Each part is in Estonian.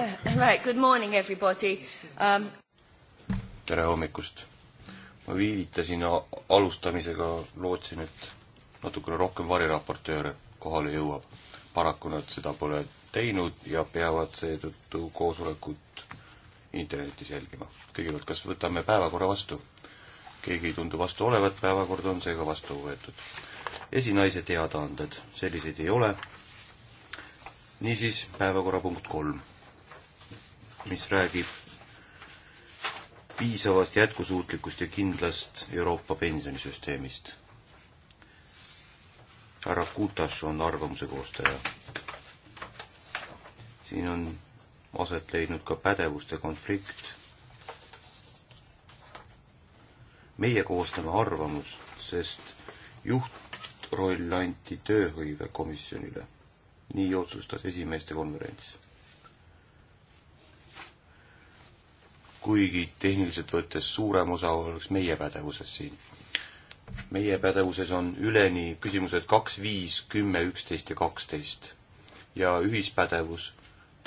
Uh, right, good morning everybody um.... tere hommikust. ma viivitasin alustamisega, lootsin, et natukene rohkem variraportööre kohale jõuab. paraku nad seda pole teinud ja peavad seetõttu koosolekut internetis jälgima. kõigepealt, kas võtame päevakorra vastu? keegi ei tundu vastu olevat, päevakord on seega vastu võetud. esinaise teadaanded, selliseid ei ole. niisiis päevakorrapunkt kolm mis räägib piisavast jätkusuutlikust ja kindlast Euroopa pensionisüsteemist. härra Kutas on arvamuse koostaja. siin on aset leidnud ka pädevuste konflikt. meie koostame arvamust, sest juhtroll anti tööhõivekomisjonile. nii otsustas esimeeste konverents kuigi tehniliselt võttes suurem osa oleks meie pädevuses siin. meie pädevuses on üleni küsimused kaks, viis, kümme, üksteist ja kaksteist ja ühispädevus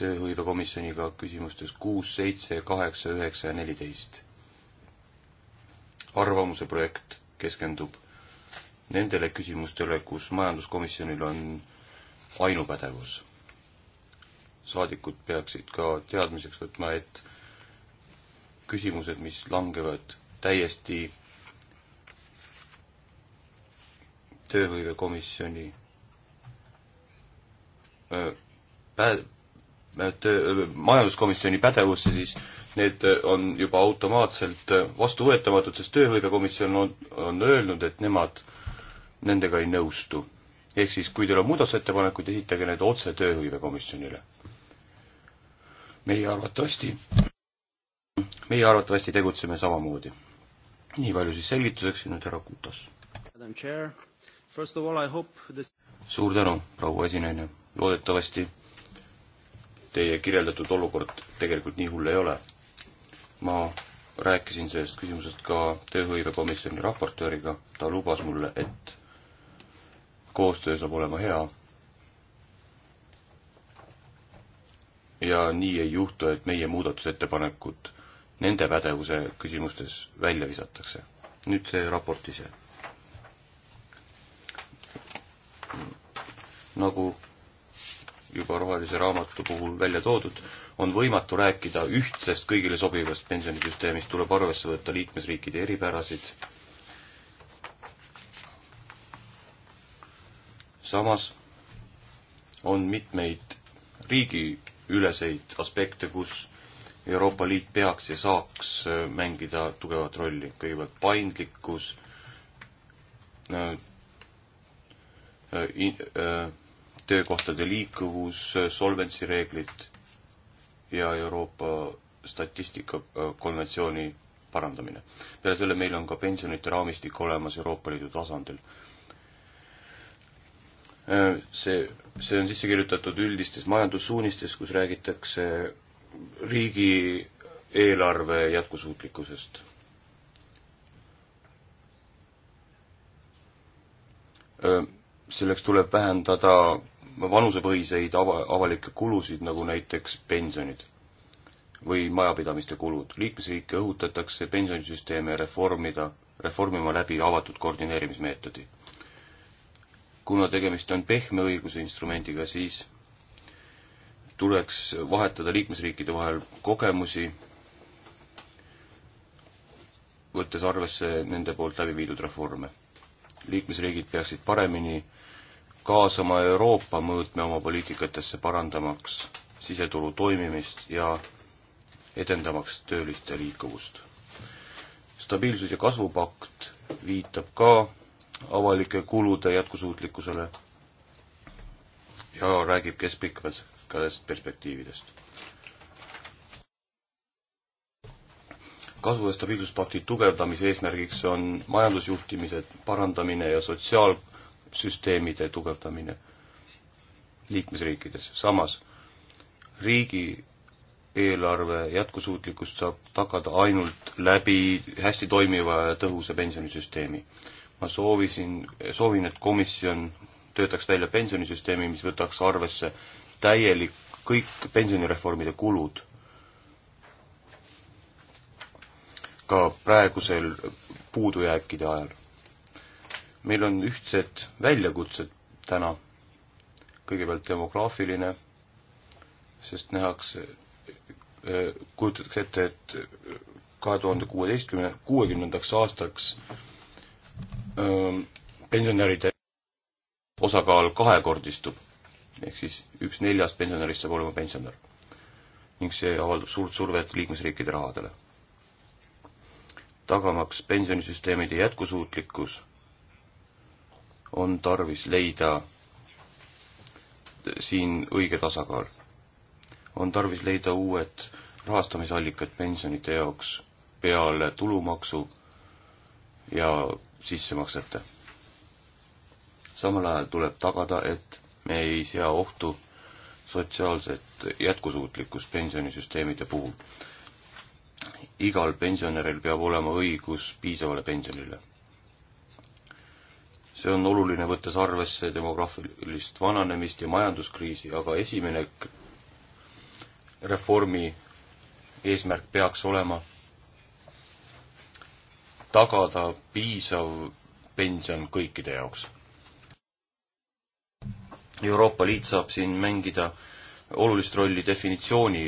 tööhõivekomisjoniga küsimustes kuus, seitse, kaheksa, üheksa ja neliteist. arvamuse projekt keskendub nendele küsimustele, kus majanduskomisjonil on ainupädevus. saadikud peaksid ka teadmiseks võtma, et küsimused, mis langevad täiesti tööhõivekomisjoni pä-, töö, majanduskomisjoni pädevusse, siis need on juba automaatselt vastuvõetamatud, sest tööhõivekomisjon on, on öelnud, et nemad nendega ei nõustu. ehk siis, kui teil on muudatusettepanekuid, esitage need otse tööhõivekomisjonile. meie arvatavasti meie arvatavasti tegutseme samamoodi. nii palju siis selgituseks ja nüüd härra Kutas. suur tänu, proua esinaine, loodetavasti teie kirjeldatud olukord tegelikult nii hull ei ole. ma rääkisin sellest küsimusest ka tööhõivekomisjoni raportööriga, ta lubas mulle, et koostöö saab olema hea. ja nii ei juhtu, et meie muudatusettepanekud nende pädevuse küsimustes välja visatakse. nüüd see raport ise. nagu juba rohelise raamatu puhul välja toodud, on võimatu rääkida ühtsest kõigile sobivast pensionisüsteemist, tuleb arvesse võtta liikmesriikide eripärasid. samas on mitmeid riigiüleseid aspekte, kus Euroopa Liit peaks ja saaks äh, mängida tugevat rolli, kõigepealt paindlikkus, äh, äh, töökohtade liikuvus, solvency reeglid ja Euroopa statistikakonventsiooni parandamine. peale selle meil on ka pensionite raamistik olemas Euroopa Liidu tasandil. see, see on sisse kirjutatud üldistes majandussuunistes, kus räägitakse riigi eelarve jätkusuutlikkusest. selleks tuleb vähendada vanusepõhiseid ava, avalikke kulusid, nagu näiteks pensionid või majapidamiste kulud. liikmesriike õhutatakse pensionisüsteeme reformida, reformima läbi avatud koordineerimismeetodi. kuna tegemist on pehme õiguse instrumendiga, siis tuleks vahetada liikmesriikide vahel kogemusi, võttes arvesse nende poolt läbi viidud reforme. liikmesriigid peaksid paremini kaasama Euroopa mõõtme oma poliitikatesse, parandamaks siseturu toimimist ja edendamaks tööliste liikuvust. stabiilsus- ja kasvupakt viitab ka avalike kulude jätkusuutlikkusele ja räägib keskpikkas pikkadest perspektiividest. kasvu- ja stabiilsuspakti tugevdamise eesmärgiks on majandusjuhtimise parandamine ja sotsiaalsüsteemide tugevdamine liikmesriikides. samas riigi eelarve jätkusuutlikkust saab tagada ainult läbi hästi toimiva ja tõhusa pensionisüsteemi. ma soovisin, soovin, et komisjon töötaks välja pensionisüsteemi, mis võtaks arvesse täielik, kõik pensionireformide kulud. ka praegusel puudujääkide ajal. meil on ühtsed väljakutsed täna. kõigepealt demograafiline, sest nähakse, äh, kujutatakse ette, et kahe tuhande kuueteistkümne, kuuekümnendaks aastaks öö, ähm, pensionäride osakaal kahekordistub ehk siis üks neljast pensionärist saab olema pensionär. ning see avaldab suurt survet liikmesriikide rahadele. tagamaks pensionisüsteemide jätkusuutlikkus, on tarvis leida siin õige tasakaal. on tarvis leida uued rahastamisallikad pensionite jaoks peale tulumaksu ja sissemaksete. samal ajal tuleb tagada, et me ei sea ohtu sotsiaalset jätkusuutlikkust pensionisüsteemide puhul. igal pensionäril peab olema õigus piisavale pensionile. see on oluline, võttes arvesse demograafilist vananemist ja majanduskriisi, aga esimene reformi eesmärk peaks olema tagada piisav pension kõikide jaoks Euroopa Liit saab siin mängida olulist rolli definitsiooni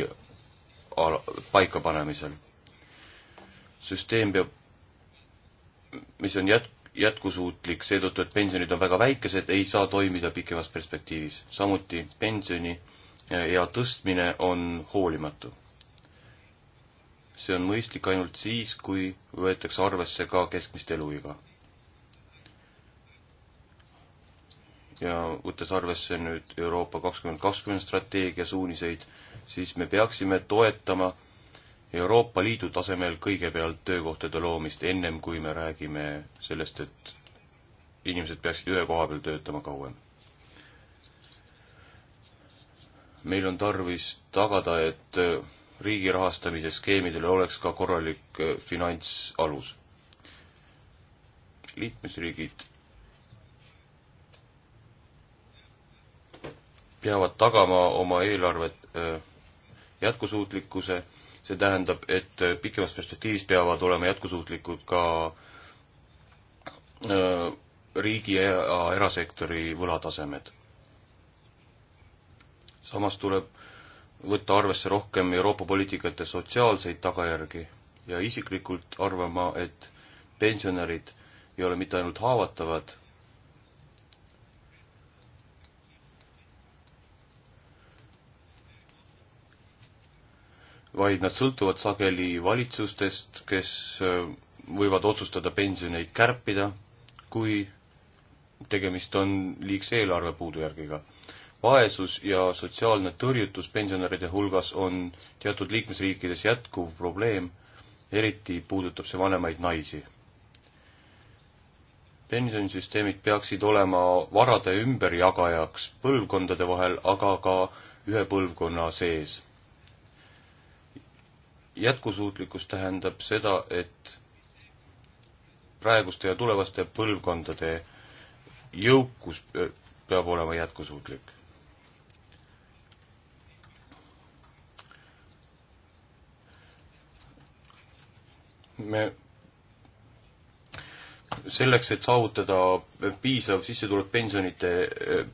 paikapanemisel. süsteem peab, mis on jät-, jätkusuutlik seetõttu, et pensionid on väga väikesed, ei saa toimida pikemas perspektiivis. samuti pensioni ja äh, tõstmine on hoolimatu. see on mõistlik ainult siis, kui võetakse arvesse ka keskmist eluiga ja võttes arvesse nüüd Euroopa kakskümmend kakskümmend strateegia suuniseid, siis me peaksime toetama Euroopa Liidu tasemel kõigepealt töökohtade loomist, ennem kui me räägime sellest, et inimesed peaksid ühe koha peal töötama kauem. meil on tarvis tagada, et riigi rahastamise skeemidel oleks ka korralik eh, finantsalus. liikmesriigid peavad tagama oma eelarvet jätkusuutlikkuse, see tähendab, et pikemas perspektiivis peavad olema jätkusuutlikud ka riigi ja erasektori võlatasemed. samas tuleb võtta arvesse rohkem Euroopa poliitikate sotsiaalseid tagajärgi ja isiklikult arvama, et pensionärid ei ole mitte ainult haavatavad vaid nad sõltuvad sageli valitsustest, kes äh, võivad otsustada pensioneid kärpida, kui tegemist on liigse eelarve puudujärgiga. vaesus ja sotsiaalne tõrjutus pensionäride hulgas on teatud liikmesriikides jätkuv probleem, eriti puudutab see vanemaid naisi. pensionisüsteemid peaksid olema varade ümberjagajaks põlvkondade vahel, aga ka ühe põlvkonna sees jätkusuutlikkus tähendab seda, et praeguste ja tulevaste põlvkondade jõukus peab olema jätkusuutlik. me selleks, et saavutada piisav sissetulek pensionite,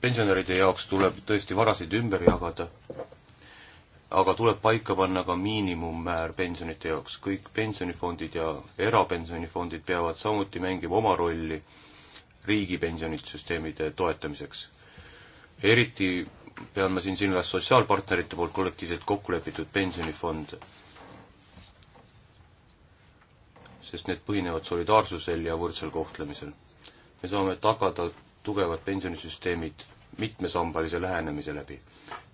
pensionäride jaoks, tuleb tõesti varasid ümber jagada aga tuleb paika panna ka miinimummäär pensionite jaoks. kõik pensionifondid ja erapensionifondid peavad samuti mängima oma rolli riigipensionisüsteemide toetamiseks. eriti pean ma siin silmas sotsiaalpartnerite poolt kollektiivselt kokku lepitud pensionifonde. sest need põhinevad solidaarsusel ja võrdsel kohtlemisel. me saame tagada tugevad pensionisüsteemid mitmesambalise lähenemise läbi.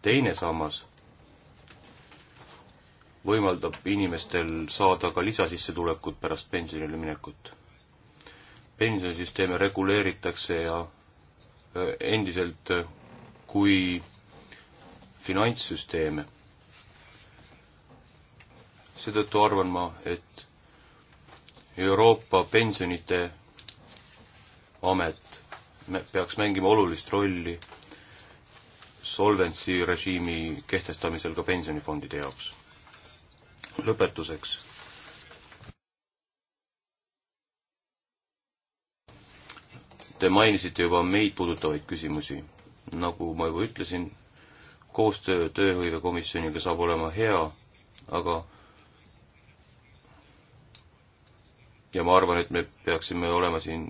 teine sammas võimaldab inimestel saada ka lisasissetulekut pärast pensionile minekut. pensionisüsteeme reguleeritakse ja endiselt kui finantssüsteeme. seetõttu arvan ma, et Euroopa pensionite amet peaks mängima olulist rolli solventsi režiimi kehtestamisel ka pensionifondide jaoks lõpetuseks. Te mainisite juba meid puudutavaid küsimusi. nagu ma juba ütlesin, koostöö tööhõivekomisjoniga saab olema hea, aga ja ma arvan, et me peaksime olema siin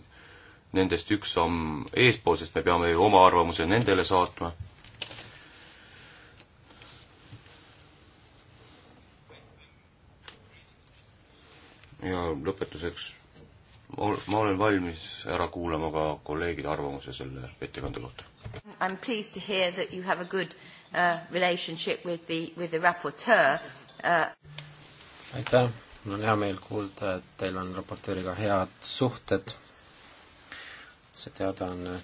nendest üks samm eespool, sest me peame ju oma arvamuse nendele saatma ja lõpetuseks ma olen valmis ära kuulama ka kolleegide arvamuse selle ettekande kohta. I am pleased to hear that you have a good uh, relationship with the, with the raporteur uh.... aitäh, mul on hea meel kuulda, et teil on raportööriga head suhted. see teada on äh,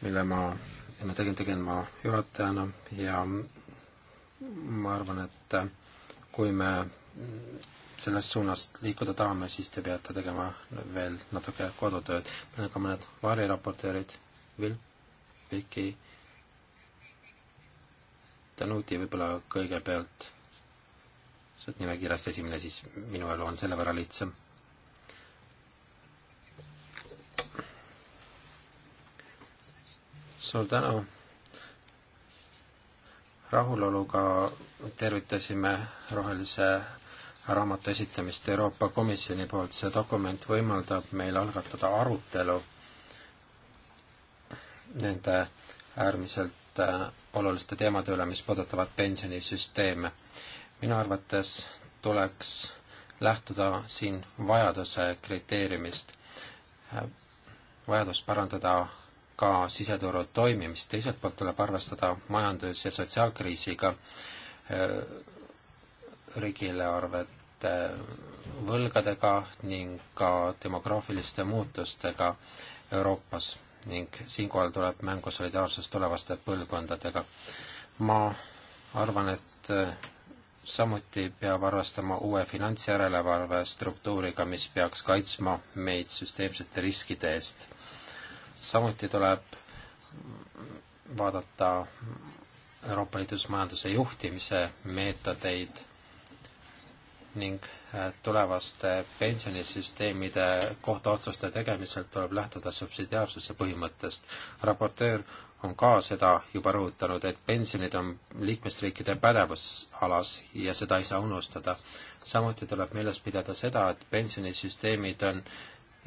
mille ma enne tegin, tegin ma juhatajana ja ma arvan, et äh, kui me selles suunas liikuda tahame, siis te peate tegema veel natuke kodutööd. meil on ka mõned variraportöörid, Vil-, Viki, Danuti võib-olla kõigepealt, sealt nimekirjast esimene, siis minu elu on selle võrra lihtsam. suur tänu! rahuloluga tervitasime rohelise raamatu esitamist Euroopa Komisjoni poolt. see dokument võimaldab meil algatada arutelu nende äärmiselt äh, oluliste teemade üle, mis puudutavad pensionisüsteeme. minu arvates tuleks lähtuda siin vajaduse kriteeriumist, äh, vajadus parandada ka siseturu toimimist, teiselt poolt tuleb arvestada majandus- ja sotsiaalkriisiga, äh, riigieelarvete võlgadega ning ka demograafiliste muutustega Euroopas ning siinkohal tuleb mängu solidaarsus tulevaste põlvkondadega. ma arvan, et äh, samuti peab arvestama uue finantsjärelevalve struktuuriga, mis peaks kaitsma meid süsteemsete riskide eest samuti tuleb vaadata Euroopa Liidus majanduse juhtimise meetodeid ning äh, tulevaste pensionisüsteemide kohta otsuste tegemisel tuleb lähtuda subsidiaarsuse põhimõttest. raportöör on ka seda juba rõhutanud, et pensionid on liikmesriikide pädevusalas ja seda ei saa unustada. samuti tuleb meeles pidada seda, et pensionisüsteemid on äh,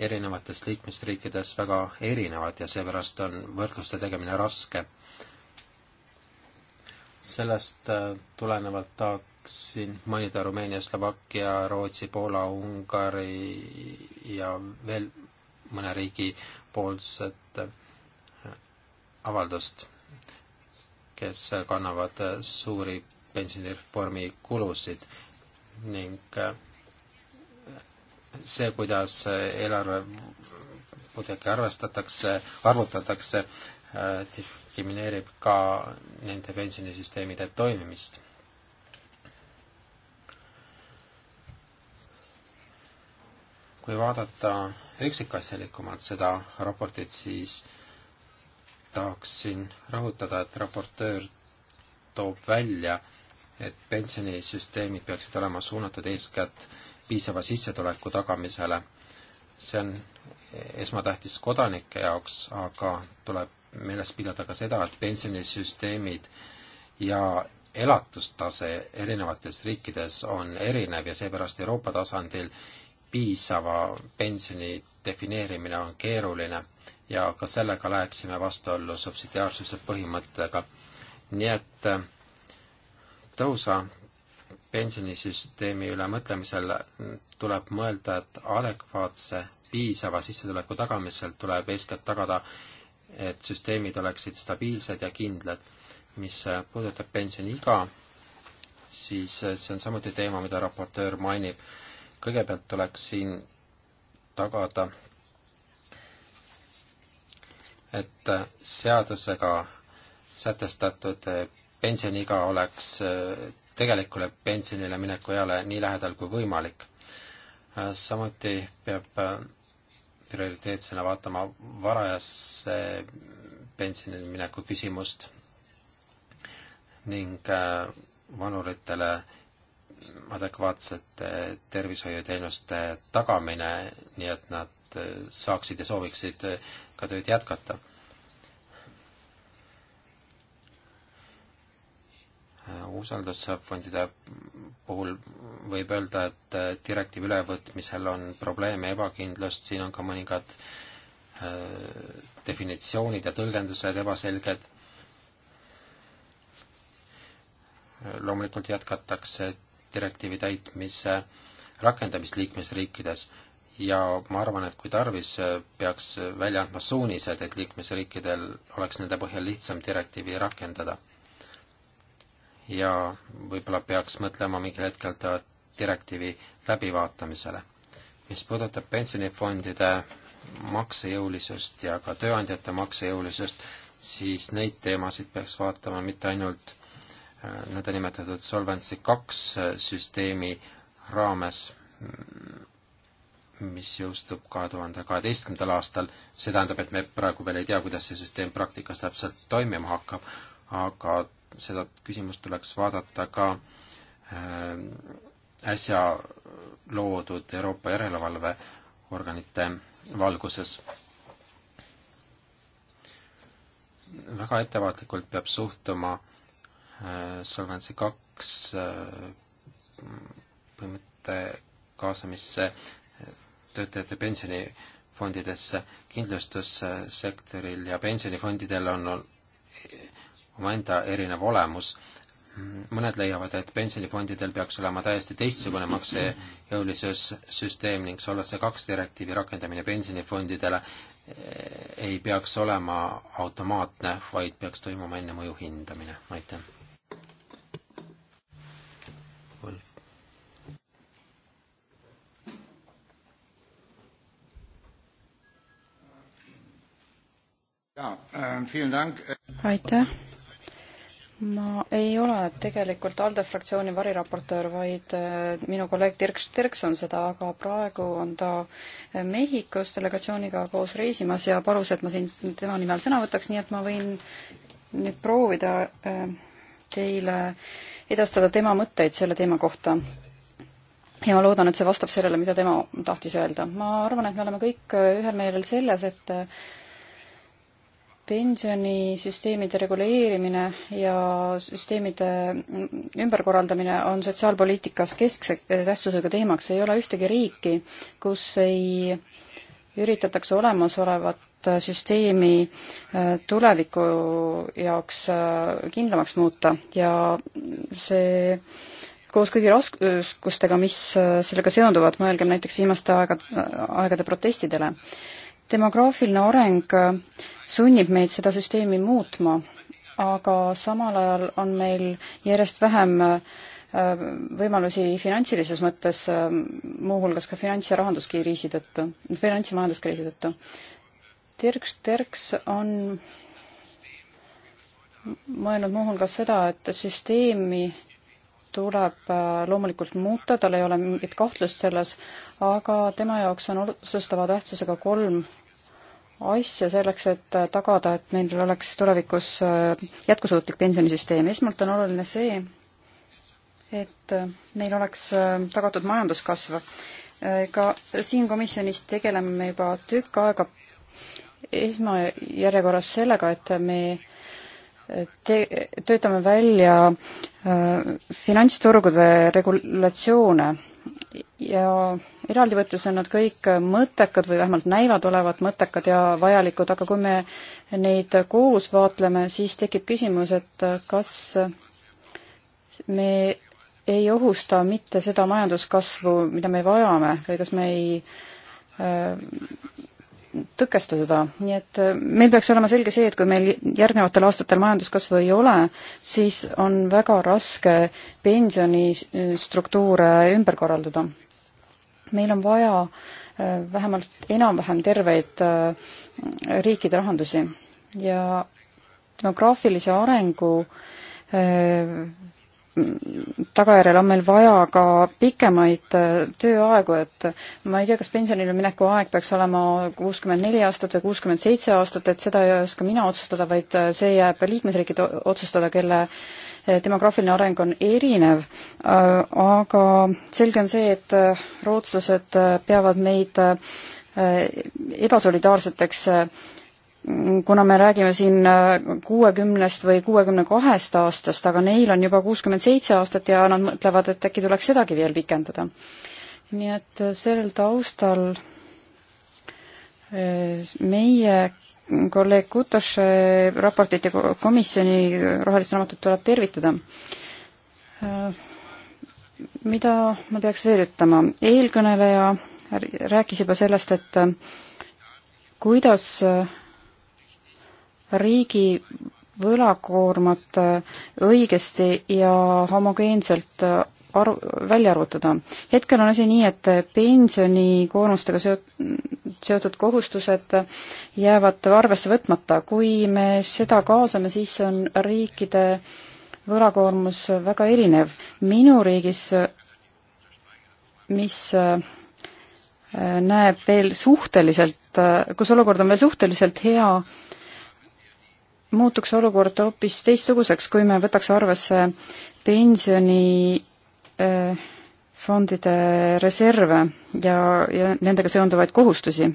erinevates liikmesriikides väga erinevad ja seepärast on võrdluste tegemine raske. sellest äh, tulenevalt tahaksin mainida Rumeenia, Slovakkia, Rootsi, Poola, Ungari ja veel mõne riigi poolset äh, avaldust, kes kannavad äh, suuri pensionireformi kulusid ning see, kuidas eelarve muidugi arvestatakse, arvutatakse, äh, diskrimineerib ka nende pensionisüsteemide toimimist. kui vaadata üksikasjalikumalt seda raportit, siis tahaksin rõhutada, et raportöör toob välja, et pensionisüsteemid peaksid olema suunatud eeskätt äh, piisava sissetuleku tagamisele. see on esmatähtis kodanike jaoks, aga tuleb meeles pidada ka seda, et pensionisüsteemid ja elatustase erinevates riikides on erinev ja seepärast Euroopa tasandil piisava pensioni defineerimine on keeruline ja ka sellega läheksime vastuollu subsidiaarsuse põhimõttega. nii et äh, tõusa pensionisüsteemi üle mõtlemisel tuleb mõelda, et adekvaatse piisava sissetuleku tagamisel tuleb eeskätt tagada, et süsteemid oleksid stabiilsed ja kindlad. mis puudutab pensioniiga, siis see on samuti teema, mida raportöör mainib. kõigepealt tuleks siin tagada, et seadusega sätestatud pensioniiga oleks tegelikule pensionile mineku eale nii lähedal kui võimalik. Äh, samuti peab äh, prioriteetsena vaatama varajasse pensionile mineku küsimust ning äh, vanuritele adekvaatsete tervishoiuteenuste tagamine, nii et nad saaksid ja sooviksid ka tööd jätkata Äh, usaldusfondide puhul võib öelda, et äh, direktiivi ülevõtmisel on probleeme, ebakindlust, siin on ka mõningad äh, definitsioonid ja tõlgendused ebaselged. loomulikult jätkatakse direktiivi täitmise rakendamist liikmesriikides ja ma arvan, et kui tarvis, peaks välja andma suunised, et liikmesriikidel oleks nende põhjal lihtsam direktiivi rakendada ja võib-olla peaks mõtlema mingil hetkel ta direktiivi läbivaatamisele. mis puudutab pensionifondide maksejõulisust ja ka tööandjate maksejõulisust, siis neid teemasid peaks vaatama mitte ainult äh, nõndanimetatud Solvency kaks äh, süsteemi raames, mm, mis jõustub kahe tuhande kaheteistkümnendal aastal, see tähendab, et me praegu veel ei tea, kuidas see süsteem praktikas täpselt toimima hakkab, aga seda küsimust tuleks vaadata ka äh, äsja loodud Euroopa järelevalveorganite valguses. väga ettevaatlikult peab suhtuma äh, Solvency kaks äh, põhimõtte kaasamisse töötajate pensionifondidesse. kindlustussektoril ja pensionifondidel on omaenda erinev olemus. mõned leiavad, et pensionifondidel peaks olema täiesti teistsugune maksejõulisussüsteem ning Solvetse kaks direktiivi rakendamine pensionifondidele eh, ei peaks olema automaatne, vaid peaks toimuma enne mõju hindamine, aitäh. Äh, aitäh, ma ei ole tegelikult ALDE fraktsiooni variraportöör, vaid äh, minu kolleeg Dirk Sterks on seda, aga praegu on ta äh, Mehhikos delegatsiooniga koos reisimas ja palus, et ma siin tema nimel sõna võtaks, nii et ma võin nüüd proovida äh, teile edastada tema mõtteid selle teema kohta. ja ma loodan, et see vastab sellele, mida tema tahtis öelda. ma arvan, et me oleme kõik ühel meelel selles, et pensionisüsteemide reguleerimine ja süsteemide ümberkorraldamine on sotsiaalpoliitikas keskse tähtsusega teemaks, ei ole ühtegi riiki, kus ei üritatakse olemasolevat süsteemi äh, tuleviku jaoks äh, kindlamaks muuta ja see koos kõigi raskustega, mis äh, sellega seonduvad, mõelgem näiteks viimaste aegade, aegade protestidele demograafiline areng äh, sunnib meid seda süsteemi muutma, aga samal ajal on meil järjest vähem äh, võimalusi finantsilises mõttes, äh, muuhulgas ka finants- ja rahanduskriisi tõttu, finants- ja majanduskriisi tõttu. Dirks Terks on mõelnud muuhulgas seda, et süsteemi tuleb äh, loomulikult muuta, tal ei ole mingit kahtlust selles, aga tema jaoks on otsustava tähtsusega kolm asja selleks, et äh, tagada, et neil oleks tulevikus äh, jätkusuutlik pensionisüsteem. esmalt on oluline see, et neil oleks tagatud majanduskasv. ka siin komisjonis tegeleme me juba tükk aega esmajärjekorras sellega, et me te-, töötame välja Äh, finantsturgude regulatsioone ja eraldi võttes on nad kõik mõttekad või vähemalt näivad olevat mõttekad ja vajalikud, aga kui me neid koos vaatleme, siis tekib küsimus, et kas me ei ohusta mitte seda majanduskasvu, mida me vajame või kas me ei äh, tõkesta seda, nii et äh, meil peaks olema selge see, et kui meil järgnevatel aastatel majanduskasvu ei ole, siis on väga raske pensionistruktuure äh, ümber korraldada. meil on vaja äh, vähemalt enam-vähem terveid riikide rahandusi ja demograafilise arengu tagajärjel on meil vaja ka pikemaid äh, tööaegu, et ma ei tea, kas pensionile mineku aeg peaks olema kuuskümmend neli aastat või kuuskümmend seitse aastat, et seda ei oska mina otsustada, vaid äh, see jääb liikmesriikide otsustada, kelle äh, demograafiline areng on erinev, aga selge on see, et rootslased peavad meid ebasolidaarseteks kuna me räägime siin äh, kuuekümnest või kuuekümne kahest aastast, aga neil on juba kuuskümmend seitse aastat ja nad mõtlevad, et äkki tuleks sedagi veel pikendada. nii et äh, sellel taustal äh, meie kolleeg Kutoše raportit ja komisjoni rohelist raamatut tuleb tervitada. mida ma peaks veel ütlema, eelkõneleja rääkis juba sellest, et kuidas riigi võlakoormat äh, õigesti ja homogeenselt äh, aru, välja arvutada. hetkel on asi nii, et äh, pensionikoormustega seot-, seotud kohustused jäävad arvesse võtmata. kui me seda kaasame, siis on riikide võlakoormus väga erinev. minu riigis, mis näeb veel suhteliselt, kus olukord on veel suhteliselt hea, muutuks olukord hoopis teistsuguseks, kui me võtaks arvesse pensionifondide äh, reserve ja, ja nendega seonduvaid kohustusi.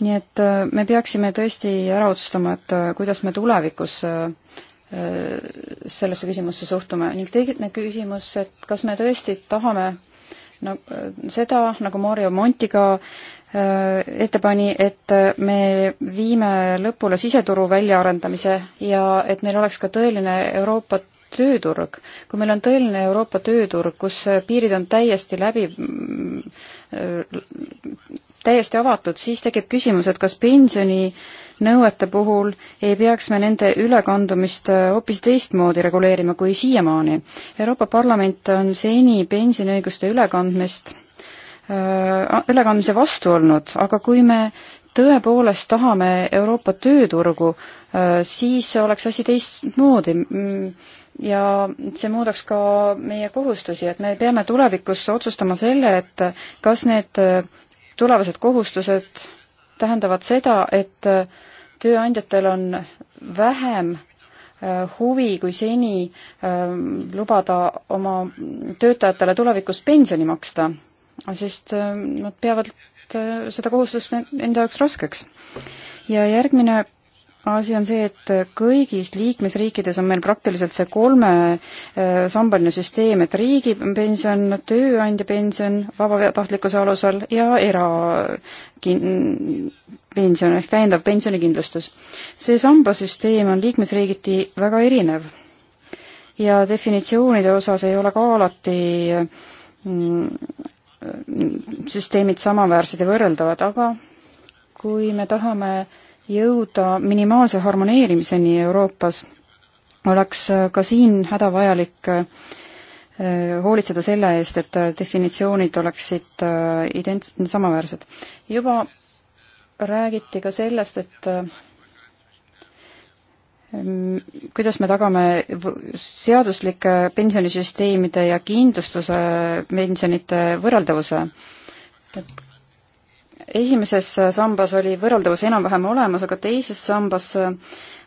nii et äh, me peaksime tõesti ära otsustama, et äh, kuidas me tulevikus sellesse küsimusse suhtume ning teine küsimus, et kas me tõesti tahame no, seda, nagu Mario Montiga äh, Äh, ette pani, et me viime lõpule siseturu väljaarendamise ja et meil oleks ka tõeline Euroopa tööturg, kui meil on tõeline Euroopa tööturg, kus piirid on täiesti läbi, äh, täiesti avatud, siis tekib küsimus, et kas pensioninõuete puhul ei peaks me nende ülekandumist äh, hoopis teistmoodi reguleerima kui siiamaani. Euroopa Parlament on seni pensioniõiguste ülekandmist Äh, ülekandmise vastu olnud, aga kui me tõepoolest tahame Euroopa tööturgu, äh, siis oleks asi teistmoodi. Mm, ja see muudaks ka meie kohustusi, et me peame tulevikus otsustama selle, et kas need äh, tulevased kohustused tähendavad seda, et tööandjatel on vähem huvi kui seni lubada oma töötajatele tulevikus pensioni maksta sest äh, nad peavad äh, seda kohustust enda jaoks raskeks. ja järgmine asi on see, et kõigis liikmesriikides on meil praktiliselt see kolmesambaline äh, süsteem, et riigipension, tööandja pension vabatahtlikkuse alusel ja erapension ehk täiendav pensionikindlustus. see sambasüsteem on liikmesriigiti väga erinev ja definitsioonide osas ei ole ka alati mm, süsteemid samaväärsed ja võrreldavad, aga kui me tahame jõuda minimaalse harmoneerimiseni Euroopas, oleks ka siin hädavajalik äh, hoolitseda selle eest, et äh, definitsioonid oleksid äh, ident-, samaväärsed. juba räägiti ka sellest, et Mm, kuidas me tagame seaduslike pensionisüsteemide ja kindlustuse pensionite võrreldavuse? et esimeses sambas oli võrreldavus enam-vähem olemas, aga teises sambas äh,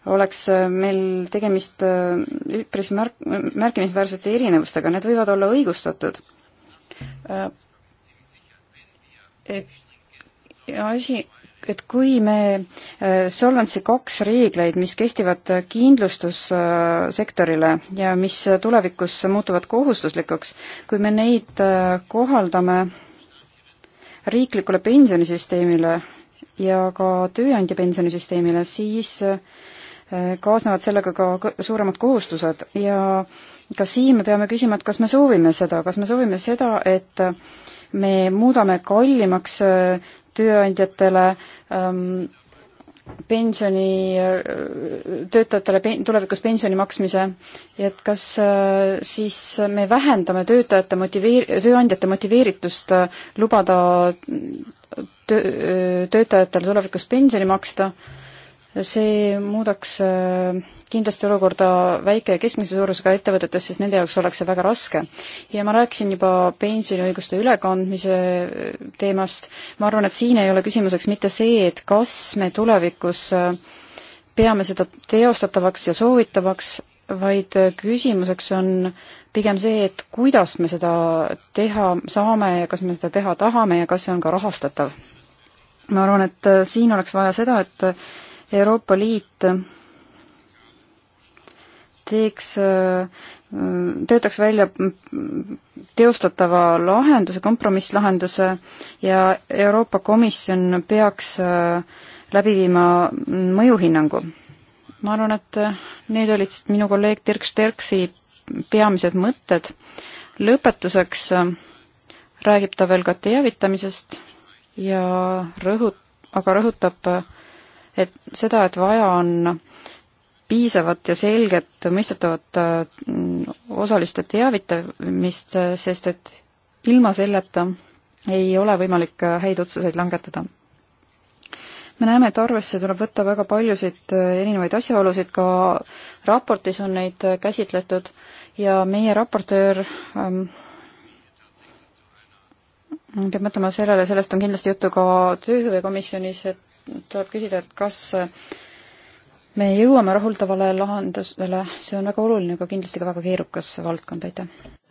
oleks äh, meil tegemist äh, üpris märk-, märkimisväärsete erinevustega, need võivad olla õigustatud. asi, et kui me äh, Solvency kaks reegleid, mis kehtivad kindlustussektorile ja mis tulevikus muutuvad kohustuslikuks, kui me neid äh, kohaldame riiklikule pensionisüsteemile ja ka tööandja pensionisüsteemile, siis äh, kaasnevad sellega ka suuremad kohustused ja ka siin me peame küsima, et kas me soovime seda, kas me soovime seda, et me muudame kallimaks tööandjatele ähm, pensioni, töötajatele pen-, tulevikus pensioni maksmise, et kas äh, siis me vähendame töötajate motiveer-, tööandjate motiveeritust äh, lubada töö, töötajatele tulevikus pensioni maksta, see muudaks äh, kindlasti olukorda väike- ja keskmise suurusega ettevõtetes, sest nende jaoks oleks see väga raske. ja ma rääkisin juba pensioniõiguste ülekandmise teemast, ma arvan, et siin ei ole küsimuseks mitte see, et kas me tulevikus äh, peame seda teostatavaks ja soovitavaks, vaid äh, küsimuseks on pigem see, et kuidas me seda teha saame ja kas me seda teha tahame ja kas see on ka rahastatav. ma arvan, et äh, siin oleks vaja seda, et Euroopa Liit teeks, töötaks välja teostatava lahenduse, kompromisslahenduse ja Euroopa Komisjon peaks äh, läbi viima mõjuhinnangu. ma arvan, et äh, need olid minu kolleeg Dirk Sterksi peamised mõtted. lõpetuseks äh, räägib ta veel ka teavitamisest ja rõhut-, aga rõhutab, et seda, et vaja on piisavat ja selget mõistetavat äh, osaliste teavitamist, sest et ilma selleta ei ole võimalik äh, häid otsuseid langetada. me näeme, et arvesse tuleb võtta väga paljusid äh, erinevaid asjaolusid, ka raportis on neid käsitletud ja meie raportöör ähm, peab mõtlema sellele, sellest on kindlasti juttu ka tööhõivekomisjonis, et tuleb küsida, et kas me jõuame rahuldavale lahendusele, see on väga oluline, aga kindlasti ka väga keerukas valdkond, aitäh!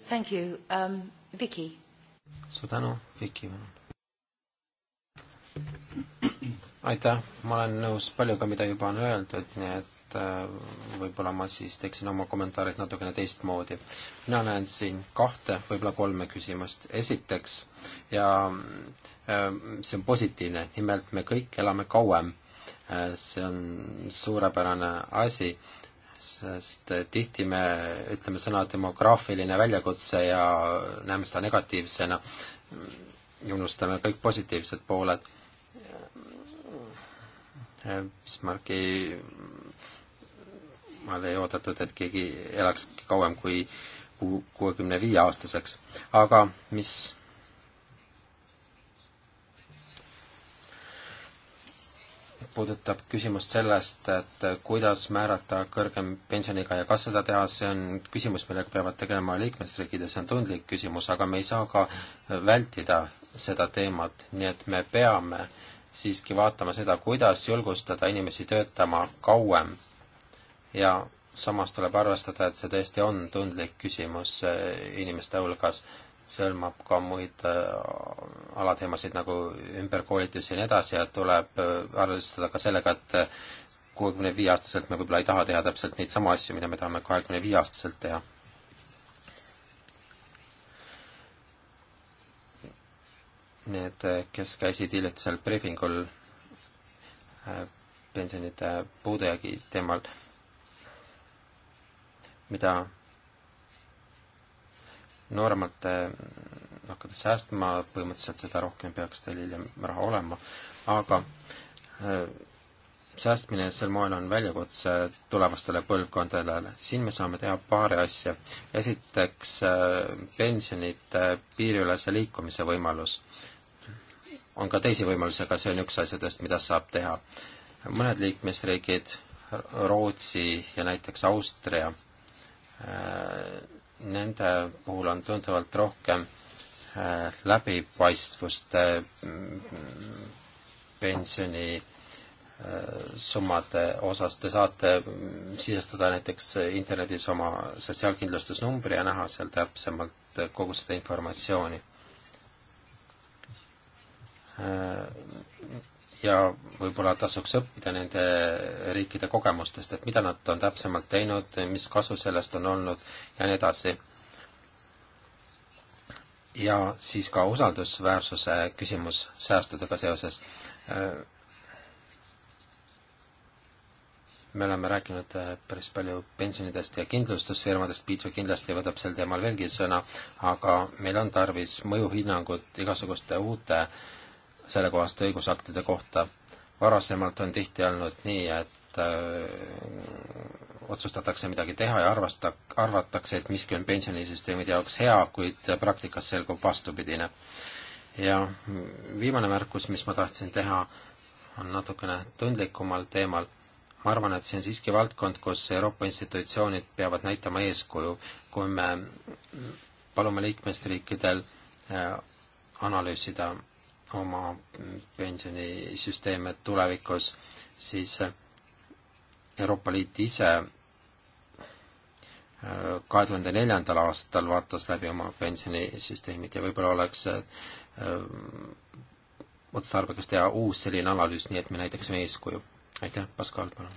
Thank you um,, Viki! suur tänu, Viki! aitäh, ma olen nõus paljuga, mida juba on öeldud, nii et äh, võib-olla ma siis teeksin oma kommentaarid natukene teistmoodi. mina näen siin kahte, võib-olla kolme küsimust. esiteks, ja äh, see on positiivne, nimelt me kõik elame kauem Äh, see on suurepärane asi, sest tihti me ütleme sõna demograafiline väljakutse ja näeme seda negatiivsena ja unustame kõik positiivsed pooled. Äh, Bismarcki maal ei oodatud, et keegi elaks kauem kui kuuekümne viie aastaseks. aga mis puudutab küsimust sellest, et kuidas määrata kõrgem pensioniga ja kas seda teha, see on küsimus, millega peavad tegelema liikmesriigid ja see on tundlik küsimus, aga me ei saa ka vältida seda teemat, nii et me peame siiski vaatama seda, kuidas julgustada inimesi töötama kauem. ja samas tuleb arvestada, et see tõesti on tundlik küsimus eh, inimeste hulgas see hõlmab ka muid äh, alateemasid nagu ümberkoolitus ja nii edasi ja tuleb äh, arvestada ka sellega, et äh, kuuekümne viie aastaselt me võib-olla ei taha teha täpselt neid samu asju, mida me tahame kahekümne viie aastaselt teha need, kes käisid hiljutisel briefingul pensionide puudujäägi teemal, mida nooremate mm, hakkate säästma, põhimõtteliselt seda rohkem peaks teil hiljem raha olema, aga äh, säästmine sel moel on väljakutse tulevastele põlvkondadele. siin me saame teha paari asja. esiteks äh, pensionite piiriülese liikumise võimalus. on ka teisi võimalusi, aga see on üks asjadest, mida saab teha. mõned liikmesriigid, Rootsi ja näiteks Austria, äh, nende puhul on tunduvalt rohkem äh, läbipaistvust äh, pensioni äh, summade osas, te saate mm, sisestada näiteks internetis oma sotsiaalkindlustusnumbri ja näha seal täpsemalt kogu seda informatsiooni ja võib-olla tasuks õppida nende riikide kogemustest, et mida nad on täpsemalt teinud, mis kasu sellest on olnud ja nii edasi. ja siis ka usaldusväärsuse küsimus säästudega seoses. me oleme rääkinud äh, päris palju pensionidest ja kindlustusfirmadest, Piitu kindlasti võtab sel teemal veelgi sõna, aga meil on tarvis mõjuhinnangut igasuguste uute äh, sellekohaste õigusaktide kohta. varasemalt on tihti olnud nii, et öö, äh, otsustatakse midagi teha ja arvasta, arvatakse, et miski on pensionisüsteemide jaoks hea, kuid praktikas selgub vastupidine. ja viimane märkus, mis ma tahtsin teha, on natukene tundlikumal teemal. ma arvan, et see on siiski valdkond, kus Euroopa institutsioonid peavad näitama eeskuju, kui me palume liikmesriikidel äh, analüüsida oma pensionisüsteeme tulevikus, siis äh, Euroopa Liit ise äh, kahe tuhande neljandal aastal vaatas läbi oma pensionisüsteemid ja võib-olla oleks äh, otstarbekas teha uus selline analüüs, nii et me näitaksime eeskuju. aitäh, Pascal, palun!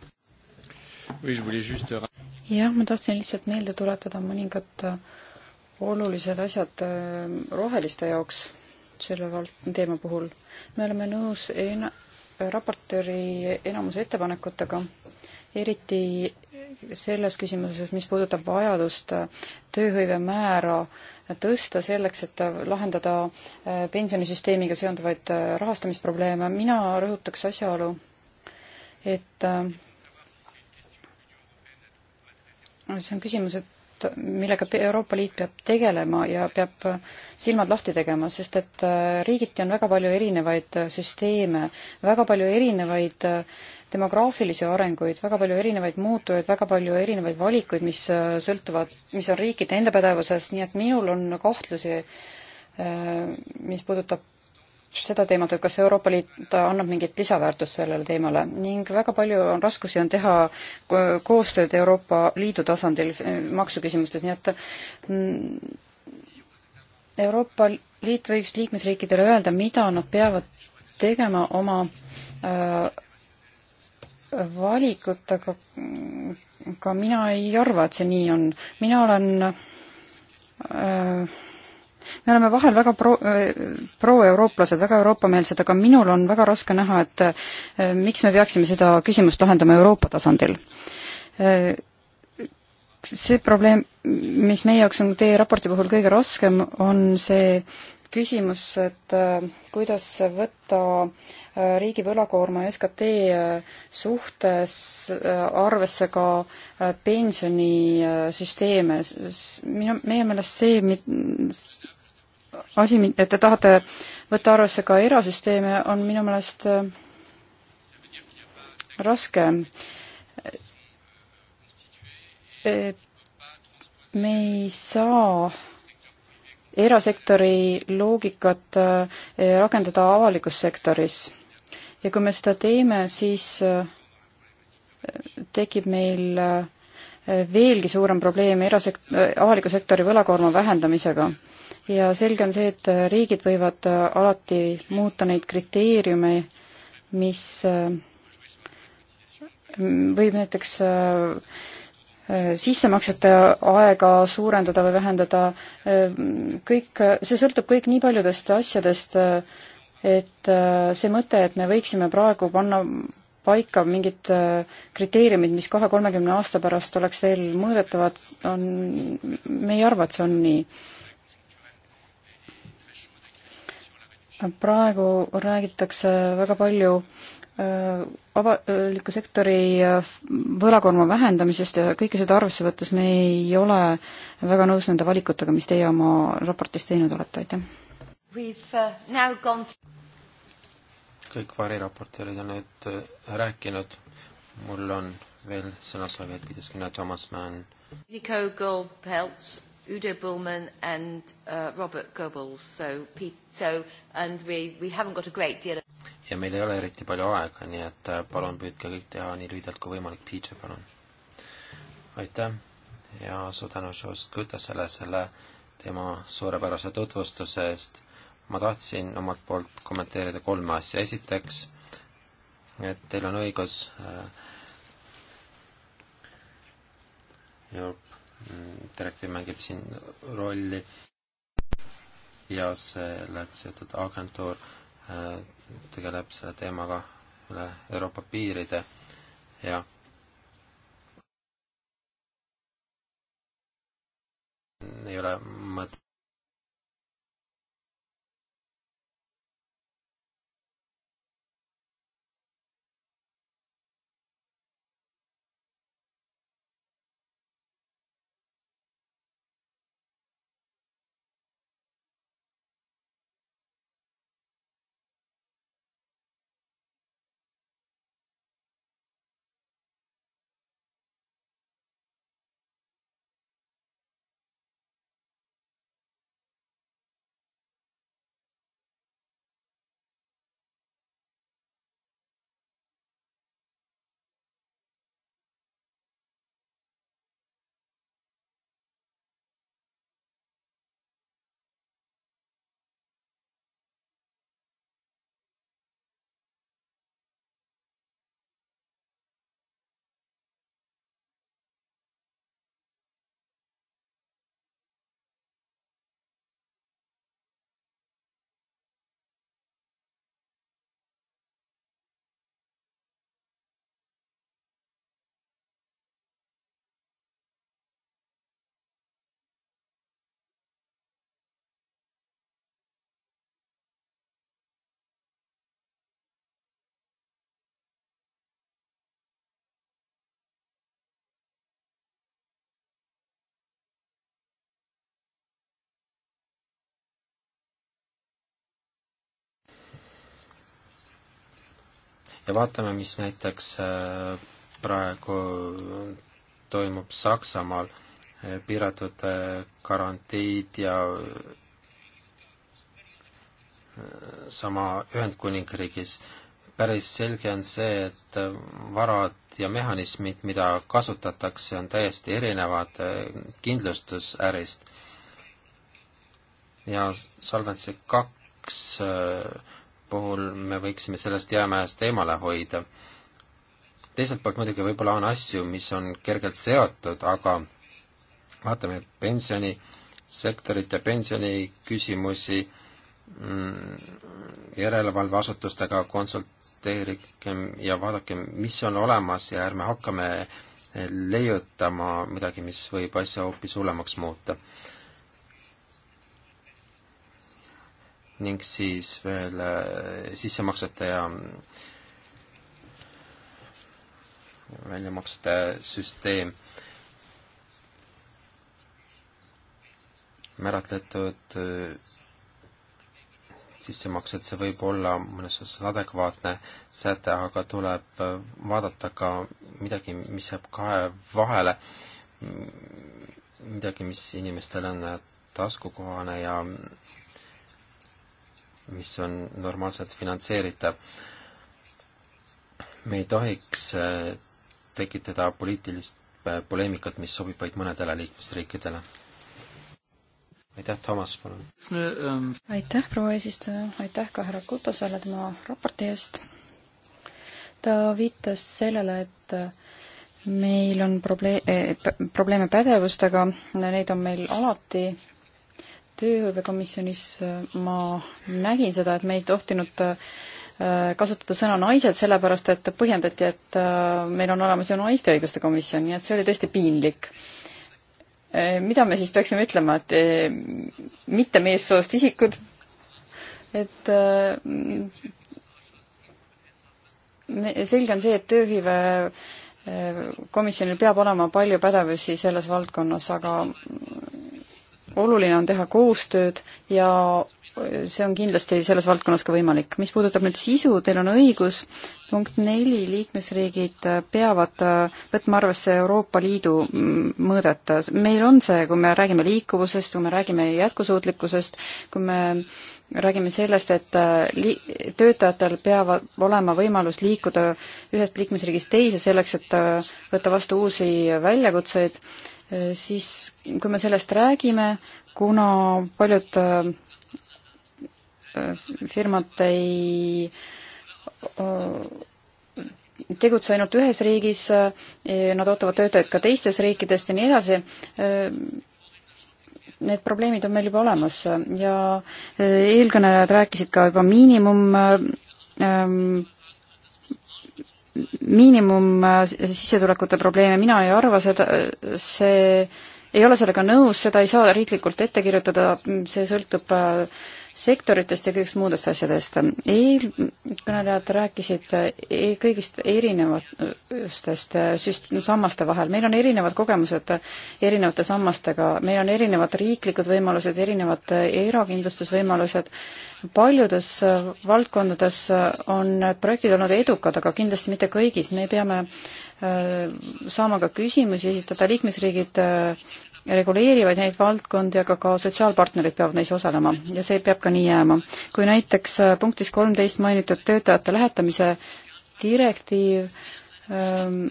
jah, ma tahtsin lihtsalt meelde tuletada mõningad olulised asjad roheliste jaoks selle vald-, teema puhul. me oleme nõus en-, raportööri enamuse ettepanekutega, eriti selles küsimuses, mis puudutab vajadust tööhõive määra tõsta selleks, et lahendada äh, pensionisüsteemiga seonduvaid äh, rahastamisprobleeme. mina rõhutaks asjaolu, et äh, see on küsimus, et peavad, millega Euroopa Liit peab tegelema ja peab äh, silmad lahti tegema, sest et äh, riigiti on väga palju erinevaid äh, süsteeme, väga palju erinevaid demograafilisi arenguid, väga palju erinevaid muutujaid, väga palju erinevaid valikuid, mis sõltuvad, mis on riikide enda pädevuses, nii et minul on kahtlusi, mis puudutab seda teemat, et kas Euroopa Liit annab mingit lisaväärtust sellele teemale ning väga palju on raskusi on teha koostööd Euroopa Liidu tasandil eh, maksuküsimustes, nii et mm, Euroopa Liit võiks liikmesriikidele öelda, mida nad peavad tegema oma äh, valikut, aga ka mina ei arva, et see nii on. mina olen äh, me oleme vahel väga pro-, äh, pro-eurooplased, väga euroopameelsed, aga minul on väga raske näha, et äh, miks me peaksime seda küsimust lahendama Euroopa tasandil. Äh, see probleem, mis meie jaoks on teie raporti puhul kõige raskem, on see küsimus, et kuidas võtta riigi võlakoorma SKT suhtes arvesse ka äh, pensionisüsteeme, minu, meie meelest see, asi, et te tahate võtta arvesse ka erasüsteeme, on minu meelest äh, raske. Äh, me ei saa erasektori loogikat äh, rakendada avalikus sektoris ja kui me seda teeme, siis äh, tekib meil äh, veelgi suurem probleem erasekt-, äh, avaliku sektori võlakoorma vähendamisega. ja selge on see, et äh, riigid võivad alati muuta neid kriteeriume, mis võib näiteks sissemaksete aega suurendada või vähendada, kõik, see sõltub kõik nii paljudest asjadest, et see mõte, et me võiksime praegu panna paika mingid äh, kriteeriumid, mis kahe-kolmekümne aasta pärast oleks veel mõõdetavad, on, me ei arva, et see on nii. praegu räägitakse väga palju äh, avaliku sektori äh, võlakoorma vähendamisest ja kõike seda arvesse võttes me ei ole väga nõus nende valikutega, mis teie oma raportis teinud olete, aitäh! kõik variraportöörid on nüüd äh, rääkinud. mul on veel sõnasoovijaid, Pidiskina, Toomas Mann. Nico Gold-Pelts, Udo Bullman and uh, Robert Goebbels, so Pete, so and we, we haven't got a great deal of ja meil ei ole eriti palju aega, nii et äh, palun püüdke kõik teha nii lühidalt kui võimalik, Peter, palun. aitäh ja suur tänu Jost Kütasele selle tema suurepärase tutvustuse eest ma tahtsin omalt poolt kommenteerida kolme asja, esiteks, et teil on õigus äh, ja mm, direktiiv mängib siin rolli ja sellega seotud agentuur äh, tegeleb selle teemaga üle Euroopa piiride ja ei ole mõtet ja vaatame, mis näiteks äh, praegu toimub Saksamaal, äh, piiratud äh, garantiid ja sama Ühendkuningriigis, päris selge on see, et varad ja mehhanismid, mida kasutatakse, on täiesti erinevad kindlustusärist. ja Solvency kaks äh, puhul me võiksime sellest jäämäest eemale hoida. teiselt poolt muidugi võib-olla on asju, mis on kergelt seotud, aga vaatame pensionisektorit ja pensioniküsimusi, mm, järelevalveasutustega konsulteerigem ja vaadakem, mis on olemas ja ärme hakkame leiutama midagi, mis võib asja hoopis hullemaks muuta ning siis veel äh, sissemaksete ja väljamaksete süsteem määratletud äh, sissemaksed, see võib olla mõnes suhtes adekvaatne säte, aga tuleb äh, vaadata ka midagi, mis jääb kahe vahele, midagi, mis inimestele on taskukohane ja mis on normaalselt finantseeritav. me ei tohiks äh, tekitada poliitilist äh, poleemikat, mis sobib vaid mõnedele liikmesriikidele. aitäh, Toomas, palun! aitäh, proua eesistuja, aitäh ka härra Kutusele tema raporti eest. ta viitas sellele, et äh, meil on probleem eh,, probleeme pädevustega, neid on meil alati tööhõivekomisjonis äh, ma nägin seda, et me ei tohtinud äh, kasutada sõna naised, sellepärast et põhjendati, et äh, meil on olemas ju naiste õiguste komisjon, nii et see oli tõesti piinlik. mida me siis peaksime ütlema, et mitte meessoost isikud, et selge on see, et tööhõive komisjonil peab olema palju pädevusi selles valdkonnas, aga oluline on teha koostööd ja see on kindlasti selles valdkonnas ka võimalik. mis puudutab nüüd sisu, teil on õigus, punkt neli, liikmesriigid peavad äh, võtma arvesse Euroopa Liidu mm, mõõdet. meil on see, kui me räägime liikuvusest, kui me räägime jätkusuutlikkusest, kui me räägime sellest, et äh, li-, töötajatel peab olema võimalus liikuda ühest liikmesriigist teise selleks, et äh, võtta vastu uusi väljakutseid Äh, siis kui me sellest räägime, kuna paljud äh, firmad ei äh, tegutse ainult ühes riigis, nad ootavad töötajaid ka teistes riikidest ja nii edasi, need probleemid on meil juba olemas ja eelkõnelejad rääkisid ka juba miinimum miinimumsissetulekute äh, probleeme, mina ei arva seda, see ei ole sellega nõus, seda ei saa riiklikult ette kirjutada, see sõltub äh, sektoritest ja kõigist muudest asjadest. eelkõnelejad rääkisid eh, kõigist erinevatest eh, süst-, sammaste vahel. meil on erinevad kogemused eh, erinevate sammastega, meil on erinevad riiklikud võimalused, erinevad erakindlustusvõimalused. paljudes valdkondades on need projektid olnud edukad, aga kindlasti mitte kõigis. me peame saama ka küsimusi esitada, liikmesriigid reguleerivad neid valdkondi, aga ka sotsiaalpartnerid peavad neis osalema ja see peab ka nii jääma. kui näiteks äh, punktis kolmteist mainitud töötajate lähetamise direktiiv ähm,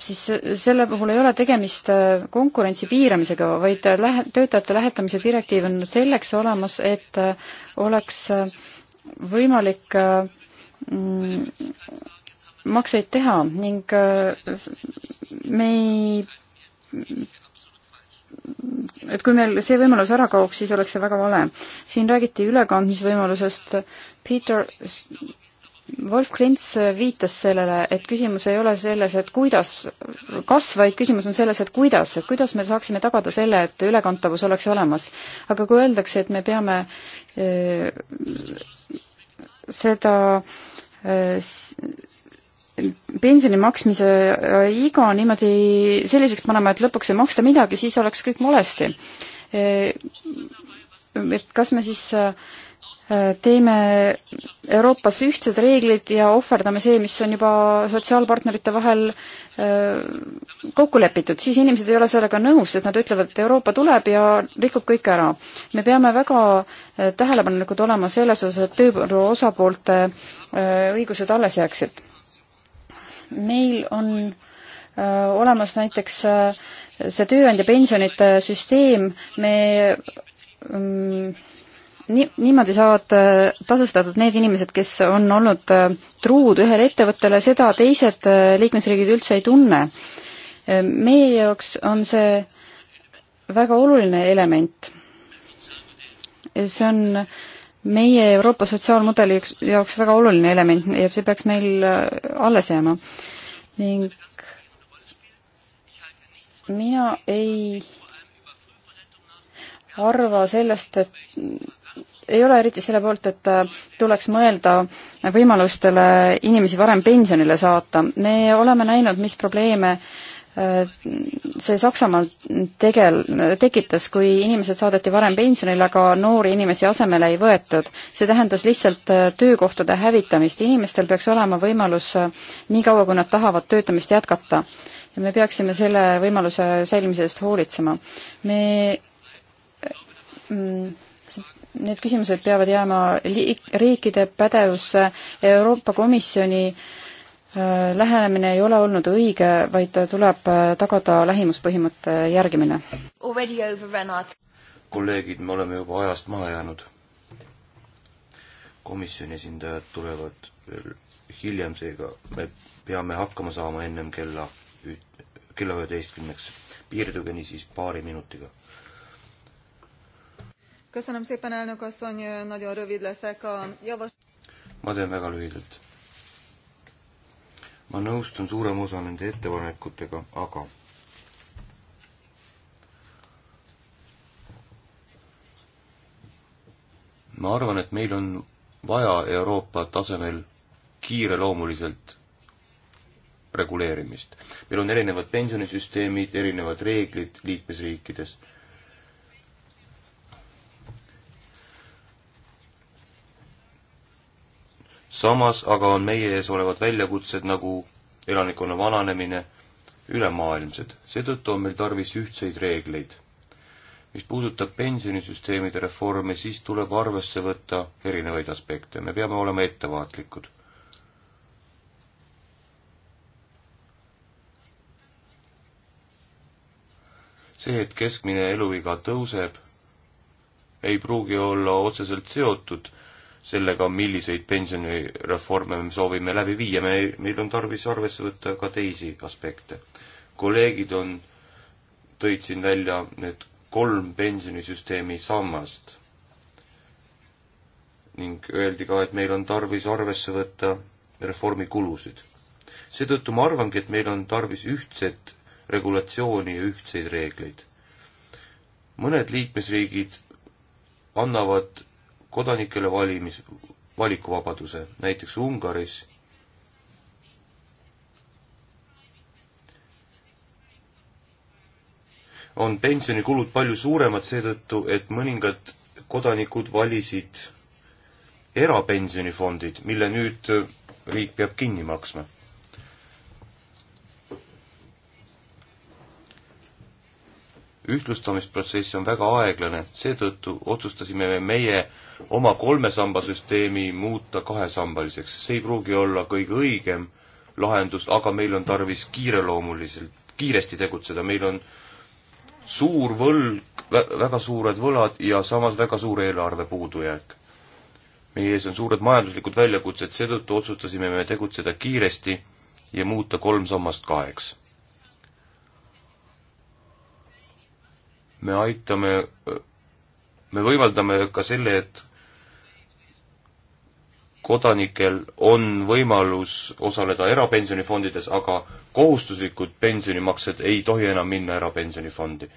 siis selle puhul ei ole tegemist äh, konkurentsi piiramisega, vaid äh, lähe-, töötajate lähetamise direktiiv on selleks olemas, et oleks võimalik mm, makseid teha ning me ei et kui meil see võimalus ära kaoks, siis oleks see väga vale. siin räägiti ülekandmisvõimalusest, Peter Wolf Klints viitas sellele, et küsimus ei ole selles, et kuidas, kas, vaid küsimus on selles, et kuidas, et kuidas me saaksime tagada selle, et ülekantavus oleks olemas. aga kui öeldakse, et me peame öö, eh, seda öö, eh, pensioni maksmise iga niimoodi selliseks panema, et lõpuks ei maksta midagi, siis oleks kõik valesti. et kas me siis äh, teeme Euroopas ühtsed reeglid ja ohverdame see, mis on juba sotsiaalpartnerite vahel äh, kokku lepitud, siis inimesed ei ole sellega nõus, et nad ütlevad, et Euroopa tuleb ja rikub kõik ära. me peame väga äh, tähelepanelikud olema selles osas, et tööturu osapoolte õigused alles jääksid meil on äh, olemas näiteks äh, see tööandja pensionite süsteem, me mm, nii, niimoodi saavad äh, tasustatud need inimesed, kes on olnud truud ühele ettevõttele, seda teised liikmesriigid üldse ei tunne. meie jaoks on see väga oluline element. see on äh, meie Euroopa sotsiaalmudeli üks, jaoks väga oluline element ja see peaks meil äh, alles jääma. ning mina ei arva sellest, et ei ole eriti selle poolt, et äh, tuleks mõelda võimalustele inimesi varem pensionile saata. me oleme näinud, mis probleeme äh, Äh, see Saksamaal tegel-, tekitas, kui inimesed saadeti varem pensionile, aga noori inimesi asemele ei võetud. see tähendas lihtsalt äh, töökohtade hävitamist, inimestel peaks olema võimalus äh, nii kaua, kui nad tahavad töötamist jätkata. ja me peaksime selle võimaluse säilimise eest hoolitsema. me mm, Need küsimused peavad jääma liik-, riikide pädevusse, Euroopa Komisjoni äh, lähenemine ei ole olnud õige, vaid tuleb äh, tagada lähimuspõhimõtte järgimine. kolleegid, me oleme juba ajast maha jäänud. komisjoni esindajad tulevad veel hiljem, seega me peame hakkama saama ennem kella üht, kella üheteistkümneks. piirduge niisiis paari minutiga. ma teen väga lühidalt ma nõustun suurema osa nende ettepanekutega, aga ma arvan, et meil on vaja Euroopa tasemel kiireloomuliselt reguleerimist. meil on erinevad pensionisüsteemid, erinevad reeglid liikmesriikides samas aga on meie ees olevad väljakutsed nagu elanikkonna vananemine ülemaailmsed, seetõttu on meil tarvis ühtseid reegleid. mis puudutab pensionisüsteemide reformi, siis tuleb arvesse võtta erinevaid aspekte, me peame olema ettevaatlikud. see, et keskmine eluiga tõuseb, ei pruugi olla otseselt seotud sellega, milliseid pensionireforme me soovime läbi viia, me, meil on tarvis arvesse võtta ka teisi aspekte. kolleegid on, tõid siin välja need kolm pensionisüsteemi sammast ning öeldi ka, et meil on tarvis arvesse võtta reformi kulusid. seetõttu ma arvangi, et meil on tarvis ühtset regulatsiooni ja ühtseid reegleid. mõned liikmesriigid annavad kodanikele valimis, valikuvabaduse, näiteks Ungaris on pensionikulud palju suuremad seetõttu, et mõningad kodanikud valisid erapensionifondid, mille nüüd riik peab kinni maksma. ühtlustamisprotsess on väga aeglane, seetõttu otsustasime meie oma kolme samba süsteemi muuta kahesambaliseks. see ei pruugi olla kõige õigem lahendus, aga meil on tarvis kiireloomuliselt, kiiresti tegutseda, meil on suur võlg, väga suured võlad ja samas väga suur eelarve puudujääk. meie ees on suured majanduslikud väljakutsed, seetõttu otsustasime me tegutseda kiiresti ja muuta kolm sammast kaheks. me aitame me võimaldame ka selle, et kodanikel on võimalus osaleda erapensionifondides, aga kohustuslikud pensionimaksed ei tohi enam minna erapensionifondi.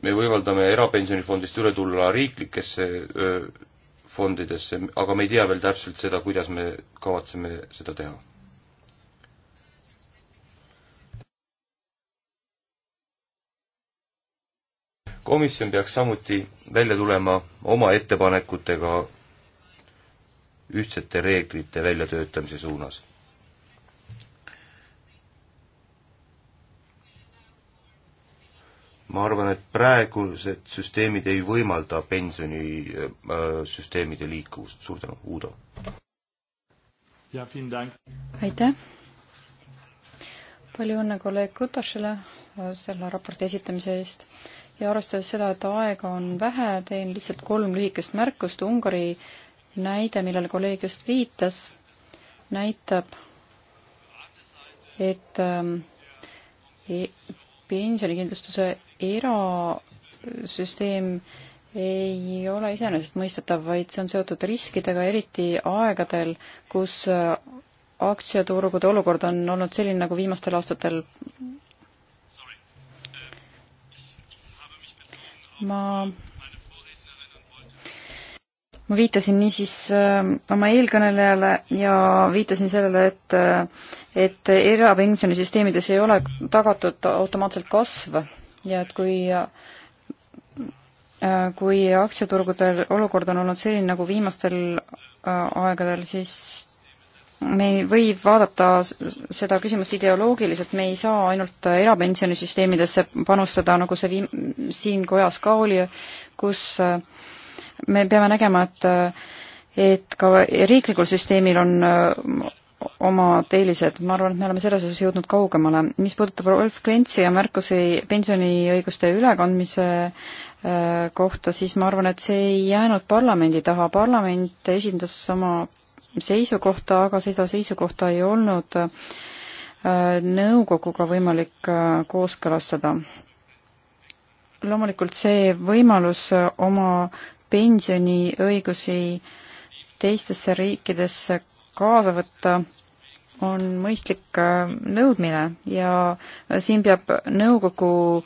me võimaldame erapensionifondist üle tulla riiklikesse öö, fondidesse, aga me ei tea veel täpselt seda, kuidas me kavatseme seda teha komisjon peaks samuti välja tulema oma ettepanekutega ühtsete reeglite väljatöötamise suunas. ma arvan, et praegused süsteemid ei võimalda pensionisüsteemide äh, liikuvust. suur tänu, Uudo! aitäh! palju õnne kolleeg Kutasele äh, selle raporti esitamise eest ja arvestades seda, et aega on vähe, teen lihtsalt kolm lühikest märkust. Ungari näide, millele kolleeg just viitas, näitab, et ähm, e-, pensionikindlustuse erasüsteem ei ole iseenesestmõistetav, vaid see on seotud riskidega, eriti aegadel, kus äh, aktsiaturgude olukord on olnud selline, nagu viimastel aastatel ma ma viitasin niisiis äh, oma eelkõnelejale ja viitasin sellele, et äh, et erapensionisüsteemides ei ole tagatud automaatselt kasv ja et kui äh, kui aktsiaturgudel olukord on olnud selline nagu viimastel aegadel, siis me ei või vaadata seda küsimust ideoloogiliselt, me ei saa ainult erapensionisüsteemidesse panustada, nagu see viim-, siin kojas ka oli, kus äh, me peame nägema, et äh, et ka riiklikul süsteemil on äh, omad eelised, ma arvan, et me oleme selles osas jõudnud kaugemale. mis puudutab Rolf Klentsi ja märkusi pensioniõiguste ülekandmise kohta, siis ma arvan, et see ei jäänud parlamendi taha, parlament esindas oma seisukohta, aga seda seisukohta ei olnud äh, nõukoguga võimalik äh, kooskõlastada. loomulikult see võimalus äh, oma pensioniõigusi teistesse riikidesse kaasa võtta on mõistlik nõudmine ja siin peab nõukogu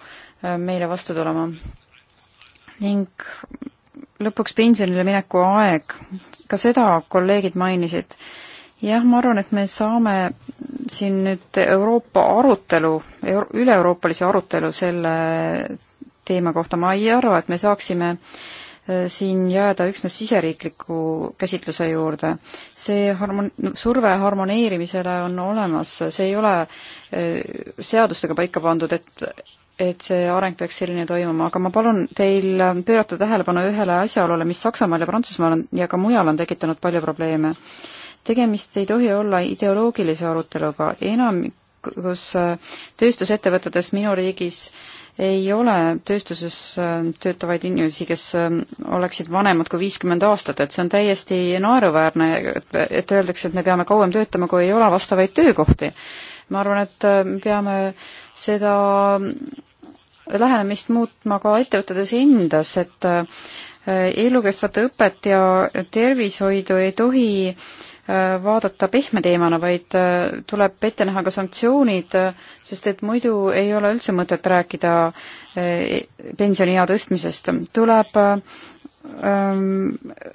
meile vastu tulema. ning lõpuks pensionile mineku aeg, ka seda kolleegid mainisid. jah, ma arvan, et me saame siin nüüd Euroopa arutelu Euro, üle-euroopalise arutelu selle teema kohta, ma ei arva, et me saaksime äh, siin jääda üksnes siseriikliku käsitluse juurde. see harmon-, surve harmoneerimisele on olemas, see ei ole äh, seadustega paika pandud, et et see areng peaks selline toimuma, aga ma palun teil pöörata tähelepanu ühele asjaolule, mis Saksamaal ja Prantsusmaal on ja ka mujal on tekitanud palju probleeme. tegemist ei tohi olla ideoloogilise aruteluga, enamikus tööstusettevõtetes minu riigis äh, ei ole tööstuses äh, töötavaid inimesi, kes äh, oleksid vanemad kui viiskümmend aastat, et see on täiesti naeruväärne, et, et öeldakse, et me peame kauem töötama, kui ei ole vastavaid töökohti. ma arvan, et äh, me peame seda lähenemist muutma ka ettevõtetes endas, et elukestvat õpet ja tervishoidu ei tohi äh, Äh, vaadata pehme teemana, vaid äh, tuleb ette näha ka sanktsioonid, äh, sest et muidu ei ole üldse mõtet rääkida pensioniea tõstmisest. tuleb ähm,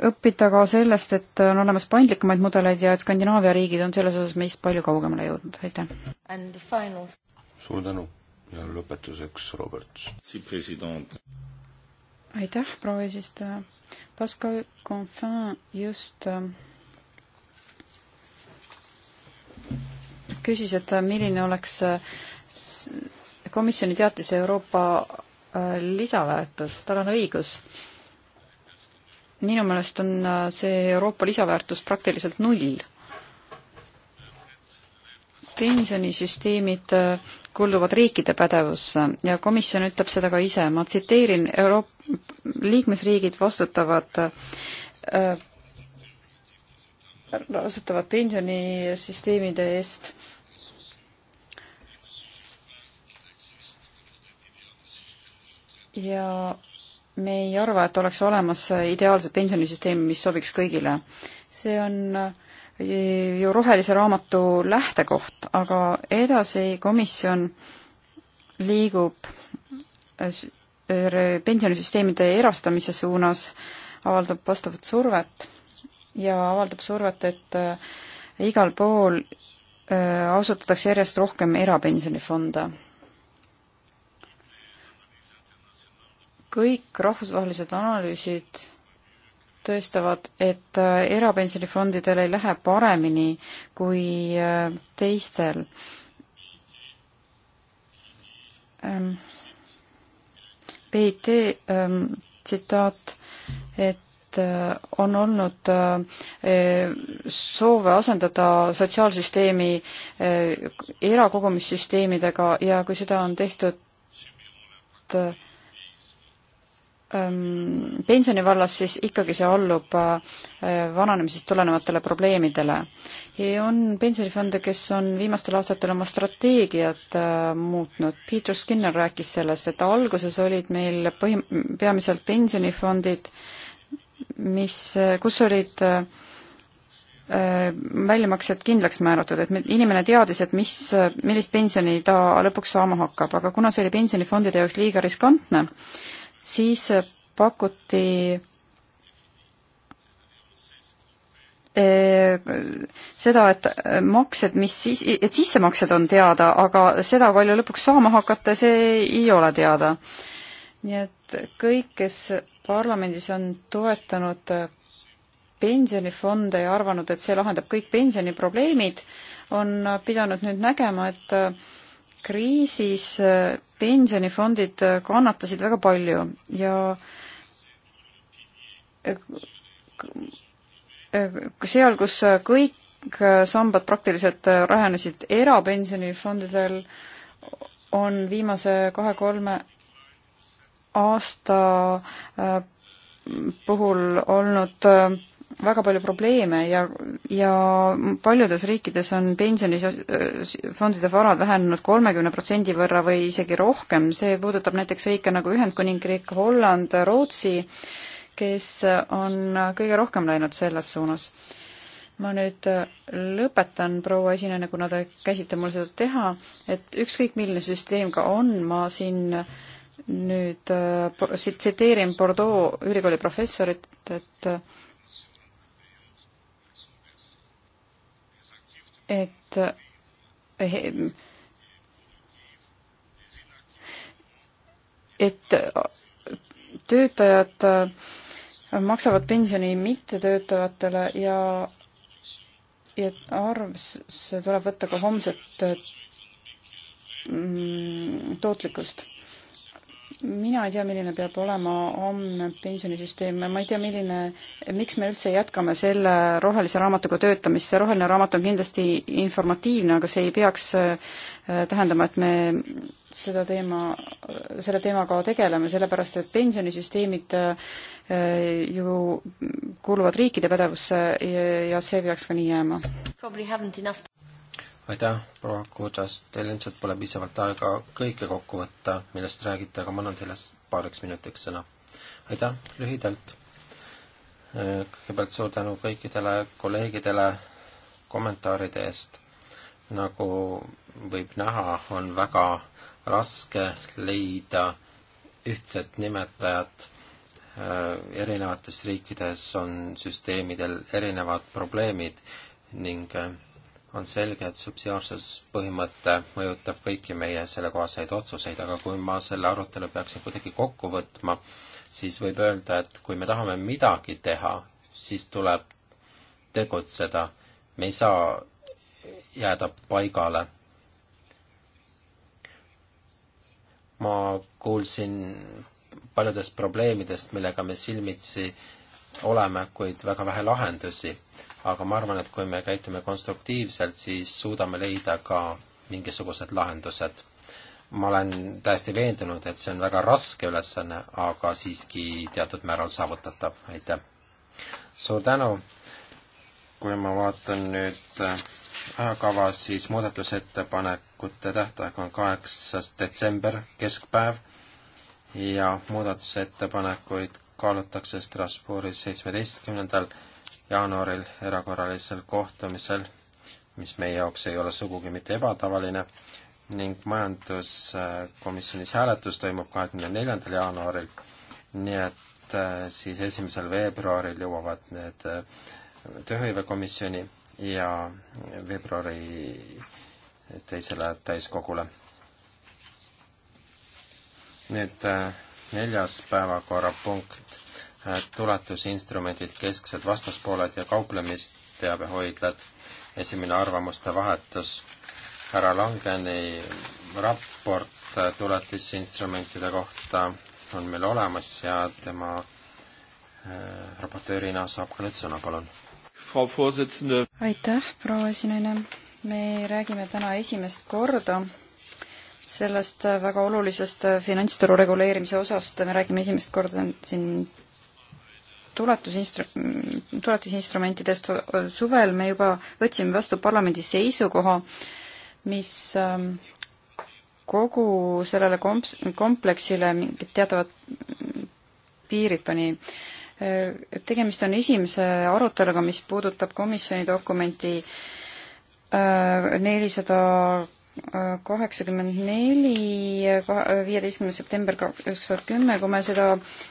õppida ka sellest, et on olemas paindlikumaid mudeleid ja et Skandinaavia riigid on selles osas meist palju kaugemale jõudnud, aitäh! suur tänu ja lõpetuseks Robert. aitäh, proua eesistuja! Pascal Confin just küsis, et milline oleks äh, komisjoni teatise Euroopa äh, lisaväärtus, tal on õigus. minu meelest on äh, see Euroopa lisaväärtus praktiliselt null. pensionisüsteemid kulluvad riikide pädevusse ja komisjon ütleb seda ka ise, ma tsiteerin, Euroop-, liikmesriigid vastutavad rasutavad pensionisüsteemide eest. ja me ei arva, et oleks olemas ideaalset pensionisüsteemi, mis sobiks kõigile. see on ju rohelise raamatu lähtekoht, aga edasi komisjon liigub pensionisüsteemide erastamise suunas, avaldab vastavat survet ja avaldab survet, et äh, igal pool äh, asutatakse järjest rohkem erapensionifonde. kõik rahvusvahelised analüüsid tõestavad, et äh, erapensionifondidel ei lähe paremini kui teistel ähm,. PIT ähm, tsitaat, et Äh, on olnud äh, eh, soove asendada sotsiaalsüsteemi äh, erakogumissüsteemidega ja kui seda on tehtud ähm, pensioni vallas, siis ikkagi see allub eh, vananemisest tulenevatele probleemidele. on pensionifonde, kes on viimastel aastatel oma strateegiat muutnud, Peter Skinner rääkis sellest, et alguses olid meil põhim-, peamiselt pensionifondid, mis, kus olid äh, väljamaksed kindlaks määratud, et inimene teadis, et mis, millist pensioni ta lõpuks saama hakkab, aga kuna see oli pensionifondide jaoks liiga riskantne, siis pakuti äh, seda, et maksed, mis siis, et sissemaksed on teada, aga seda, palju lõpuks saama hakata, see ei ole teada. nii et kõik, kes parlamendis on toetanud pensionifonde ja arvanud, et see lahendab kõik pensioniprobleemid, on pidanud nüüd nägema, et äh, kriisis äh, pensionifondid äh, kannatasid väga palju ja seal, kus kõik sambad praktiliselt rajanesid erapensionifondidel, on viimase kahe-kolme aasta äh, puhul olnud äh, väga palju probleeme ja, ja paljudes riikides on pensionifondide äh, varad vähenenud kolmekümne protsendi võrra või isegi rohkem, see puudutab näiteks riike nagu Ühendkuningriik, Holland, Rootsi, kes on kõige rohkem läinud selles suunas. ma nüüd lõpetan, proua esinejana, kuna te käsite mul seda teha, et ükskõik milline süsteem ka on, ma siin äh, nüüd äh, tsiteerin Bordeaux ülikooli professorit, et et eh, et töötajad äh, maksavad pensioni mittetöötajatele ja ja arvesse tuleb võtta ka homset mm, tootlikkust mina ei tea, milline peab olema homne pensionisüsteem, ma ei tea, milline, miks me üldse jätkame selle rohelise raamatuga töötamist, see roheline raamat on kindlasti informatiivne, aga see ei peaks äh, tähendama, et me seda teema, selle teemaga tegeleme, sellepärast et pensionisüsteemid äh, ju kuuluvad riikide pädevusse ja see peaks ka nii jääma aitäh, proua Kutšas, teil ilmselt pole piisavalt aega kõike kokku võtta, millest räägite, aga ma annan teile paariks minutiks sõna. aitäh, lühidalt. kõigepealt suur tänu kõikidele kolleegidele kommentaaride eest. nagu võib näha, on väga raske leida ühtset nimetajat. erinevates riikides on süsteemidel erinevad probleemid ning on selge, et subsidiaarsuspõhimõte mõjutab kõiki meie sellekohaseid otsuseid, aga kui ma selle arutelu peaksin kuidagi kokku võtma, siis võib öelda, et kui me tahame midagi teha, siis tuleb tegutseda, me ei saa jääda paigale. ma kuulsin paljudest probleemidest, millega me silmitsi oleme, kuid väga vähe lahendusi aga ma arvan, et kui me käitume konstruktiivselt, siis suudame leida ka mingisugused lahendused. ma olen täiesti veendunud, et see on väga raske ülesanne, aga siiski teatud määral saavutatav, aitäh! suur tänu, kui ma vaatan nüüd äh, ajakava, siis muudatusettepanekute tähtaeg on kaheksas detsember, keskpäev, ja muudatusettepanekuid kaalutakse Strasbourgis seitsmeteistkümnendal jaanuaril erakorralisel kohtumisel, mis meie jaoks ei ole sugugi mitte ebatavaline, ning majanduskomisjonis hääletus toimub kahekümne neljandal jaanuaril, nii et äh, siis esimesel veebruaril jõuavad need äh, tööhõivekomisjoni ja veebruari teisele täiskogule. nüüd äh, neljas päevakorrapunkt tuletusinstrumendid, kesksed vastaspooled ja kauplemisteabehoidlad. esimene arvamuste vahetus härra Langeni raport tuletisinstrumentide kohta on meil olemas ja tema äh, raportöörina saab ka nüüd sõna, palun. aitäh, proua esinaine. me räägime täna esimest korda sellest väga olulisest finantsturu reguleerimise osast, me räägime esimest korda siin tuletusinstru-, tuletisinstrumentidest suvel me juba võtsime vastu parlamendi seisukoha, mis ähm, kogu sellele komps-, kompleksile mingid teatavad piirid pani. Äh, tegemist on esimese aruteluga, mis puudutab komisjoni dokumenti äh, nelisada 400 kaheksakümmend neli, viieteistkümnes september kaks tuhat kümme, kui me seda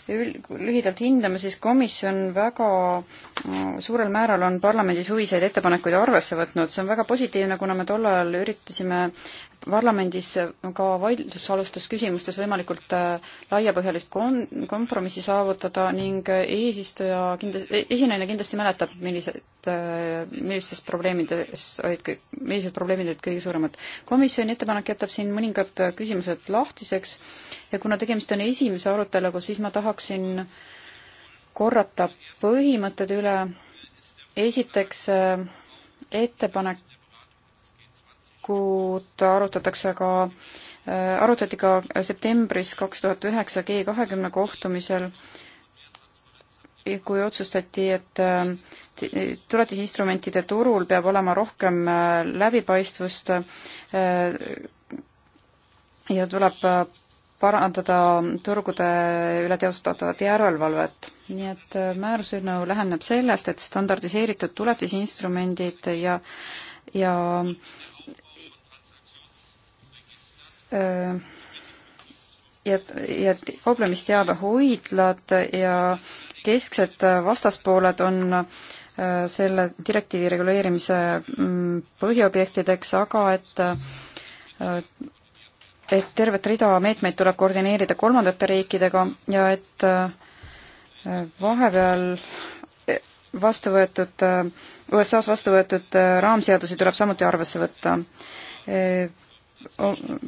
lühidalt hindame, siis komisjon väga mm, suurel määral on parlamendi suviseid ettepanekuid arvesse võtnud, see on väga positiivne, kuna me tol ajal üritasime parlamendis ka vaidlusalustes küsimustes võimalikult äh, laiapõhjalist kon-, kompromissi saavutada ning eesistuja kindlasti, e-, esineja kindlasti mäletab, millised, äh, millistes probleemides olid kõik, millised probleemid olid kõige suuremad. komisjoni ettepanek jätab siin mõningad küsimused lahtiseks ja kuna tegemist on esimese aruteluga, siis ma tahaksin korrata põhimõtted üle. esiteks äh, ettepanek ettepanekut arutatakse ka, äh, arutati ka septembris kaks tuhat üheksa G kahekümne kohtumisel, kui otsustati, et äh, tuletisinstrumentide turul peab olema rohkem äh, läbipaistvust ja tuleb parandada turgude üle teostatavat järelevalvet. nii et määruse eelnõu läheneb sellest, et standardiseeritud tuletisinstrumendid ja ja ja, ja kauplemist jääda hoidlad ja kesksed vastaspooled on selle direktiivi reguleerimise mm, põhiobjektideks, aga et et tervet rida meetmeid tuleb koordineerida kolmandate riikidega ja et vahepeal e, vastu võetud, USA-s vastu võetud raamseadusi tuleb samuti arvesse võtta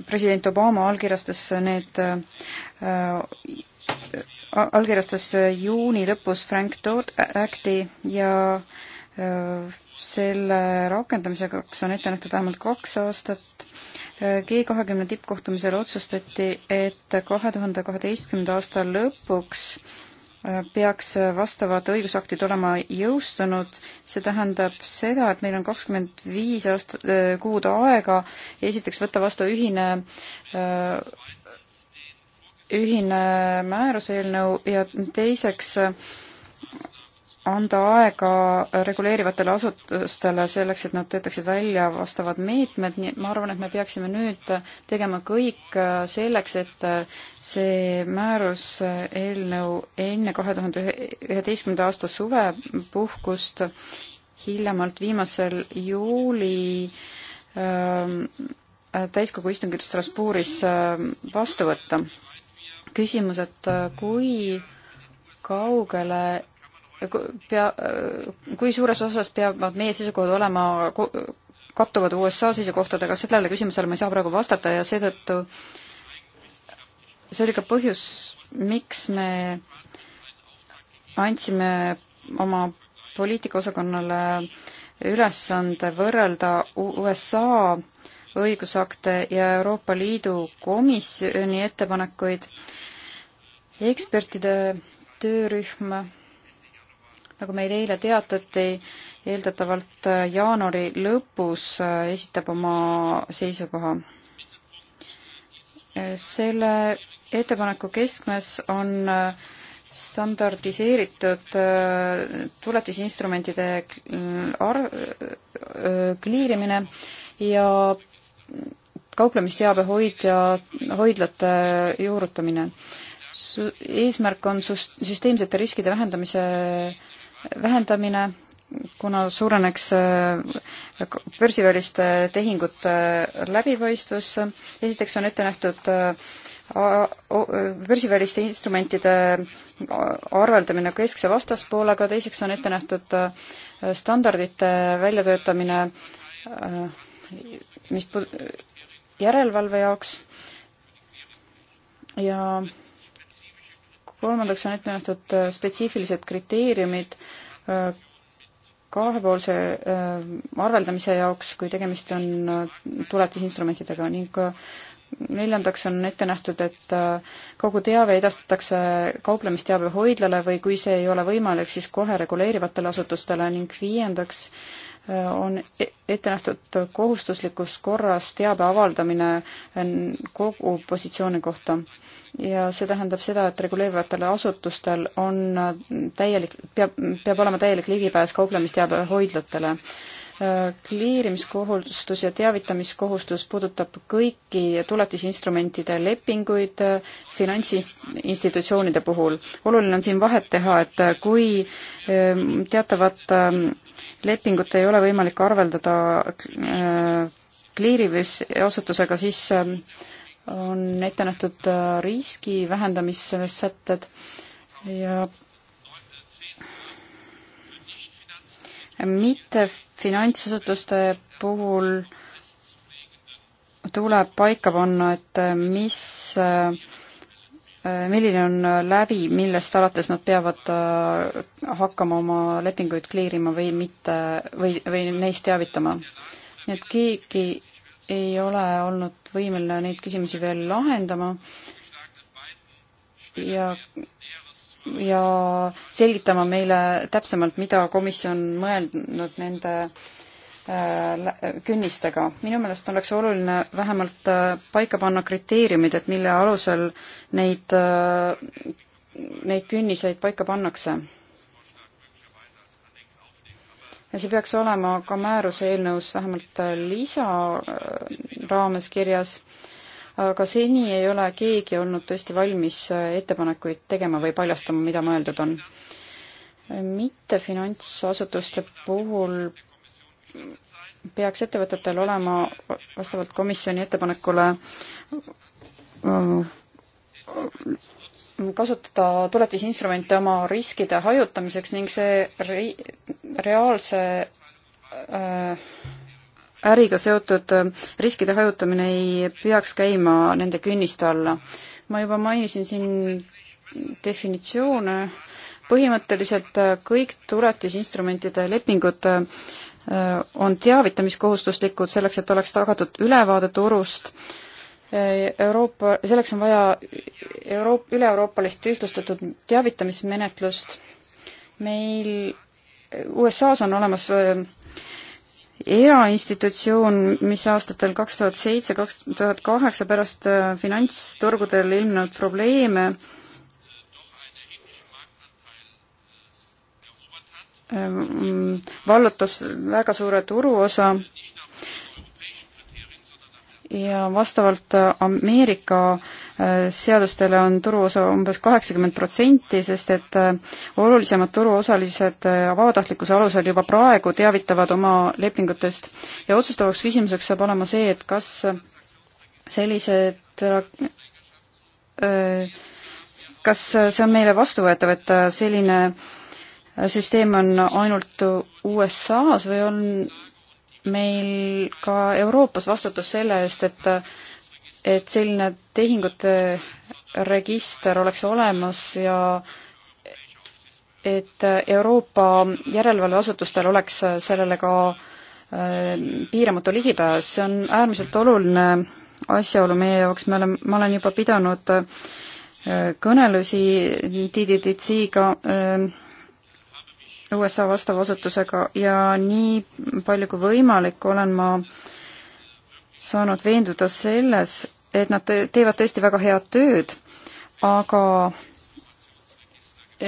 president Obama allkirjastas need äh, äh, allkirjastas juuni lõpus Frank Todd Acti ja äh, selle rakendamiseks on ette nähtud vähemalt kaks aastat. G kahekümne tippkohtumisel otsustati, et kahe tuhande kaheteistkümnenda aasta lõpuks äh, peaks vastavad õigusaktid olema jõustunud, see tähendab seda, et meil on kakskümmend viis aast-, äh, kuud aega esiteks võtta vastu ühine äh, ühine määruse eelnõu ja teiseks äh, anda aega reguleerivatele asutustele selleks, et nad töötaksid välja vastavad meetmed, nii et ma arvan, et me peaksime nüüd tegema kõik selleks, et see määrus eelnõu enne kahe tuhande üheteistkümnenda aasta suvepuhkust hiljemalt viimasel juuli ähm, täiskogu istungil Strasbourgis ähm, vastu võtta. küsimus, et kui kaugele pea, kui suures osas peavad meie seisukohad olema, kattuvad USA seisukohtadega, sellele küsimusele ma ei saa praegu vastata ja seetõttu see oli ka põhjus, miks me andsime oma poliitikaosakonnale ülesande võrrelda USA õigusakte ja Euroopa Liidu komisjoni ettepanekuid. ekspertide töörühm nagu meile eile teatati, eeldatavalt äh, jaanuari lõpus äh, esitab oma seisukoha. Äh, selle ettepaneku keskmes on standardiseeritud tuletisinstrumentide arv, kliirimine ja kauplemisteabe hoidja, hoidlate juurutamine. eesmärk on süsteemsete riskide vähendamise äh, vähendamine, kuna suureneks äh, börsiväliste äh, tehingute äh, läbipaistvus, esiteks on ette nähtud börsiväliste instrumentide arveldamine keskse vastaspoolega, teiseks on ette nähtud standardite väljatöötamine, mis järelevalve jaoks ja kolmandaks on ette nähtud äh, spetsiifilised kriteeriumid äh, kahepoolse äh, arveldamise jaoks, kui tegemist on tuletisinstrumentidega ning neljandaks on ette nähtud, et kogu teave edastatakse kauplemisteabe hoidlale või kui see ei ole võimalik, siis kohe reguleerivatele asutustele ning viiendaks on e-, ette nähtud kohustuslikus korras teabe avaldamine kogu positsiooni kohta. ja see tähendab seda, et reguleerivatel asutustel on täielik, peab, peab olema täielik ligipääs kauplemisteabe hoidlatele. Kliirimiskohustus ja teavitamiskohustus puudutab kõiki tuletisinstrumentide lepinguid finantsinstitutsioonide puhul. oluline on siin vahet teha, et kui eh, teatavat lepingut ei ole võimalik arveldada äh, kliirimisasutusega, siis ähm, on ette nähtud äh, riski vähendamissätted ja mitte finantsasutuste puhul tuleb paika panna, et mis äh, milline on läbi, millest alates nad peavad äh, hakkama oma lepinguid kliirima või mitte, või, või neist teavitama? nii et keegi ei ole olnud võimeline neid küsimusi veel lahendama ja ja selgitama meile täpsemalt, mida komisjon mõelnud nende äh, Äh, äh, künnistega. minu meelest oleks oluline vähemalt äh, paika panna kriteeriumid, et mille alusel neid, neid künniseid paika pannakse. ja see peaks olema ka määruse eelnõus vähemalt lisa raames kirjas, aga seni ei ole keegi olnud tõesti valmis ettepanekuid tegema või paljastama, mida mõeldud on. mittefinantsasutuste puhul peaks ettevõtetel olema vastavalt komisjoni ettepanekule äh, kasutada tuletisinstrumente oma riskide hajutamiseks ning see ri-, reaalse äh, äriga seotud äh, riskide hajutamine ei peaks käima nende künniste alla. ma juba mainisin siin definitsioone, põhimõtteliselt äh, kõik tuletisinstrumentide lepingud äh, Äh, on teavitamiskohustuslikud selleks, et oleks tagatud ülevaade turust. Euroopa, selleks on vaja Euroop-, üle-euroopalist ühtlustatud teavitamismenetlust. meil USA-s on olemas äh, erainstitutsioon, mis aastatel kaks tuhat seitse, kaks tuhat kaheksa pärast äh, finantsturgudel ilmnenud probleeme äh, Ehm, vallutas väga suure turuosa ja vastavalt äh, Ameerika äh, seadustele on turuosa umbes kaheksakümmend protsenti, sest et äh, olulisemad turuosalised vabatahtlikkuse alusel juba praegu teavitavad oma lepingutest ja otsustavaks küsimuseks saab olema see, et kas sellised kas see on meile vastuvõetav, et selline äh, süsteem on ainult USA-s või on meil ka Euroopas vastutus selle eest, et et selline tehingute register oleks olemas ja et Euroopa järelevalveasutustel oleks sellele ka äh, piiramatu ligipääs, see on äärmiselt oluline asjaolu meie jaoks, me oleme, ma olen juba pidanud äh, kõnelusi DDDC-ga äh, USA vastava asutusega ja nii palju kui võimalik olen ma saanud veenduda selles, et nad teevad tõesti väga head tööd, aga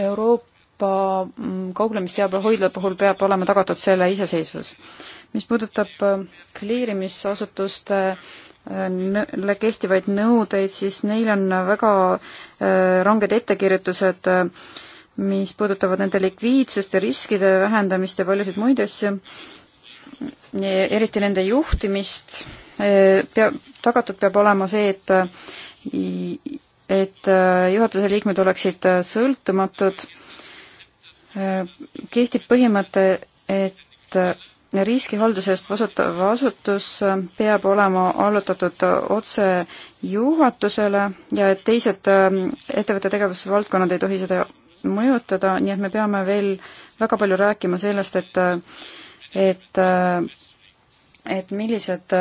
Euroopa mm, kauplemisteabehoidla puhul peab olema tagatud selle iseseisvus. mis puudutab kliirimisasutuste äh, äh, neile kehtivaid nõudeid, siis neil on väga äh, ranged ettekirjutused äh, mis puudutavad nende likviidsust ja riskide vähendamist ja paljusid muid asju, eriti nende juhtimist, peab, tagatud peab olema see, et et äh, juhatuse liikmed oleksid äh, sõltumatud, kehtib põhimõte, et äh, riskihaldusest vastutav asutus peab olema allutatud otse juhatusele ja et teised ettevõtte tegevusvaldkonnad ei tohi seda mõjutada, nii et me peame veel väga palju rääkima sellest, et et et millised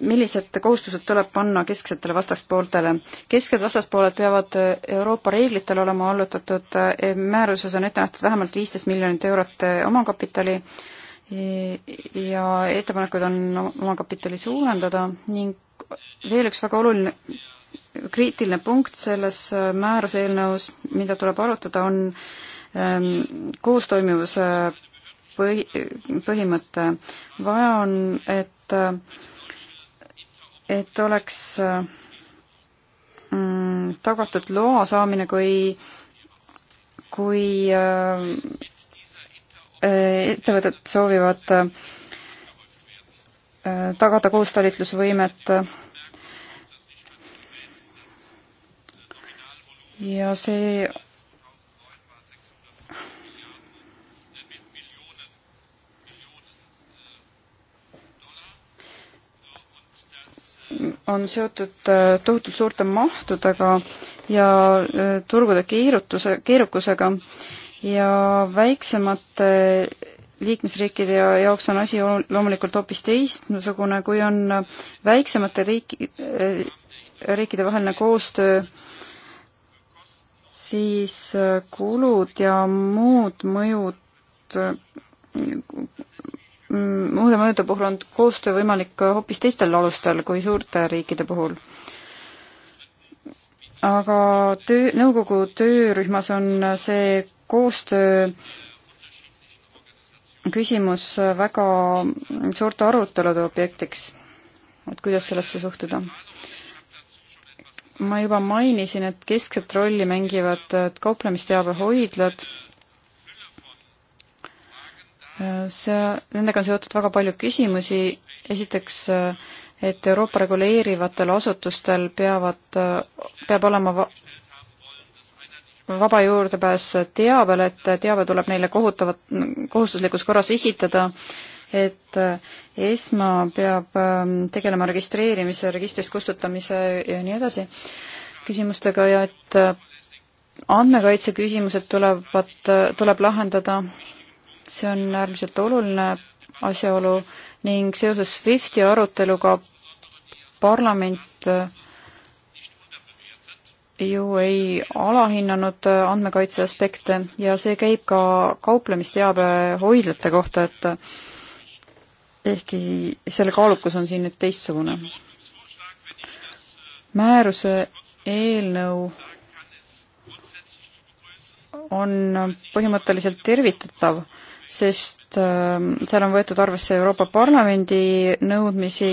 millised kohustused tuleb panna kesksetele vastaspooltele. kesksed vastaspooled peavad Euroopa reeglitele olema allutatud, määruses on ette nähtud vähemalt viisteist miljonit eurot omakapitali ja ettepanekud on omakapitali suurendada ning veel üks väga oluline kriitiline punkt selles äh, määruse eelnõus, mida tuleb arutada, on ähm, koostoimivuse põhi, põhimõte. vaja on, et, äh, et oleks äh, mm, tagatud loa saamine, kui, kui äh, ettevõtted soovivad äh, tagada koostalitlusvõimet äh, ja see on seotud äh, tohutult suurte mahtudega ja äh, turgude keerutuse, keerukusega ja väiksemate liikmesriikide jaoks on asi loomulikult hoopis teistsugune, kui on väiksemate riiki, äh, riikide vaheline koostöö äh, siis äh, kulud ja muud mõjud, äh, muude mõjude puhul on koostöö võimalik hoopis teistel alustel kui suurte riikide puhul. aga töö, nõukogu töörühmas on see koostöö küsimus väga suurte arutelude objektiks, et kuidas sellesse suhtuda ma juba mainisin, et keskset rolli mängivad kauplemisteabe hoidlad. see, nendega on seotud väga palju küsimusi, esiteks et Euroopa reguleerivatel asutustel peavad, peab olema va vaba juurdepääs teabele, et teave tuleb neile kohutavat, kohustuslikus korras esitada äh, et äh, ESMA peab ähm, tegelema registreerimise, registrist kustutamise ja nii edasi küsimustega ja et äh, andmekaitse küsimused tulevad, äh, tuleb lahendada. see on äärmiselt oluline asjaolu ning seoses SWIFTi aruteluga parlament ju ei alahinnanud andmekaitse aspekte ja see käib ka kauplemisteabe hoidlate kohta, et ehkki selle kaalukus on siin nüüd teistsugune. määruse eelnõu on põhimõtteliselt tervitatav, sest ähm, seal on võetud arvesse Euroopa Parlamendi nõudmisi,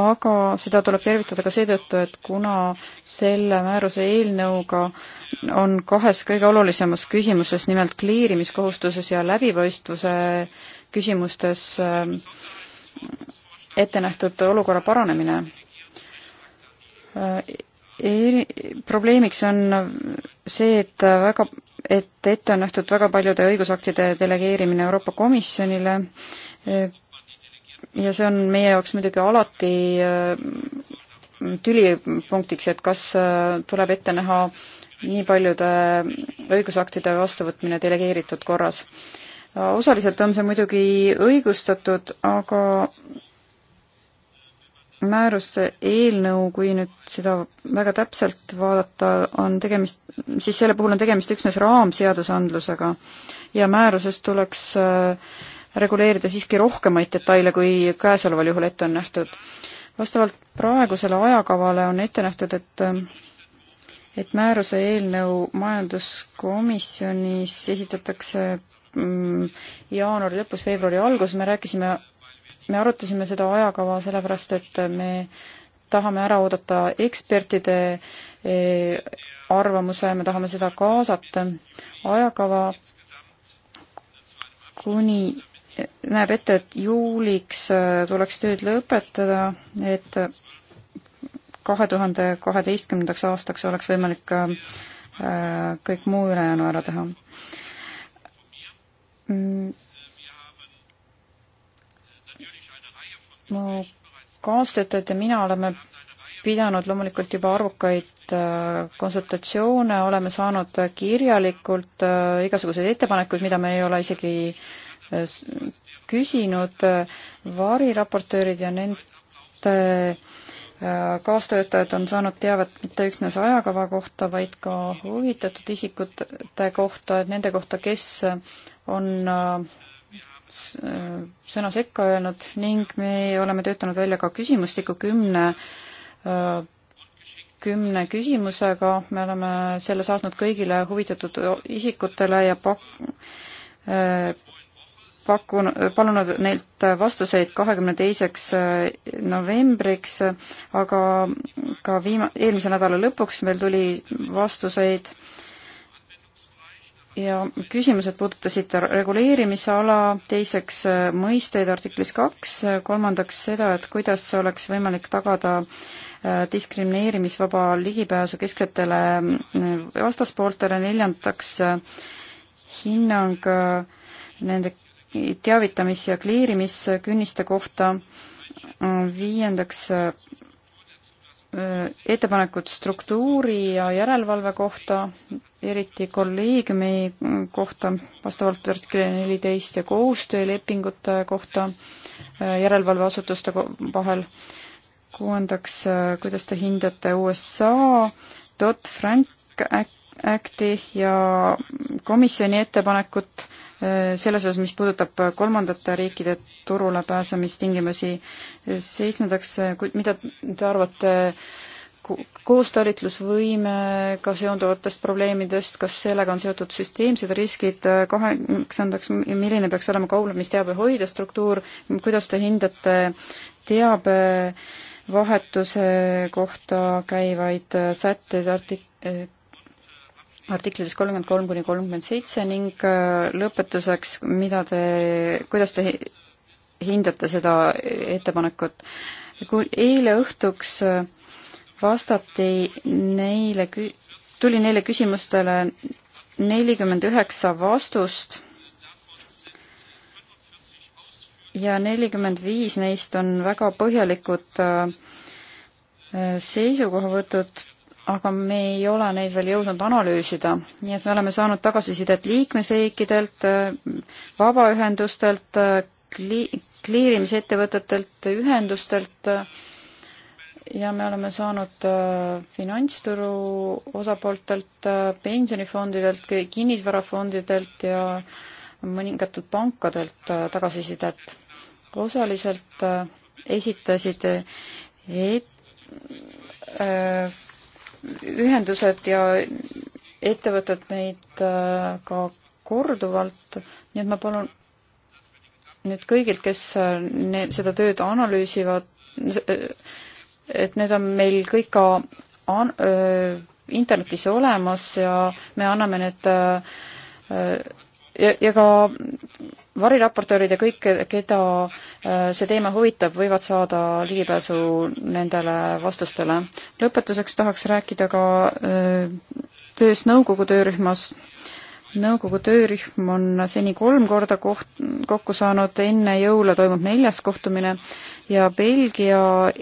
aga seda tuleb tervitada ka seetõttu, et kuna selle määruse eelnõuga on kahes kõige olulisemas küsimuses, nimelt kliirimiskohustuses ja läbipaistvuse küsimustes äh, ette nähtud olukorra paranemine. Äh, probleemiks on see, et väga, et ette on nähtud väga paljude õigusaktide delegeerimine Euroopa Komisjonile äh, ja see on meie jaoks muidugi alati äh, tülipunktiks, et kas tuleb ette näha nii paljude õigusaktide vastuvõtmine delegeeritud korras osaliselt on see muidugi õigustatud, aga määruse eelnõu, kui nüüd seda väga täpselt vaadata, on tegemist, siis selle puhul on tegemist üksnes raamseadusandlusega ja määruses tuleks äh, reguleerida siiski rohkemaid detaile, kui käesoleval juhul ette on nähtud. vastavalt praegusele ajakavale on ette nähtud, et äh, et määruse eelnõu majanduskomisjonis esitatakse Mm, jaanuari lõpus, veebruari alguses, me rääkisime, me arutasime seda ajakava sellepärast, et me tahame ära oodata ekspertide e, arvamuse, me tahame seda kaasata. ajakava kuni näeb ette, et juuliks e, tuleks tööd lõpetada, et kahe tuhande kaheteistkümnendaks aastaks oleks võimalik e, kõik muu ülejäänu ära teha. Mm. mu kaastöötajad ja mina oleme pidanud loomulikult juba arvukaid äh, konsultatsioone, oleme saanud kirjalikult äh, igasuguseid ettepanekuid, mida me ei ole isegi äh, küsinud, variraportöörid ja nende kaastöötajad on saanud teavet mitte üksnes ajakava kohta, vaid ka huvitatud isikute kohta, et nende kohta, kes on äh, sõna sekka öelnud ning me oleme töötanud välja ka küsimustiku kümne, äh, kümne küsimusega, me oleme selle saatnud kõigile huvitatud isikutele ja pak-, äh, pakun-, palunud neilt vastuseid kahekümne teiseks novembriks, aga ka viima-, eelmise nädala lõpuks meil tuli vastuseid äh, ja küsimused puudutasid reguleerimisala, teiseks äh, mõisteid artiklis kaks, äh, kolmandaks seda, et kuidas oleks võimalik tagada äh, diskrimineerimisvaba ligipääsu kesksetele vastaspooltele, neljandaks hinnang nende teavitamis- ja kleerimiskünniste kohta, viiendaks Äh, ettepanekut struktuuri ja järelevalve kohta, eriti kolleegiumi kohta vastavalt artiklile neliteist ja koostöölepingute kohta äh, järelevalveasutuste vahel. kuuendaks, äh, kuidas te hindate USA Dodd-Frank Acti ja komisjoni ettepanekut eh, selles osas, mis puudutab kolmandate riikide turule pääsemistingimusi. seitsmendaks, eh, mida te arvate koostalitlusvõimega seonduvatest probleemidest, kas sellega on seotud süsteemsed riskid, kaheksandaks, milline peaks olema kauplemisteabe hoida struktuur, kuidas te hindate teabe vahetuse kohta käivaid sätteid artik-, artiklites kolmkümmend kolm kuni kolmkümmend seitse ning äh, lõpetuseks, mida te, kuidas te hindate seda ettepanekut? kui eile õhtuks äh, vastati neile, tuli neile küsimustele nelikümmend üheksa vastust ja nelikümmend viis neist on väga põhjalikud äh, seisukohavõtud aga me ei ole neid veel jõudnud analüüsida, nii et me oleme saanud tagasisidet liikmesriikidelt, vabaühendustelt, kli-, kliirimisettevõtetelt, ühendustelt ja me oleme saanud äh, finantsturu osapooltelt, äh, pensionifondidelt, kinnisvarafondidelt ja mõningatelt pankadelt äh, tagasisidet. osaliselt esitasid et, äh, ühendused ja ettevõtted neid äh, ka korduvalt, nii et ma palun nüüd kõigilt, kes äh, ne-, seda tööd analüüsivad, äh, et need on meil kõik ka an-, öö, internetis olemas ja me anname need öö, ja, ja ka variraportöörid ja kõik, keda äh, see teema huvitab, võivad saada ligipääsu nendele vastustele. lõpetuseks tahaks rääkida ka äh, tööst nõukogu töörühmas. nõukogu töörühm on seni kolm korda koht, kokku saanud, enne jõule toimub neljas kohtumine ja Belgia äh,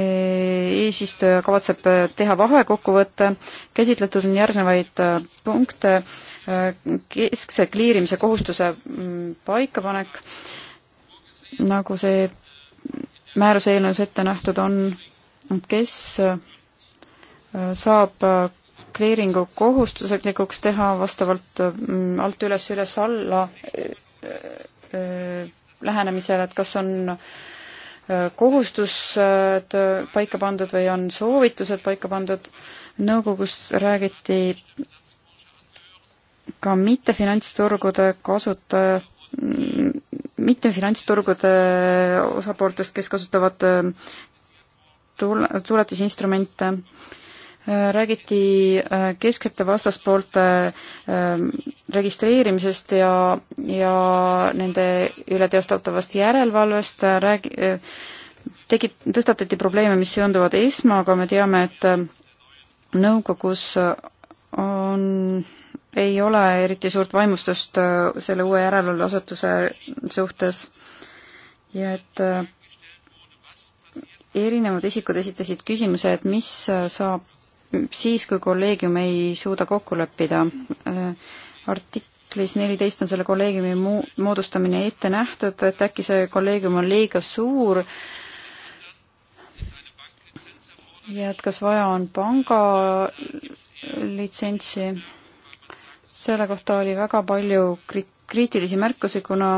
eesistuja kavatseb teha vahekokkuvõtte, käsitletud on järgnevaid punkte keskse kliirimise kohustuse mm, paikapanek, nagu see määruse eelnõus ette nähtud on, kes äh, saab äh, kliiringu kohustuslikuks teha vastavalt mm, alt üles, üles alla äh, lähenemisele, et kas on kohustused paika pandud või on soovitused paika pandud. nõukogus räägiti ka mittefinantsturgude kasutaja, mittefinantsturgude osapooltest, kes kasutavad äh, tul-, tuletisinstrumente, äh, räägiti äh, keskete vastaspoolte registreerimisest ja, ja nende üle teostatavast järelevalvest, räägi-, tegi, tõstatati probleeme, mis seonduvad ESMA-ga, me teame, et nõukogus on ei ole eriti suurt vaimustust äh, selle uue järelevalveasutuse suhtes ja et äh, erinevad isikud esitasid küsimuse, et mis äh, saab siis, kui kolleegium ei suuda kokku leppida. artiklis neliteist on selle kolleegiumi mu-, moodustamine ette nähtud, et äkki see kolleegium on liiga suur ja et kas vaja on panga litsentsi selle kohta oli väga palju kri-, kriitilisi märkusi, kuna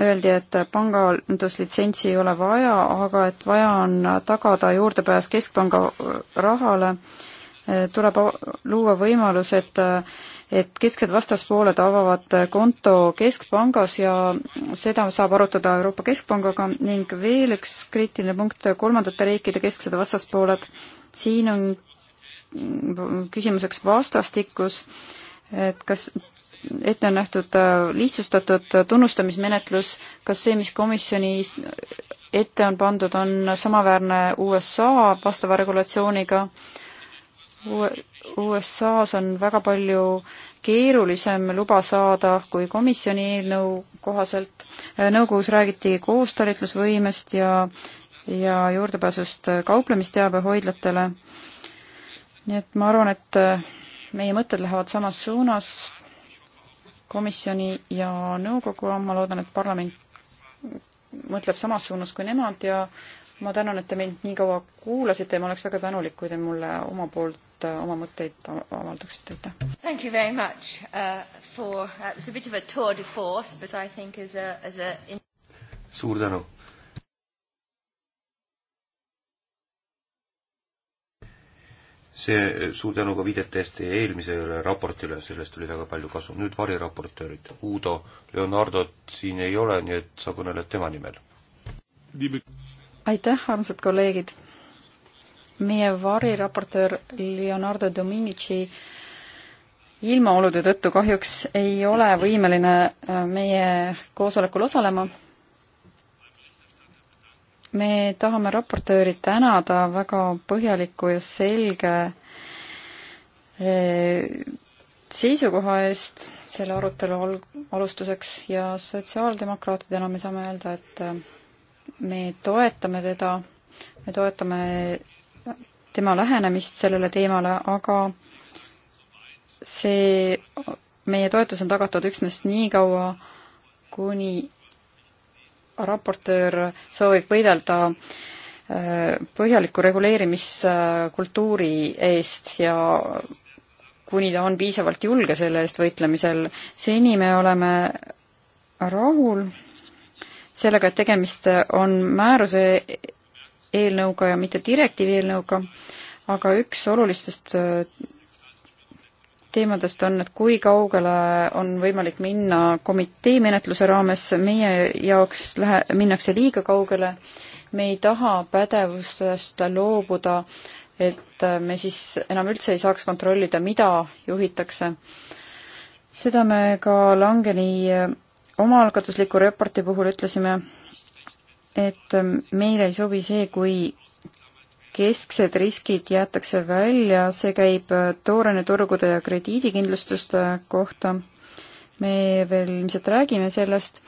öeldi, et panganduslitsentsi ei ole vaja, aga et vaja on tagada juurdepääs keskpanga rahale, tuleb luua võimalus, et et kesksed vastaspooled avavad konto Keskpangas ja seda saab arutada Euroopa Keskpangaga ning veel üks kriitiline punkt, kolmandate riikide kesksed vastaspooled, siin on küsimuseks vastastikus äh, et kas ette on nähtud äh, lihtsustatud tunnustamismenetlus, kas see, mis komisjoni ette on pandud, on samaväärne USA vastava regulatsiooniga? USA-s on väga palju keerulisem luba saada kui komisjoni eelnõu kohaselt. Äh, nõukogus räägiti koostalitlusvõimest ja, ja juurdepääsust kauplemisteabehoidlatele. nii et ma arvan, et äh, meie mõtted lähevad samas suunas komisjoni ja nõukogu on, ma loodan, et parlament mõtleb samas suunas kui nemad ja ma tänan, et te mind nii kaua kuulasite ja ma oleks väga tänulik, kui te mulle oma poolt oma mõtteid avaldaksite, aitäh! Thank you very much uh, for uh,, it's a bit of a tour de force, but I think as a, as a suur tänu! see, suur tänu ka viidete eest teie eelmisele raportile, sellest oli väga palju kasu. nüüd variraportöörid. Uudo Leonardot siin ei ole, nii et sa kõneled tema nimel. aitäh, armsad kolleegid! meie variraportöör Leonardo Dominici ilmaolude tõttu kahjuks ei ole võimeline äh, meie koosolekul osalema me tahame raportööri tänada väga põhjaliku ja selge eh, seisukoha eest selle arutelu al-, alustuseks ja sotsiaaldemokraatidena me saame öelda, et eh, me toetame teda, me toetame tema lähenemist sellele teemale, aga see, meie toetus on tagatud üksnes nii kaua, kuni raportöör soovib võidelda äh, põhjaliku reguleerimiskultuuri eest ja kuni ta on piisavalt julge selle eest võitlemisel, seni me oleme rahul sellega, et tegemist on määruse eelnõuga ja mitte direktiivi eelnõuga, aga üks olulistest äh, teemadest on, et kui kaugele on võimalik minna komitee menetluse raames, meie jaoks lähe-, minnakse liiga kaugele, me ei taha pädevusest loobuda, et me siis enam üldse ei saaks kontrollida, mida juhitakse. seda me ka Langeni omaalgatusliku raporti puhul ütlesime, et meile ei sobi see, kui kesksed riskid jäetakse välja, see käib äh, tooreneturgude ja krediidikindlustuste kohta. me veel ilmselt räägime sellest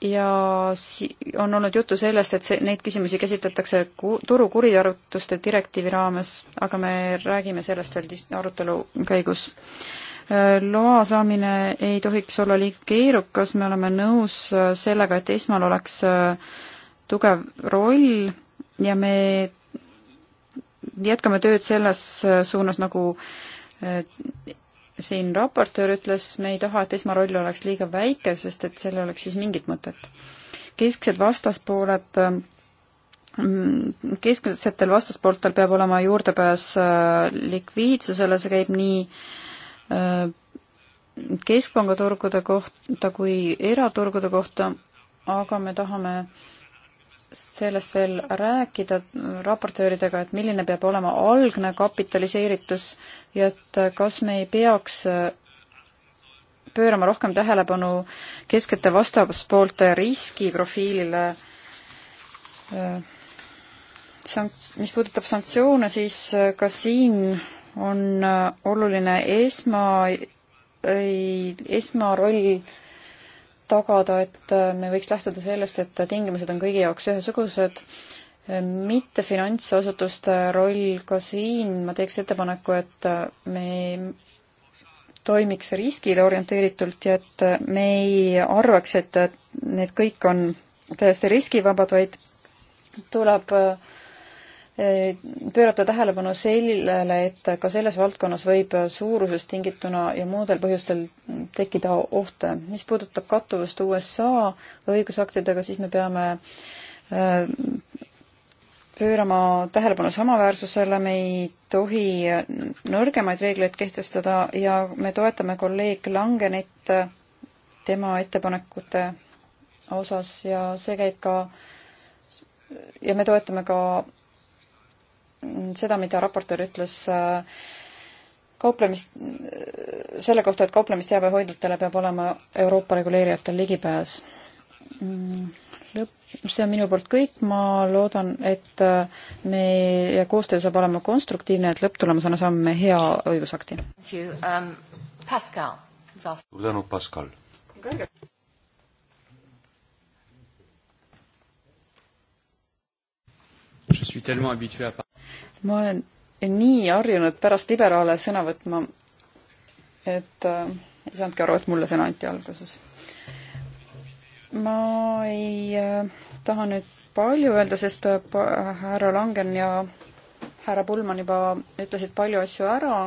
ja si-, on olnud juttu sellest, et see, neid küsimusi käsitletakse ku-, turu kuritarvutuste direktiivi raames, aga me räägime sellest veel arutelu käigus. Äh, loa saamine ei tohiks olla liiga keerukas, me oleme nõus äh, sellega, et esmal oleks tugev roll ja me jätkame tööd selles äh, suunas, nagu äh, siin raportöör ütles, me ei taha, et esmaroll oleks liiga väike, sest et sellel oleks siis mingit mõtet. kesksed vastaspooled, äh, mm, kesksetel vastaspooltel peab olema juurdepääs likviidsusele, see käib nii keskpanga turgude kohta kui eraturgude kohta, aga me tahame äh, sellest veel rääkida raportööridega, et milline peab olema algne kapitaliseeritus ja et kas me ei peaks pöörama rohkem tähelepanu keskete vastaspoolte riskiprofiilile. Sankt-, mis puudutab sanktsioone, siis ka siin on oluline esma, esmaroll tagada, et äh, me võiks lähtuda sellest, et tingimused on kõigi jaoks ühesugused, äh, mitte finantsasutuste roll ka siin, ma teeks ettepaneku, et äh, me toimiks riskile orienteeritult ja et me ei arvaks, et need kõik on täiesti riskivabad, vaid tuleb äh, pöörata tähelepanu sellele, et ka selles valdkonnas võib suurusest tingituna ja muudel põhjustel tekkida ohte. mis puudutab kattuvust USA õigusaktidega, siis me peame äh, pöörama tähelepanu samaväärsusele, me ei tohi nõrgemaid reegleid kehtestada ja me toetame kolleeg Langenit tema ettepanekute osas ja see käib ka ja me toetame ka seda, mida raportöör ütles äh, kauplemist, selle kohta, et kauplemisteabe hoidlatele peab olema Euroopa reguleerijatel ligipääs. Mm, lõpp, see on minu poolt kõik, ma loodan, et äh, meie koostöö saab olema konstruktiivne, et lõpptulemusena saame hea õigusakti. Um, suur tänu, Pascal. Je suis tellement habitué à ma olen nii harjunud pärast liberaale sõna võtma, et äh, ei saanudki aru, et mulle sõna anti alguses. ma ei äh, taha nüüd palju öelda, sest äh, härra Langen ja härra Pullman juba ütlesid palju asju ära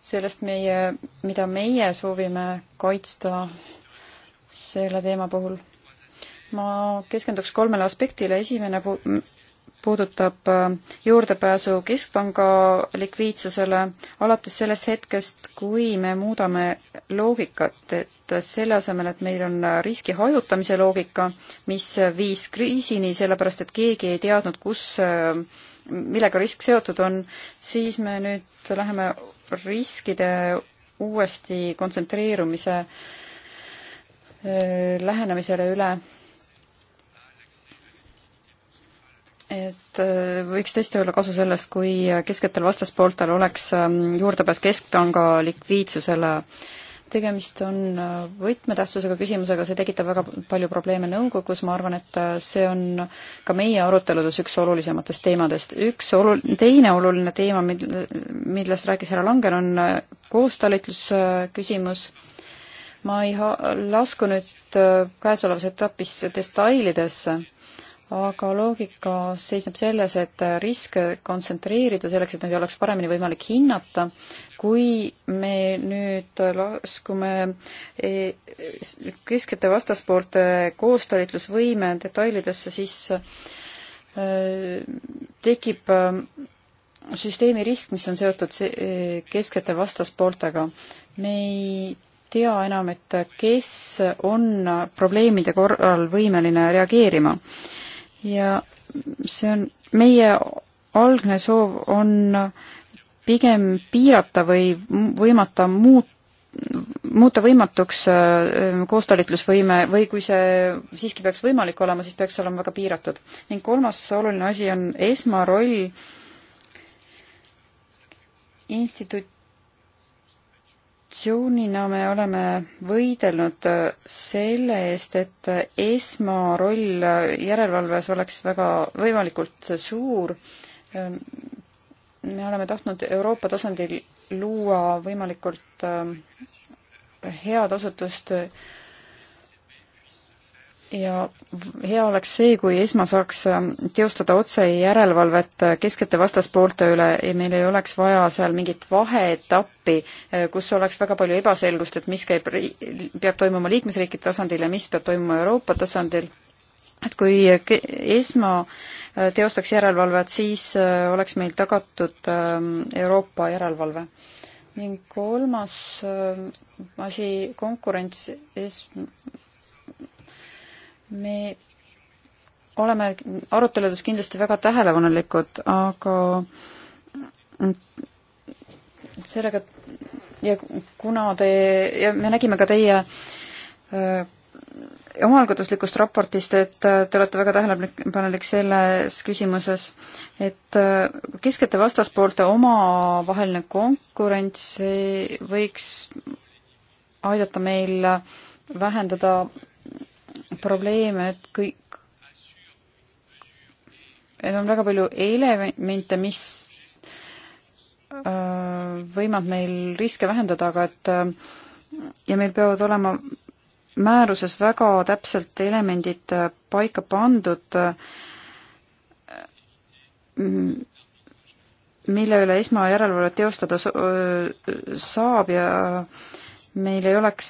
sellest meie, mida meie soovime kaitsta selle teema puhul. ma keskenduks kolmele aspektile, esimene pu-, puudutab äh, juurdepääsu Keskpanga likviidsusele alates sellest hetkest, kui me muudame loogikat, et selle asemel, et meil on riski hajutamise loogika, mis viis kriisini, sellepärast et keegi ei teadnud, kus, äh, millega risk seotud on, siis me nüüd läheme riskide uuesti kontsentreerumise äh, lähenemisele üle et äh, võiks tõesti olla kasu sellest, kui kesketel vastaspooltel oleks ähm, juurdepääs Keskpanga likviidsusele. tegemist on äh, võtmetähtsusega küsimusega, see tekitab väga palju probleeme nõukogus, ma arvan, et äh, see on ka meie aruteludes üks olulisematest teemadest. üks olu-, teine oluline teema, mil-, millest rääkis härra Langen, on koostalitlusküsimus ma ei ha-, lasku nüüd käesolevas etapis detailidesse aga loogika seisneb selles, et riske kontsentreerida selleks, et neid oleks paremini võimalik hinnata. kui me nüüd laskume e, keskete vastaspoolte koostalitlusvõime detailidesse, siis e, tekib e, süsteemi risk, mis on seotud keskete vastaspooltega. me ei tea enam, et kes on probleemide korral võimeline reageerima ja see on, meie algne soov on pigem piirata või võimata muut-, muuta võimatuks äh, koostalitlusvõime või kui see siiski peaks võimalik olema, siis peaks see olema väga piiratud. ning kolmas oluline asi on esmaroll instituut-, fraktsioonina me oleme võidelnud äh, selle eest, et äh, esmaroll äh, järelevalves oleks väga võimalikult suur. Ähm, me oleme tahtnud Euroopa tasandil luua võimalikult ähm, head asutust, ja hea oleks see, kui ESMA saaks äh, teostada otse järelevalvet äh, keskete vastaspoolte üle ja meil ei oleks vaja seal mingit vaheetappi, äh, kus oleks väga palju ebaselgust, et mis käib, peab toimuma liikmesriikide tasandil ja mis peab toimuma Euroopa tasandil. et kui ESMA teostaks järelevalvet, siis oleks meil tagatud ähm, Euroopa järelevalve. ning kolmas asi, konkurents ESMA me oleme aruteludes kindlasti väga tähelepanelikud, aga sellega ja kuna te ja me nägime ka teie omaalgatuslikust raportist, et te olete väga tähelepanelik selles küsimuses, et keskete vastaspoolte omavaheline konkurents võiks aidata meil vähendada probleeme, et kõik, et on väga palju elemente, mis äh, võimab meil riske vähendada, aga et äh, ja meil peavad olema määruses väga täpselt elemendid äh, paika pandud, mm, mille üle esmajärelevalvet teostada saab ja meil ei oleks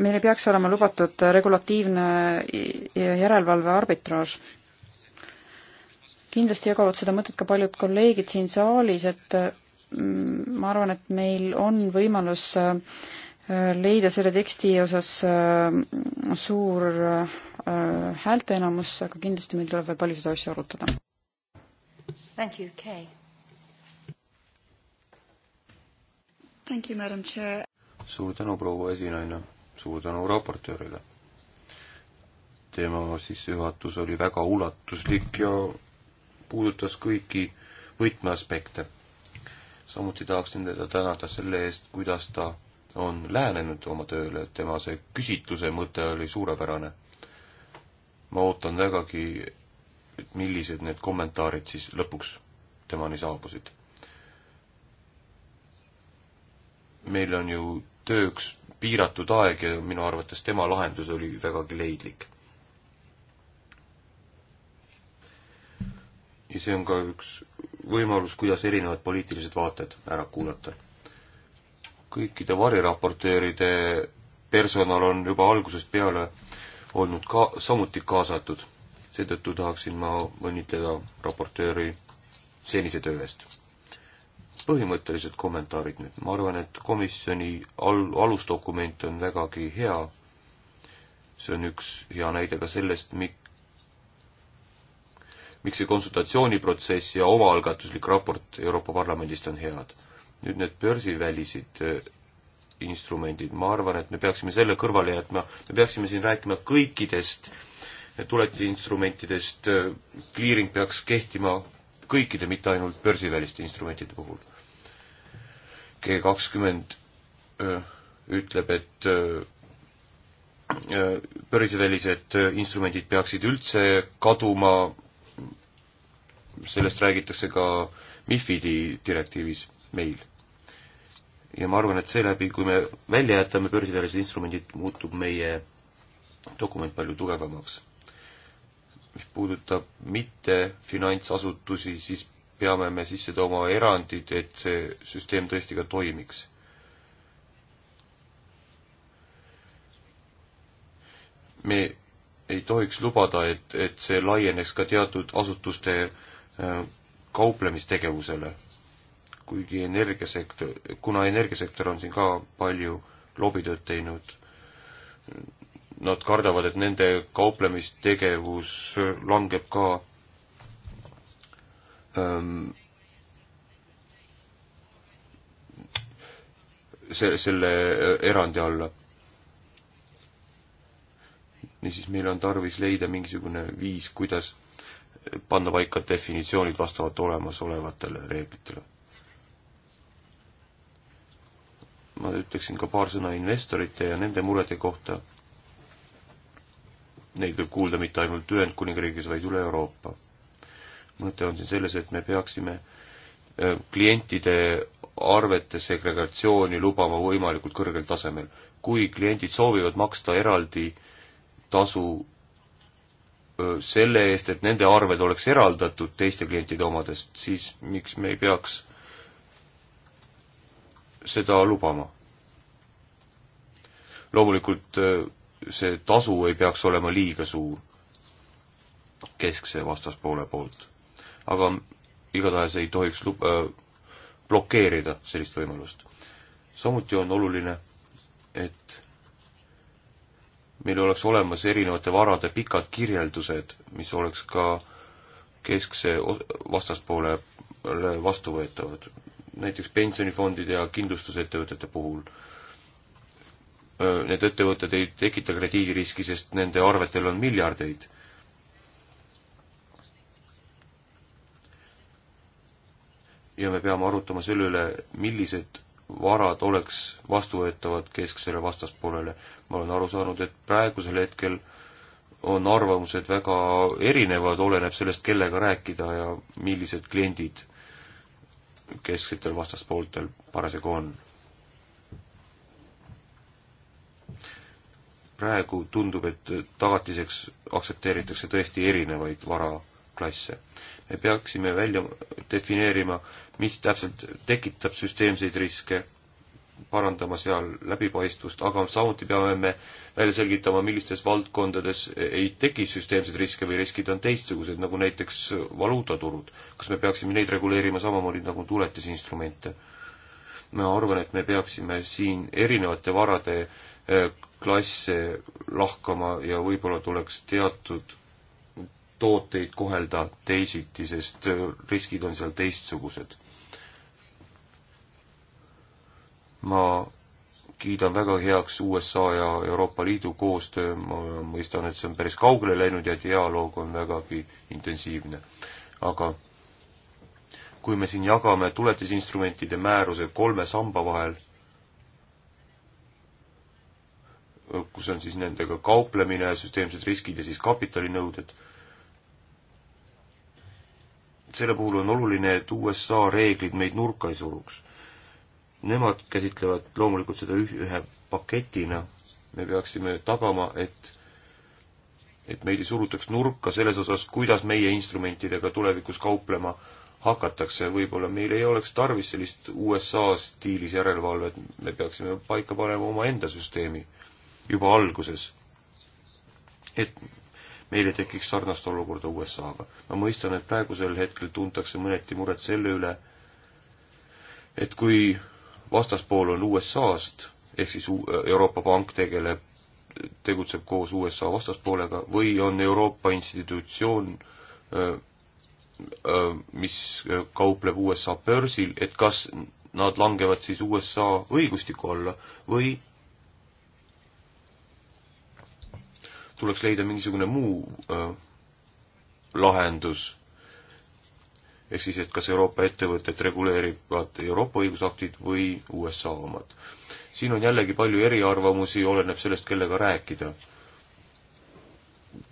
meil ei peaks olema lubatud regulatiivne järelevalve arbitraaž. kindlasti jagavad seda mõtet ka paljud kolleegid siin saalis, et mm, ma arvan, et meil on võimalus äh, leida selle teksti osas äh, suur äh, häälteenamus, aga kindlasti meil tuleb veel palju seda asja arutada. Thank you, Kay. Thank you, madam chair. suur tänu, proua esinaine suur tänu raportöörile. tema sissejuhatus oli väga ulatuslik ja puudutas kõiki võtmeaspekte. samuti tahaksin teda tänada selle eest, kuidas ta on lähenenud oma tööle, tema see küsitluse mõte oli suurepärane. ma ootan vägagi, et millised need kommentaarid siis lõpuks temani saabusid. meil on ju tööks piiratud aeg ja minu arvates tema lahendus oli vägagi leidlik. ja see on ka üks võimalus, kuidas erinevad poliitilised vaated ära kuulata. kõikide variraportööride personal on juba algusest peale olnud ka, samuti kaasatud. seetõttu tahaksin ma õnnitleda raportööri senise töö eest põhimõttelised kommentaarid nüüd. ma arvan, et komisjoni al-, alusdokument on vägagi hea. see on üks hea näide ka sellest, mik-, miks see konsultatsiooniprotsess ja omaalgatuslik raport Euroopa Parlamendist on head. nüüd need börsivälised äh, instrumendid, ma arvan, et me peaksime selle kõrvale jätma, me peaksime siin rääkima kõikidest äh, tuletisinstrumentidest, kliiring äh, peaks kehtima kõikide, mitte ainult börsiväliste instrumentide puhul. G kakskümmend ütleb, et börsivälised instrumendid peaksid üldse kaduma, sellest räägitakse ka MIFID-i direktiivis meil. ja ma arvan, et seeläbi, kui me välja jätame börsivälised instrumendid, muutub meie dokument palju tugevamaks mis puudutab mitte finantsasutusi, siis peame me sisse tooma erandid, et see süsteem tõesti ka toimiks. me ei tohiks lubada, et, et see laieneks ka teatud asutuste äh, kauplemistegevusele. kuigi energiasektor, kuna energiasektor on siin ka palju lobitööd teinud, nad kardavad, et nende kauplemistegevus langeb ka see, selle erandi alla. niisiis, meil on tarvis leida mingisugune viis, kuidas panna paika definitsioonid vastavalt olemasolevatele reeglitele. ma ütleksin ka paar sõna investorite ja nende murede kohta. Neid võib kuulda mitte ainult Ühendkuningriigis, vaid üle Euroopa mõte on siin selles, et me peaksime äh, klientide arvete segregatsiooni lubama võimalikult kõrgel tasemel. kui kliendid soovivad maksta eraldi tasu äh, selle eest, et nende arved oleks eraldatud teiste klientide omadest, siis miks me ei peaks seda lubama? loomulikult äh, see tasu ei peaks olema liiga suur keskse vastaspoole poolt aga igatahes ei tohiks lub- äh,, blokeerida sellist võimalust. samuti on oluline, et meil oleks olemas erinevate varade pikad kirjeldused, mis oleks ka keskse vastaspoolele vastuvõetavad, näiteks pensionifondide ja kindlustusettevõtete puhul. Äh, need ettevõtted ei tekita krediidiriski, sest nende arvetel on miljardeid ja me peame arutama selle üle, millised varad oleks vastuvõetavad kesksele vastaspoolele. ma olen aru saanud, et praegusel hetkel on arvamused väga erinevad, oleneb sellest, kellega rääkida ja millised kliendid kesksetel vastaspooltel parasjagu on. praegu tundub, et tagatiseks aktsepteeritakse tõesti erinevaid vara klasse. me peaksime välja defineerima, mis täpselt tekitab süsteemseid riske, parandama seal läbipaistvust, aga samuti peame me välja selgitama, millistes valdkondades ei teki süsteemseid riske või riskid on teistsugused, nagu näiteks valuutaturud. kas me peaksime neid reguleerima samamoodi nagu tuletisinstrumente? ma arvan, et me peaksime siin erinevate varade eh, klasse lahkama ja võib-olla tuleks teatud tooteid kohelda teisiti, sest äh, riskid on seal teistsugused. ma kiidan väga heaks USA ja Euroopa Liidu koostöö, ma mõistan, et see on päris kaugele läinud ja dialoog on vägagi intensiivne. aga kui me siin jagame tuletisinstrumentide määruse kolme samba vahel, kus on siis nendega kauplemine, süsteemsed riskid ja siis kapitalinõuded selle puhul on oluline, et USA reeglid meid nurka ei suruks. Nemad käsitlevad loomulikult seda ühe paketina, me peaksime tagama, et et meid ei surutaks nurka selles osas, kuidas meie instrumentidega tulevikus kauplema hakatakse, võib-olla meil ei oleks tarvis sellist USA stiilis järelevalvet, me peaksime paika panema omaenda süsteemi juba alguses. et meil ei tekiks sarnast olukorda USA-ga. ma mõistan, et praegusel hetkel tuntakse mõneti muret selle üle, et kui vastaspool on USA-st, ehk siis Euroopa Pank tegeleb, tegutseb koos USA vastaspoolega, või on Euroopa institutsioon, mis kaupleb USA börsil, et kas nad langevad siis USA õigustiku alla või tuleks leida mingisugune muu äh, lahendus. ehk siis, et kas Euroopa ettevõtet reguleerivad Euroopa õigusaktid või USA omad. siin on jällegi palju eriarvamusi, oleneb sellest, kellega rääkida.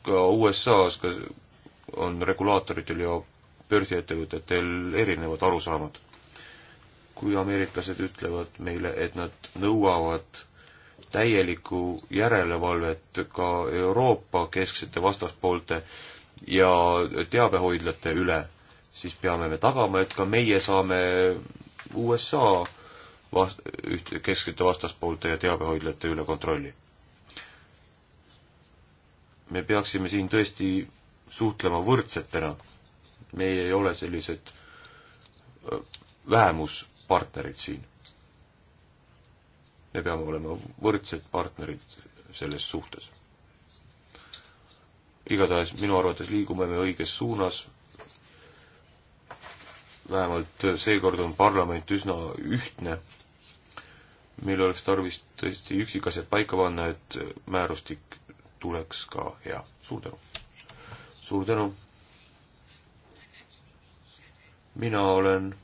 ka USA-s ka on regulaatoritel ja börsiettevõtetel erinevad arusaamad. kui ameeriklased ütlevad meile, et nad nõuavad täielikku järelevalvet ka Euroopa kesksete vastaspoolte ja teabehoidlate üle, siis peame me tagama, et ka meie saame USA vast-, üht-, kesksete vastaspoolte ja teabehoidlate üle kontrolli. me peaksime siin tõesti suhtlema võrdsetena. meie ei ole sellised äh, vähemuspartnerid siin me peame olema võrdsed partnerid selles suhtes. igatahes minu arvates liigume me õiges suunas, vähemalt seekord on parlament üsna ühtne, meil oleks tarvis tõesti üksikasjad paika panna, et määrustik tuleks ka hea. suur tänu! suur tänu! mina olen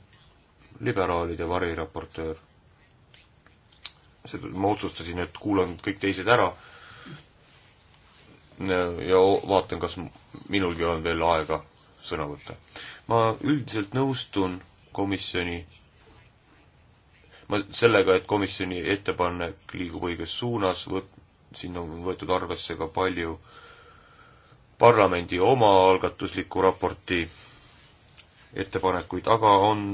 liberaalide variraportöör seda ma otsustasin, et kuulan kõik teised ära ja vaatan, kas minulgi on veel aega sõna võtta. ma üldiselt nõustun komisjoni, ma sellega, et komisjoni ettepanek liigub õiges suunas, võt-, siin on võetud arvesse ka palju parlamendi omaalgatusliku raporti ettepanekuid, aga on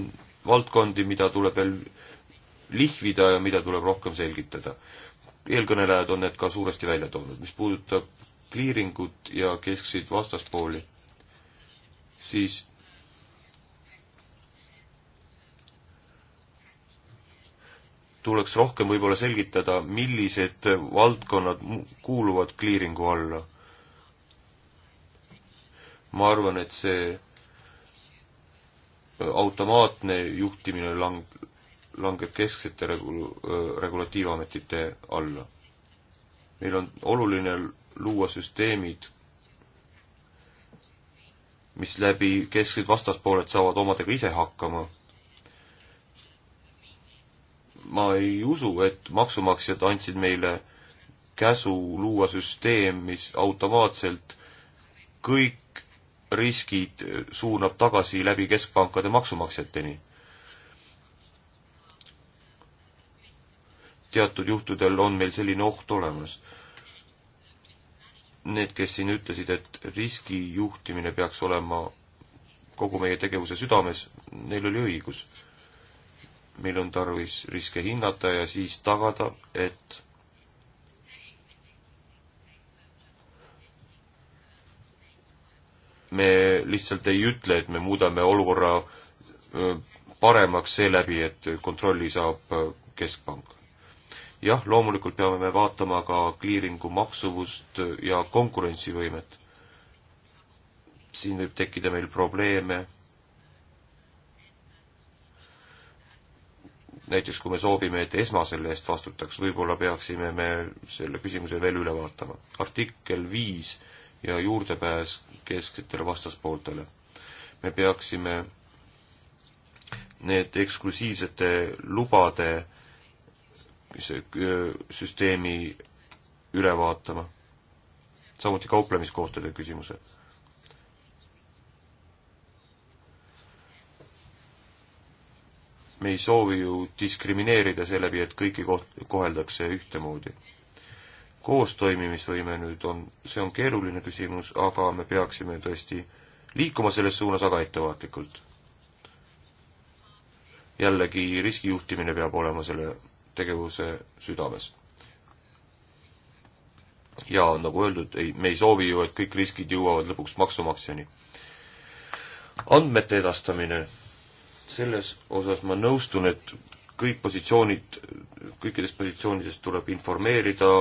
valdkondi, mida tuleb veel lihvida ja mida tuleb rohkem selgitada. eelkõnelejad on need ka suuresti välja toonud. mis puudutab kliiringut ja keskseid vastaspooli, siis tuleks rohkem võib-olla selgitada, millised valdkonnad kuuluvad kliiringu alla. ma arvan, et see automaatne juhtimine lang-, langeb kesksete regu-, regulatiivametite alla. meil on oluline luua süsteemid, mis läbi kesksed vastaspooled saavad omadega ise hakkama. ma ei usu, et maksumaksjad andsid meile käsu luua süsteem, mis automaatselt kõik riskid suunab tagasi läbi keskpankade maksumaksjateni teatud juhtudel on meil selline oht olemas. Need, kes siin ütlesid, et riskijuhtimine peaks olema kogu meie tegevuse südames, neil oli õigus. meil on tarvis riske hinnata ja siis tagada, et me lihtsalt ei ütle, et me muudame olukorra paremaks seeläbi, et kontrolli saab äh, keskpank jah, loomulikult peame me vaatama ka kliiringu maksuvust ja konkurentsivõimet. siin võib tekkida meil probleeme. näiteks kui me soovime, et ESMA selle eest vastutaks, võib-olla peaksime me selle küsimuse veel üle vaatama. artikkel viis ja juurdepääs kesksetele vastaspooltele. me peaksime need eksklusiivsete lubade Äh, süsteemi üle vaatama. samuti kauplemiskohtade küsimuse. me ei soovi ju diskrimineerida seeläbi, et kõiki koht-, koheldakse ühtemoodi. koostoimimisvõime nüüd on, see on keeruline küsimus, aga me peaksime tõesti liikuma selles suunas, aga ettevaatlikult jällegi riskijuhtimine peab olema selle tegevuse südames. ja nagu öeldud, ei, me ei soovi ju, et kõik riskid jõuavad lõpuks maksumaksjani. andmete edastamine, selles osas ma nõustun, et kõik positsioonid, kõikidest positsioonidest tuleb informeerida,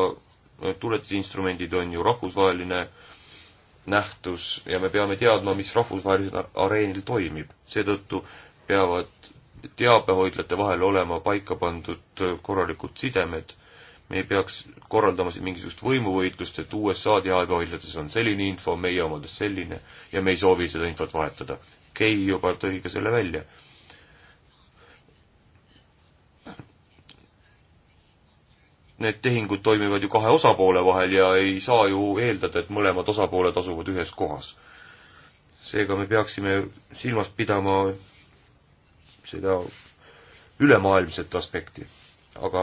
tuletisinstrumendid on ju rahvusvaheline nähtus ja me peame teadma, mis rahvusvahelisel areenil toimib. seetõttu peavad teabehoidlate vahel olema paika pandud korralikud sidemed. me ei peaks korraldama siin mingisugust võimuvõitlust, et USA teabehoidlates on selline info, meie omades selline ja me ei soovi seda infot vahetada. Kei juba tõi ka selle välja. Need tehingud toimivad ju kahe osapoole vahel ja ei saa ju eeldada, et mõlemad osapooled asuvad ühes kohas. seega me peaksime silmas pidama seda ülemaailmset aspekti. aga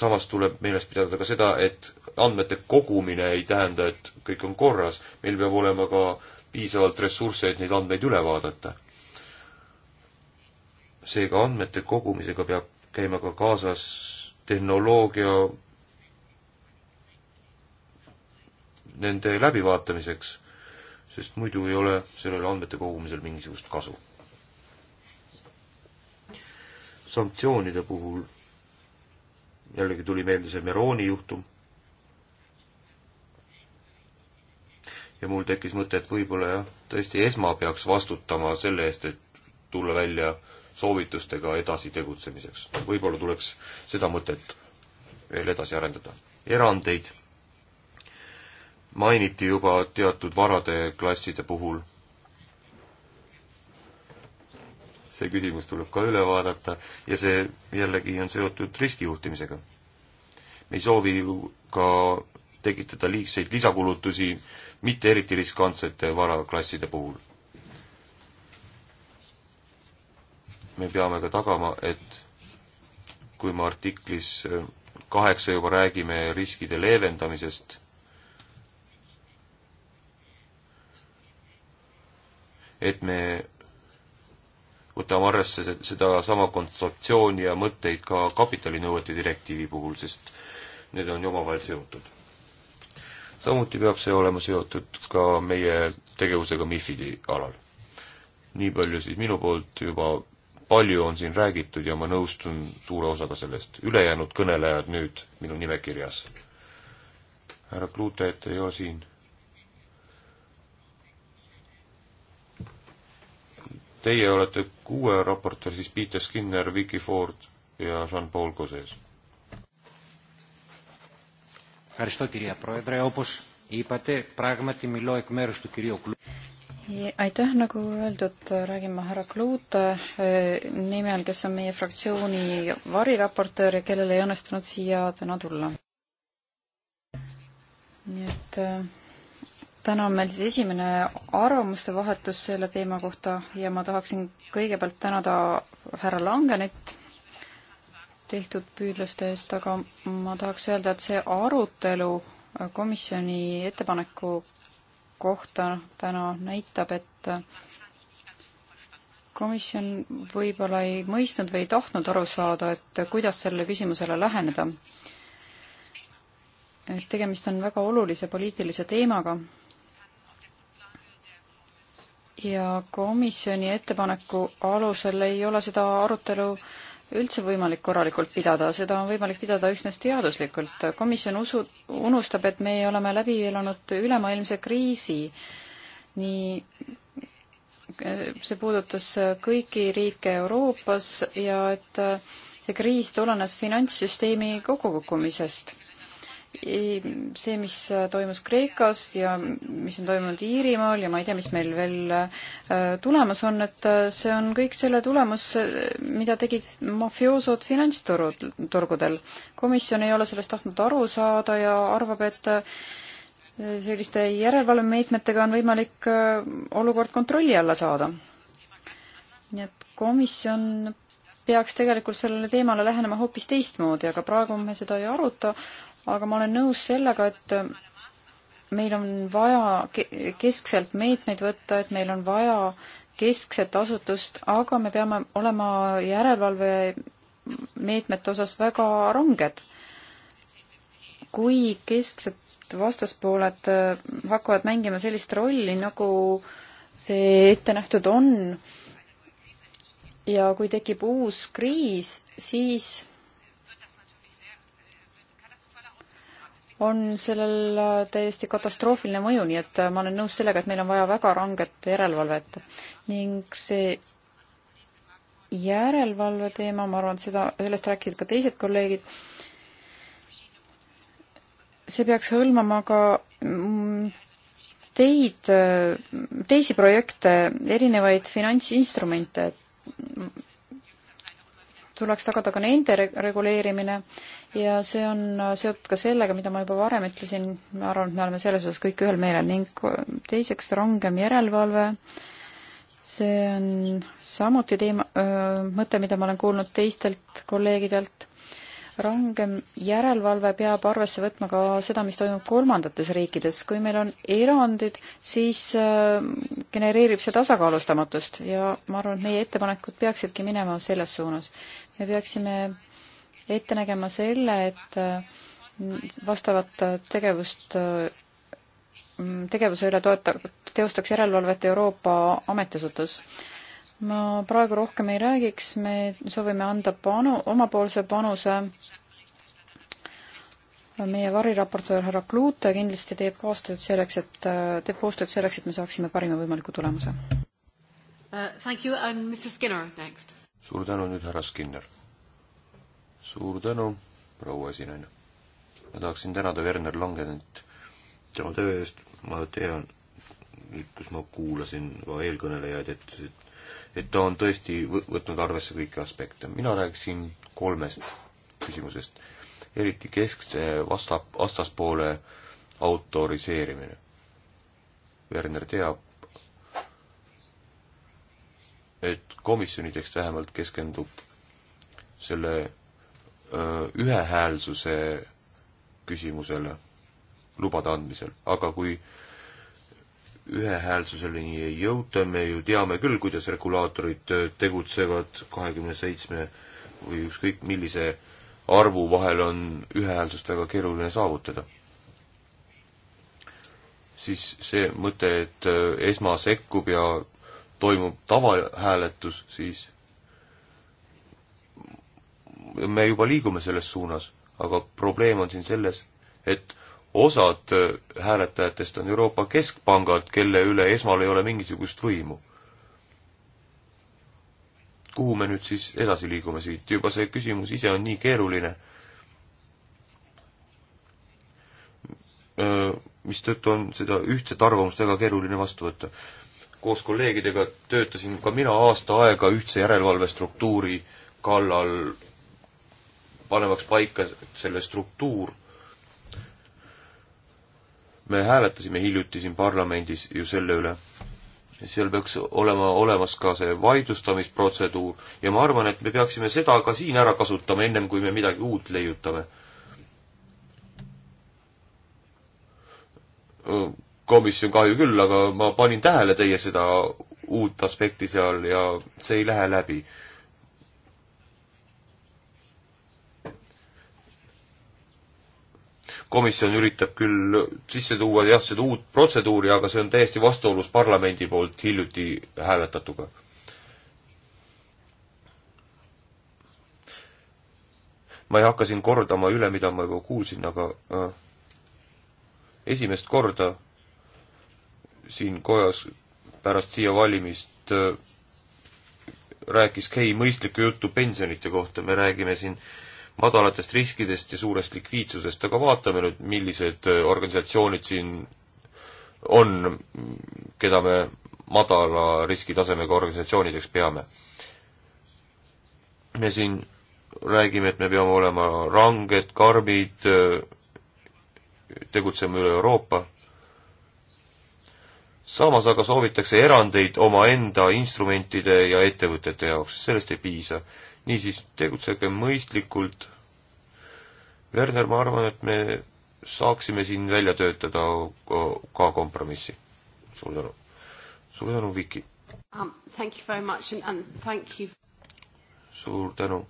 samas tuleb meeles pidada ka seda, et andmete kogumine ei tähenda, et kõik on korras, meil peab olema ka piisavalt ressursse, et neid andmeid üle vaadata. seega andmete kogumisega peab käima ka kaasas tehnoloogia nende läbivaatamiseks, sest muidu ei ole sellel andmete kogumisel mingisugust kasu sanktsioonide puhul jällegi tuli meelde see Meroni juhtum. ja mul tekkis mõte, et võib-olla jah, tõesti ESMA peaks vastutama selle eest, et tulla välja soovitustega edasi tegutsemiseks. võib-olla tuleks seda mõtet veel edasi arendada. erandeid mainiti juba teatud varade klasside puhul see küsimus tuleb ka üle vaadata ja see jällegi on seotud riskijuhtimisega. me ei soovi ju ka tekitada liigseid lisakulutusi mitte eriti riskantsete varaklasside puhul. me peame ka tagama, et kui me artiklis kaheksa juba räägime riskide leevendamisest, et me võtame arvesse sedasama kontseptsiooni ja mõtteid ka kapitalinõuete direktiivi puhul, sest need on ju omavahel seotud. samuti peab see olema seotud ka meie tegevusega MIFID-i alal. nii palju siis minu poolt juba palju on siin räägitud ja ma nõustun suure osaga sellest. ülejäänud kõnelejad nüüd minu nimekirjas. härra Klute, et ei ole siin teie olete kuue raportöör, siis Peter Skinner, Vicky Ford ja Jean-Paul Gosses. aitäh, nagu öeldud, räägin ma härra Klute äh, nimel, kes on meie fraktsiooni variraportöör ja kellel ei õnnestunud siia täna tulla. nii et äh, täna on meil siis esimene arvamuste vahetus selle teema kohta ja ma tahaksin kõigepealt tänada härra Langenit tehtud püüdluste eest, aga ma tahaks öelda, et see arutelu komisjoni ettepaneku kohta täna näitab, et komisjon võib-olla ei mõistnud või ei tahtnud aru saada, et kuidas sellele küsimusele läheneda. et tegemist on väga olulise poliitilise teemaga ja komisjoni ettepaneku alusel ei ole seda arutelu üldse võimalik korralikult pidada, seda on võimalik pidada üksnes teaduslikult. komisjon usu, unustab, et me oleme läbi elanud ülemaailmse kriisi, nii see puudutas kõiki riike Euroopas ja et see kriis tulenes finantssüsteemi kokkukukkumisest see, mis äh, toimus Kreekas ja mis on toimunud Iirimaal ja ma ei tea, mis meil veel äh, tulemas on, et äh, see on kõik selle tulemus, mida tegid mafioosod finantsturgudel. komisjon ei ole sellest tahtnud aru saada ja arvab, et selliste järelevalvemeetmetega on võimalik olukord kontrolli alla saada. nii et komisjon peaks tegelikult sellele teemale lähenema hoopis teistmoodi, aga praegu me seda ei aruta, aga ma olen nõus sellega, et meil on vaja keskselt meetmeid võtta, et meil on vaja keskset asutust, aga me peame olema järelevalve meetmete osas väga ranged. kui kesksed vastaspooled äh, hakkavad mängima sellist rolli, nagu see ette nähtud on, ja kui tekib uus kriis, siis on sellel äh, täiesti katastroofiline mõju, nii et äh, ma olen nõus sellega, et meil on vaja väga ranget järelevalvet ning see järelevalve teema, ma arvan, et seda, sellest rääkisid ka teised kolleegid, see peaks hõlmama ka mm, teid, äh, teisi projekte, erinevaid finantsinstrumente, tuleks tagada ka nende reguleerimine ja see on äh, seotud ka sellega, mida ma juba varem ütlesin, ma arvan, et me oleme selles osas kõik ühel meelel ning äh, teiseks rangem järelevalve, see on samuti teema, äh, mõte, mida ma olen kuulnud teistelt kolleegidelt, rangem järelevalve peab arvesse võtma ka seda, mis toimub kolmandates riikides. kui meil on erandid, siis genereerib see tasakaalustamatust ja ma arvan, et meie ettepanekud peaksidki minema selles suunas. me peaksime äh, ette nägema selle, et äh, vastavat äh, tegevust, äh, mm, tegevuse üle toeta-, teostaks järelevalvet Euroopa ametiasutus ma praegu rohkem ei räägiks, me soovime anda panu, omapoolse panuse. meie variraportöör härra Klute kindlasti teeb koostööd selleks, et, teeb koostööd selleks, et me saaksime parima võimaliku tulemuse uh,. Thank you and Mr Skinner next. suur tänu nüüd, härra Skinner suur tänu, proua esinaine. ma tahaksin tänada Werner Langenit tema töö eest, ma tean, nüüd kus ma kuulasin ka eelkõnelejaid, et, et ta on tõesti võtnud arvesse kõiki aspekte. mina rääkisin kolmest küsimusest, eriti keskse vasta, vastaspoole autoriseerimine. Werner teab, et komisjoni tekst vähemalt keskendub selle ühehäälsuse küsimusele lubade andmisel, aga kui ühehäälsuseni ei jõuta, me ju teame küll, kuidas regulaatorid tegutsevad kahekümne seitsme või ükskõik millise arvu vahel on ühehäälsust väga keeruline saavutada. siis see mõte, et esma sekkub ja toimub tavahääletus, siis me juba liigume selles suunas, aga probleem on siin selles, et osad äh, hääletajatest on Euroopa Keskpangad, kelle üle esmal ei ole mingisugust võimu. kuhu me nüüd siis edasi liigume siit, juba see küsimus ise on nii keeruline, äh, mistõttu on seda ühtset arvamust väga keeruline vastu võtta. koos kolleegidega töötasin ka mina aasta aega ühtse järelevalvestruktuuri kallal panemaks paika selle struktuur. me hääletasime hiljuti siin parlamendis ju selle üle. seal peaks olema olemas ka see vaidlustamisprotseduur ja ma arvan, et me peaksime seda ka siin ära kasutama, ennem kui me midagi uut leiutame. komisjon kahju küll, aga ma panin tähele teie seda uut aspekti seal ja see ei lähe läbi komisjon üritab küll sisse tuua jah, seda uut protseduuri, aga see on täiesti vastuolus parlamendi poolt hiljuti hääletatuga. ma ei hakka siin kordama üle, mida ma juba kuulsin, aga äh, esimest korda siin kojas pärast siia valimist äh, rääkis Kei mõistlikku juttu pensionite kohta, me räägime siin äh, madalatest riskidest ja suurest likviidsusest, aga vaatame nüüd, millised äh, organisatsioonid siin on, keda me madala riskitasemega organisatsioonideks peame. me siin räägime, et me peame olema ranged, karmid, äh, tegutsema üle Euroopa samas aga soovitakse erandeid omaenda instrumentide ja ettevõtete jaoks, sellest ei piisa niisiis, tegutsege mõistlikult. Werner, ma arvan, et me saaksime siin välja töötada ka kompromissi. suur tänu. suur tänu, Viki um,. Thank you very much and, and thank you. suur tänu.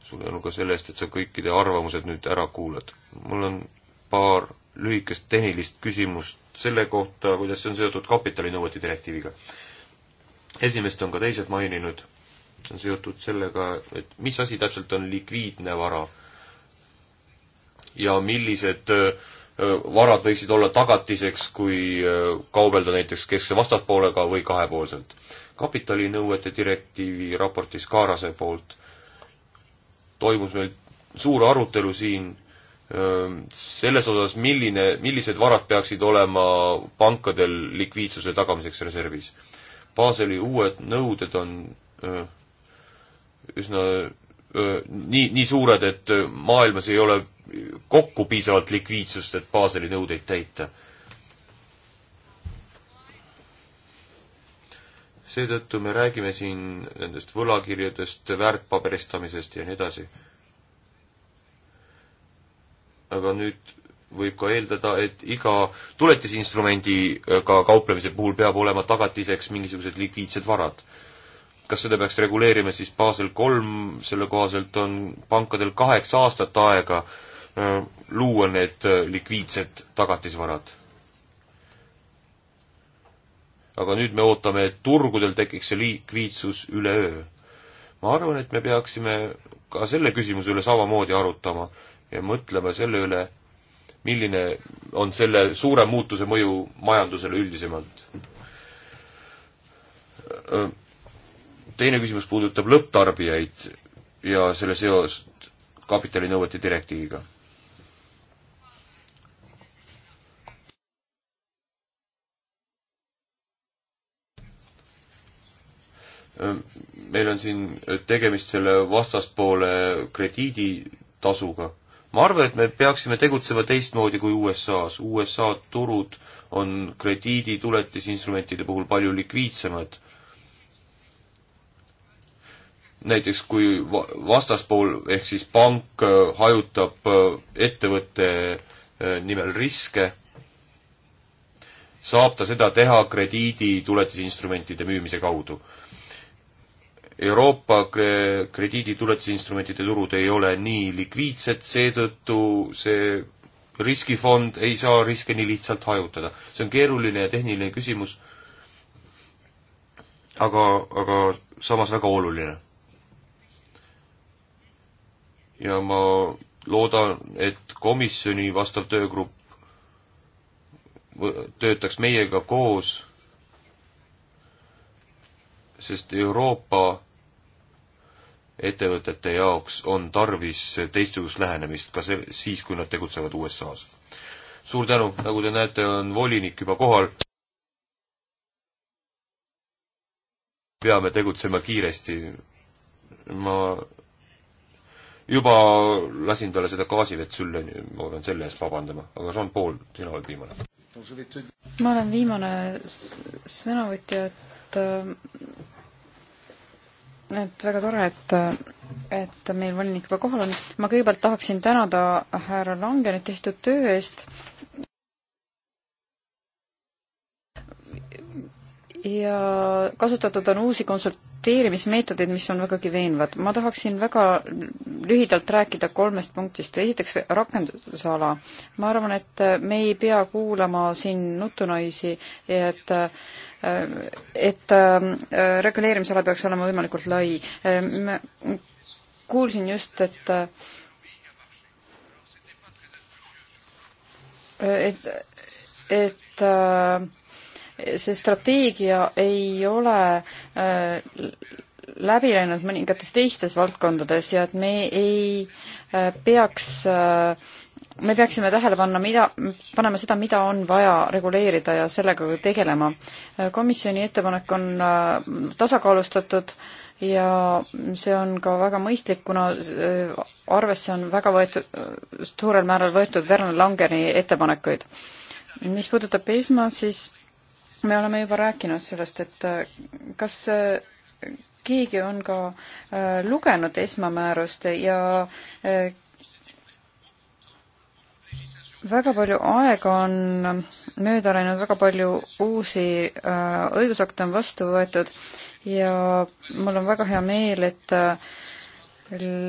suur tänu ka selle eest, et sa kõikide arvamused nüüd ära kuulad. mul on paar lühikest tehnilist küsimust selle kohta, kuidas see on seotud kapitalinõuete direktiiviga esimest on ka teised maininud, on seotud sellega, et mis asi täpselt on likviidne vara ja millised äh, varad võiksid olla tagatiseks, kui äh, kaubelda näiteks keskse vastaspoolega või kahepoolselt. kapitalinõuete direktiivi raportis Kaarase poolt toimus meil suur arutelu siin ähm, selles osas, milline, millised varad peaksid olema pankadel likviidsuse tagamiseks reservis Baseli uued nõuded on öö, üsna öö, nii, nii suured, et maailmas ei ole kokku piisavalt likviidsust, et Baseli nõudeid täita. seetõttu me räägime siin nendest võlakirjadest, väärtpaberistamisest ja nii edasi. aga nüüd võib ka eeldada, et iga tuletisinstrumendiga äh, ka kauplemise puhul peab olema tagatiseks mingisugused likviidsed varad. kas seda peaks reguleerima siis Basel kolm, selle kohaselt on pankadel kaheksa aastat aega äh, luua need äh, likviidsed tagatisvarad. aga nüüd me ootame, et turgudel tekiks see likviidsus üleöö. ma arvan, et me peaksime ka selle küsimuse üle samamoodi arutama ja mõtlema selle üle, milline on selle suure muutuse mõju majandusele üldisemalt? teine küsimus puudutab lõpptarbijaid ja selle seost kapitalinõuete direktiiviga. meil on siin tegemist selle vastaspoole krediiditasuga ma arvan, et me peaksime tegutsema teistmoodi kui USA-s. USA turud on krediidituletisinstrumentide puhul palju likviidsemad. näiteks kui vastaspool ehk siis pank äh, hajutab äh, ettevõtte äh, nimel riske, saab ta seda teha krediidituletisinstrumentide müümise kaudu Euroopa krediidituletisinstrumentide turud ei ole nii likviidsed, seetõttu see riskifond ei saa riske nii lihtsalt hajutada. see on keeruline ja tehniline küsimus, aga, aga samas väga oluline. ja ma loodan, et komisjoni vastav töögrupp töötaks meiega koos, sest Euroopa ettevõtete jaoks on tarvis teistsugust lähenemist ka see, siis, kui nad tegutsevad USA-s. suur tänu, nagu te näete, on volinik juba kohal. peame tegutsema kiiresti. ma juba lasin talle seda gaasivett sülle, ma pean selle eest vabandama, aga Jean-Paul, sina oled viimane. ma olen viimane sõnavõtja, et et väga tore, et, et meil volinik juba kohal on. ma kõigepealt tahaksin tänada härra Langenit tehtud töö eest. ja kasutatud on uusi konsulteerimismeetodeid, mis on vägagi veenvad. ma tahaksin väga lühidalt rääkida kolmest punktist. esiteks rakendusala. ma arvan, et me ei pea kuulama siin nutunaisi, et äh, et äh, reguleerimisala peaks olema võimalikult lai. Äh, kuulsin just, et äh, et, et see strateegia ei ole läbi läinud mõningates teistes valdkondades ja et me ei peaks äh, me peaksime tähele panna, mida, panema seda, mida on vaja reguleerida ja sellega tegelema. komisjoni ettepanek on äh, tasakaalustatud ja see on ka väga mõistlik, kuna äh, arvesse on väga võetud, äh, suurel määral võetud Werner Langeri ettepanekuid. mis puudutab ESMA, siis me oleme juba rääkinud sellest, et kas keegi on ka lugenud ESMA määrust ja väga palju aega on mööda läinud, väga palju uusi äh, õigusakte on vastu võetud ja mul on väga hea meel, et äh,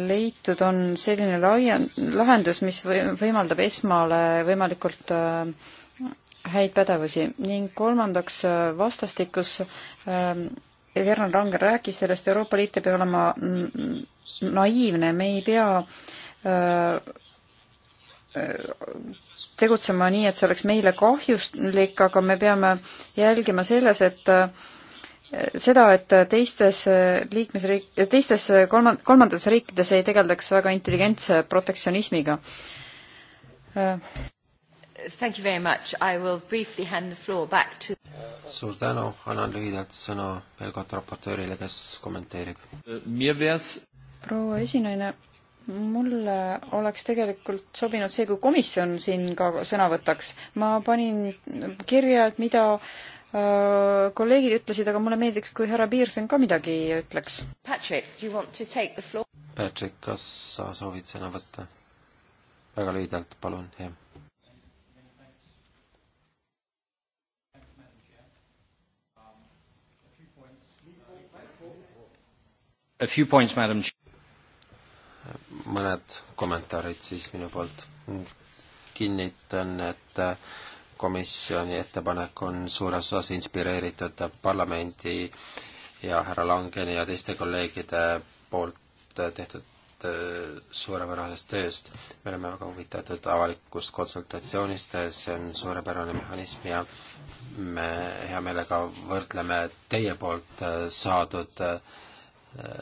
leitud on selline laien-, lahendus, mis või-, võimaldab esmale võimalikult äh, häid pädevusi ning kolmandaks äh, vastastikus äh, Herman Ranger rääkis sellest, Euroopa Liit ei pea olema mm, naiivne, me ei pea äh, tegutsema nii, et see oleks meile kahjulik, aga me peame jälgima selles, et eh, seda, et teistes eh, liikmesriik, teistes eh, kolmand-, kolmandates riikides ei tegeldaks väga intelligentse protektsionismiga. Thank you very much, I will briefly hand the floor back to suur tänu, annan lühidalt sõna veel kord raportöörile, kes kommenteerib. proua esinaine, mulle oleks tegelikult sobinud see, kui komisjon siin ka sõna võtaks. ma panin kirja, et mida äh, kolleegid ütlesid, aga mulle meeldiks, kui härra Pearson ka midagi ütleks. Patrick, kas sa soovid sõna võtta? väga lühidalt, palun, jah. A few points, madam mõned kommentaarid siis minu poolt. kinnitan, et komisjoni ettepanek on suures osas inspireeritud parlamendi ja härra Langeni ja teiste kolleegide poolt tehtud äh, suurepärasest tööst. me oleme väga huvitatud avalikust konsultatsioonist, see on suurepärane mehhanism ja me hea meelega võrdleme teie poolt äh, saadud äh,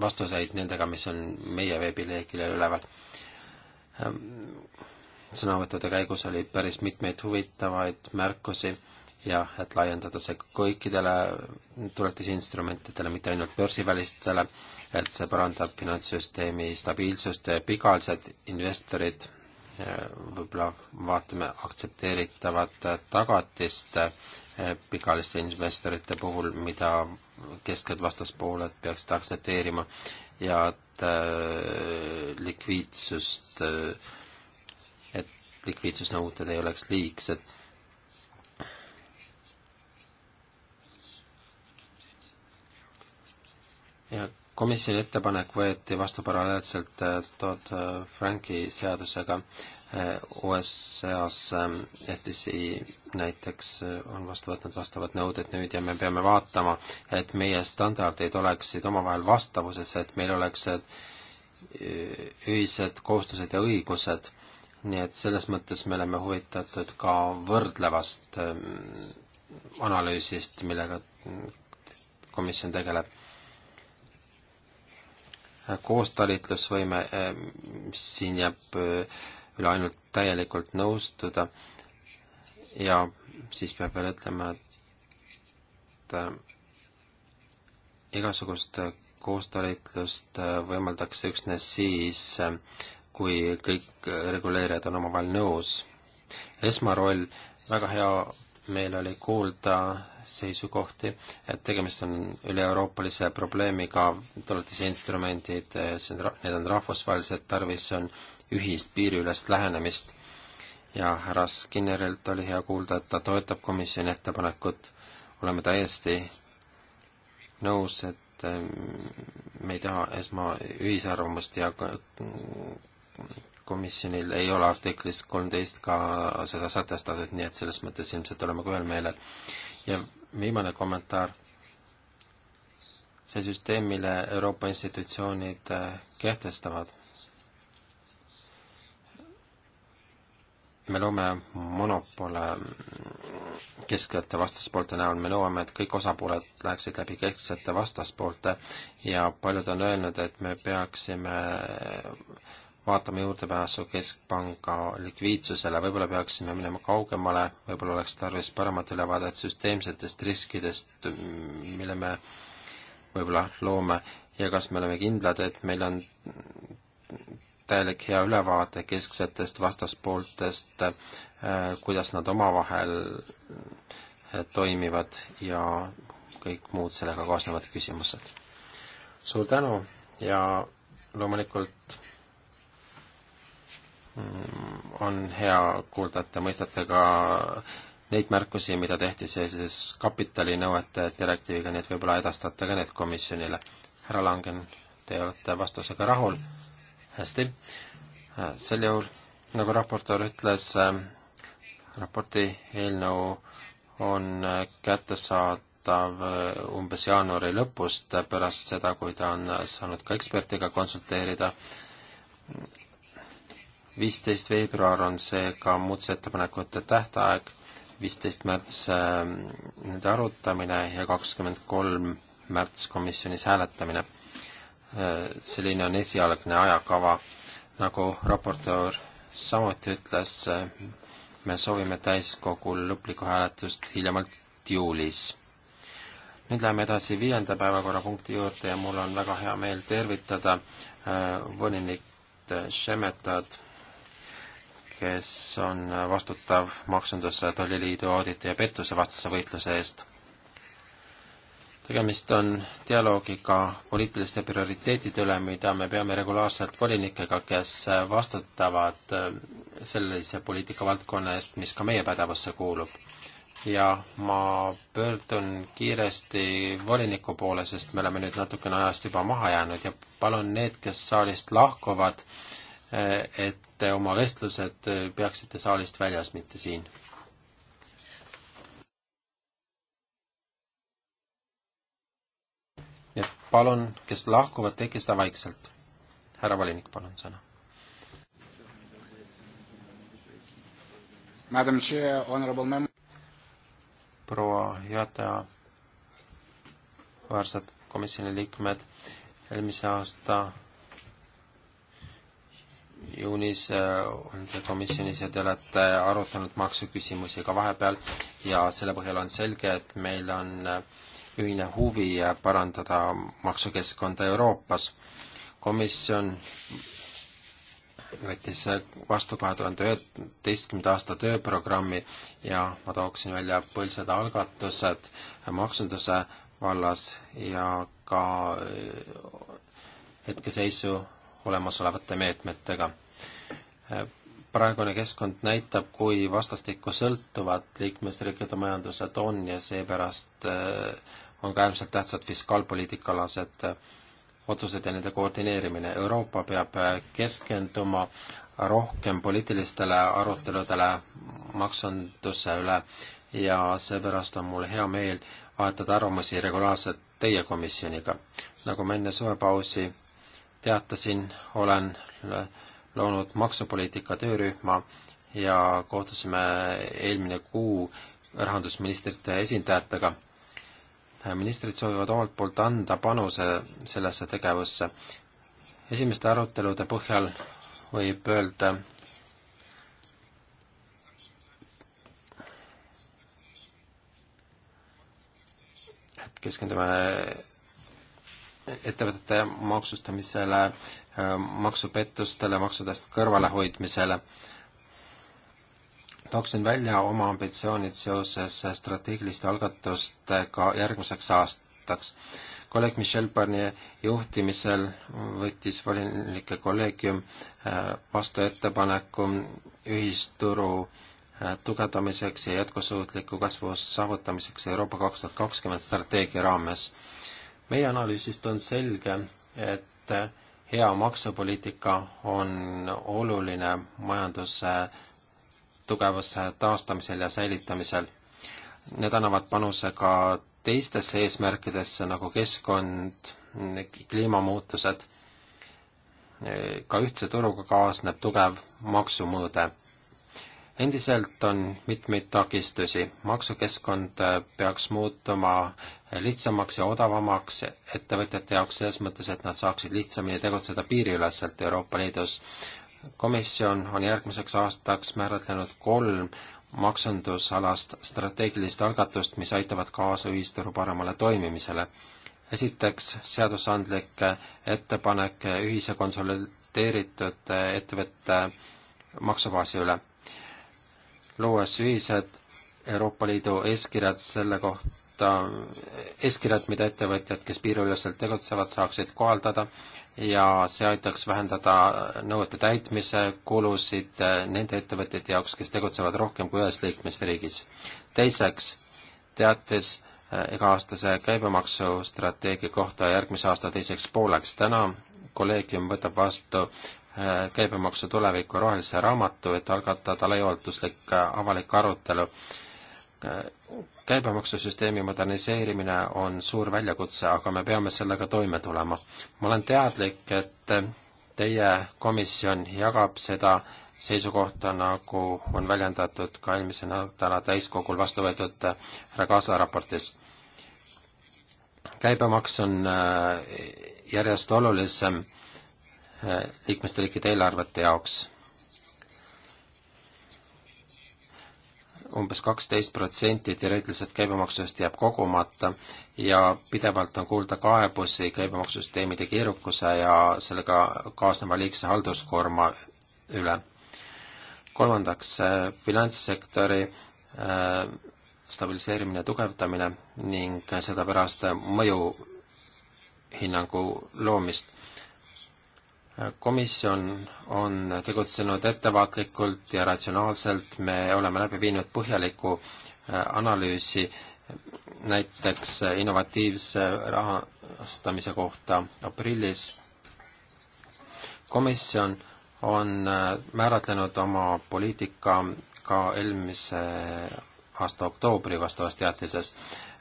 vastuseid nendega, mis on meie veebileheküljel üleval. Ähm, sõnavõttude käigus oli päris mitmeid huvitavaid märkusi ja et laiendada see kõikidele tuletisinstrumentidele, mitte ainult börsivälistele, et see parandab finantssüsteemi stabiilsust, pikaajalised investorid võib-olla vaatame aktsepteeritavat tagatist eh, pikaajaliste investorite puhul, mida kesked vastaspooled peaksid aktsepteerima ja et eh, likviidsust, eh, et likviidsusnõuded ei oleks liigsed. ja komisjoni ettepanek võeti vastu paralleelselt äh, Todd äh, Franki seadusega äh, USA-s STC näiteks on vastu võtnud vastavad nõuded nüüd ja me peame vaatama, et meie standardid oleksid omavahel vastavuses, et meil oleks ühised kohustused ja õigused, nii et selles mõttes me oleme huvitatud ka võrdlevast ähm, analüüsist, millega mm, komisjon tegeleb koostalitlusvõime, eh, siin jääb eh, üle ainult täielikult nõustuda ja siis peab veel ütlema, et eh, igasugust koostalitlust võimaldatakse üksnes siis, kui kõik reguleerijad on omavahel nõus. esmaroll, väga hea meil oli kuulda seisukohti, et tegemist on üle-euroopalise probleemiga, tuletisinstrumendid, see on, need on rahvusvahelised, tarvis on ühist piiriülest lähenemist. ja härra Skinnerilt oli hea kuulda, et ta toetab komisjoni ettepanekut, oleme täiesti nõus, et mm, me ei taha esma ühisarvamust ja komisjonil ei ole artiklis kolmteist ka seda sätestatud, nii et selles mõttes ilmselt oleme ka ühel meelel. ja viimane kommentaar, see süsteem, mille Euroopa institutsioonid äh, kehtestavad, me loome monopole kesksete vastaspoolte näol, me nõuame, et kõik osapooled läheksid läbi kesksete vastaspoolte ja paljud on öelnud, et me peaksime vaatame juurdepääsu Keskpanga likviidsusele, võib-olla peaksime minema kaugemale, võib-olla oleks tarvis paremat ülevaadet süsteemsetest riskidest, mille me võib-olla loome ja kas me oleme kindlad, et meil on täielik hea ülevaade kesksetest vastaspooltest, äh, kuidas nad omavahel äh, toimivad ja kõik muud sellega kaasnevad küsimused. suur tänu ja loomulikult on hea kuulda, et te mõistate ka neid märkusi, mida tehti seoses kapitalinõuete direktiiviga, nii et võib-olla edastate ka need komisjonile. härra Langen, te olete vastusega rahul? hästi. sel juhul, nagu raportöör ütles, raporti eelnõu on kättesaadav umbes jaanuari lõpust, pärast seda, kui ta on saanud ka ekspertiga konsulteerida viisteist veebruar on seega muudatusettepanekute tähtaeg, viisteist märts ähm, nende arutamine ja kakskümmend kolm märts komisjonis hääletamine. Äh, selline on esialgne ajakava. nagu raportöör samuti ütles, äh, me soovime täiskogul lõplikku hääletust hiljemalt juulis. nüüd läheme edasi viienda päevakorrapunkti juurde ja mul on väga hea meel tervitada äh, volinik Šemetad kes on vastutav Maksundus- ja Tolliliidu auditi ja pettuse vastase võitluse eest. tegemist on dialoogiga poliitiliste prioriteetide üle, mida me peame regulaarselt volinikega, kes vastutavad äh, sellise poliitikavaldkonna eest, mis ka meie pädevusse kuulub. ja ma pöördun kiiresti voliniku poole, sest me oleme nüüd natukene ajast juba maha jäänud ja palun need, kes saalist lahkuvad, Äh, et te oma vestlused äh, peaksite saalist väljas, mitte siin. nii et palun, kes lahkuvad, tehke seda vaikselt. härra volinik, palun sõna. proua juhataja, väärsed komisjoni liikmed, eelmise aasta juunis äh, olete komisjonis ja te olete arutanud maksuküsimusi ka vahepeal ja selle põhjal on selge, et meil on äh, ühine huvi äh, parandada maksukeskkonda Euroopas. komisjon võttis vastu kahe tuhande üheteistkümnenda aasta tööprogrammi ja ma tooksin välja põlised algatused maksunduse vallas ja ka hetkeseisu olemasolevate meetmetega. praegune keskkond näitab, kui vastastikku sõltuvad liikmesriikide majandused on ja seepärast eh, on ka äärmiselt tähtsad fiskaalpoliitikaalased eh, otsused ja nende koordineerimine. Euroopa peab eh, keskenduma rohkem poliitilistele aruteludele maksunduse üle ja seepärast on mul hea meel vahetada arvamusi regulaarselt teie komisjoniga. nagu ma enne suvepausi teatasin, olen loonud maksupoliitika töörühma ja kohtusime eelmine kuu rahandusministrite esindajatega. ministrid soovivad omalt poolt anda panuse sellesse tegevusse. esimeste arutelude põhjal võib öelda, keskendume ettevõtete maksustamisele, maksupettustele, maksudest kõrvalehoidmisele. tooksin välja oma ambitsioonid seoses strateegiliste algatustega järgmiseks aastaks. kolleeg Michel Barnier juhtimisel võttis volinike kolleegium äh, vastu ettepaneku ühisturu äh, tugevdamiseks ja jätkusuutliku kasvu saavutamiseks Euroopa kaks tuhat kakskümmend strateegia raames meie analüüsist on selge, et hea maksupoliitika on oluline majanduse tugevuse taastamisel ja säilitamisel. Need annavad panuse ka teistesse eesmärkidesse, nagu keskkond, kliimamuutused, ka ühtse turuga kaasneb tugev maksumõõde endiselt on mitmeid takistusi, maksukeskkond äh, peaks muutuma lihtsamaks ja odavamaks ettevõtjate jaoks selles mõttes, et nad saaksid lihtsamini tegutseda piiriüleselt Euroopa Liidus. komisjon on järgmiseks aastaks määratlenud kolm maksundusalast strateegilist algatust, mis aitavad kaasa ühisturu paremale toimimisele. esiteks, seadusandlik ettepanek ühise konsolideeritud äh, ettevõtte maksubaasi üle luues ühised Euroopa Liidu eeskirjad selle kohta, eeskirjad, mida ettevõtjad, kes piiriüleselt tegutsevad, saaksid kohaldada ja see aitaks vähendada nõuete täitmise kulusid nende ettevõtjate jaoks, kes tegutsevad rohkem kui ühes liikmesriigis. teiseks, teatis eh, iga-aastase käibemaksustrateegia kohta järgmise aasta teiseks pooleks. täna kolleegium võtab vastu käibemaksu tuleviku rohelise raamatu, et algatada laiaulatuslik äh, avalik arutelu. käibemaksusüsteemi moderniseerimine on suur väljakutse, aga me peame sellega toime tulema. ma olen teadlik, et teie komisjon jagab seda seisukohta, nagu on väljendatud ka eelmise nädala täiskogul vastu võetud Ragasa raportis. käibemaks on äh, järjest olulisem Äh, liikmesriikide eelarvete jaoks. umbes kaksteist protsenti teoreetiliselt käibemaksust jääb kogumata ja pidevalt on kuulda kaebusi käibemaksusüsteemide keerukuse ja sellega kaasneva liigse halduskoorma üle. kolmandaks, äh, finantssektori äh, stabiliseerimine ja tugevdamine ning seda pärast mõjuhinnangu loomist komisjon on tegutsenud ettevaatlikult ja ratsionaalselt, me oleme läbi viinud põhjaliku äh, analüüsi äh, näiteks äh, innovatiivse rahastamise kohta aprillis. komisjon on määratlenud oma poliitika ka eelmise aasta oktoobri vastavas teatises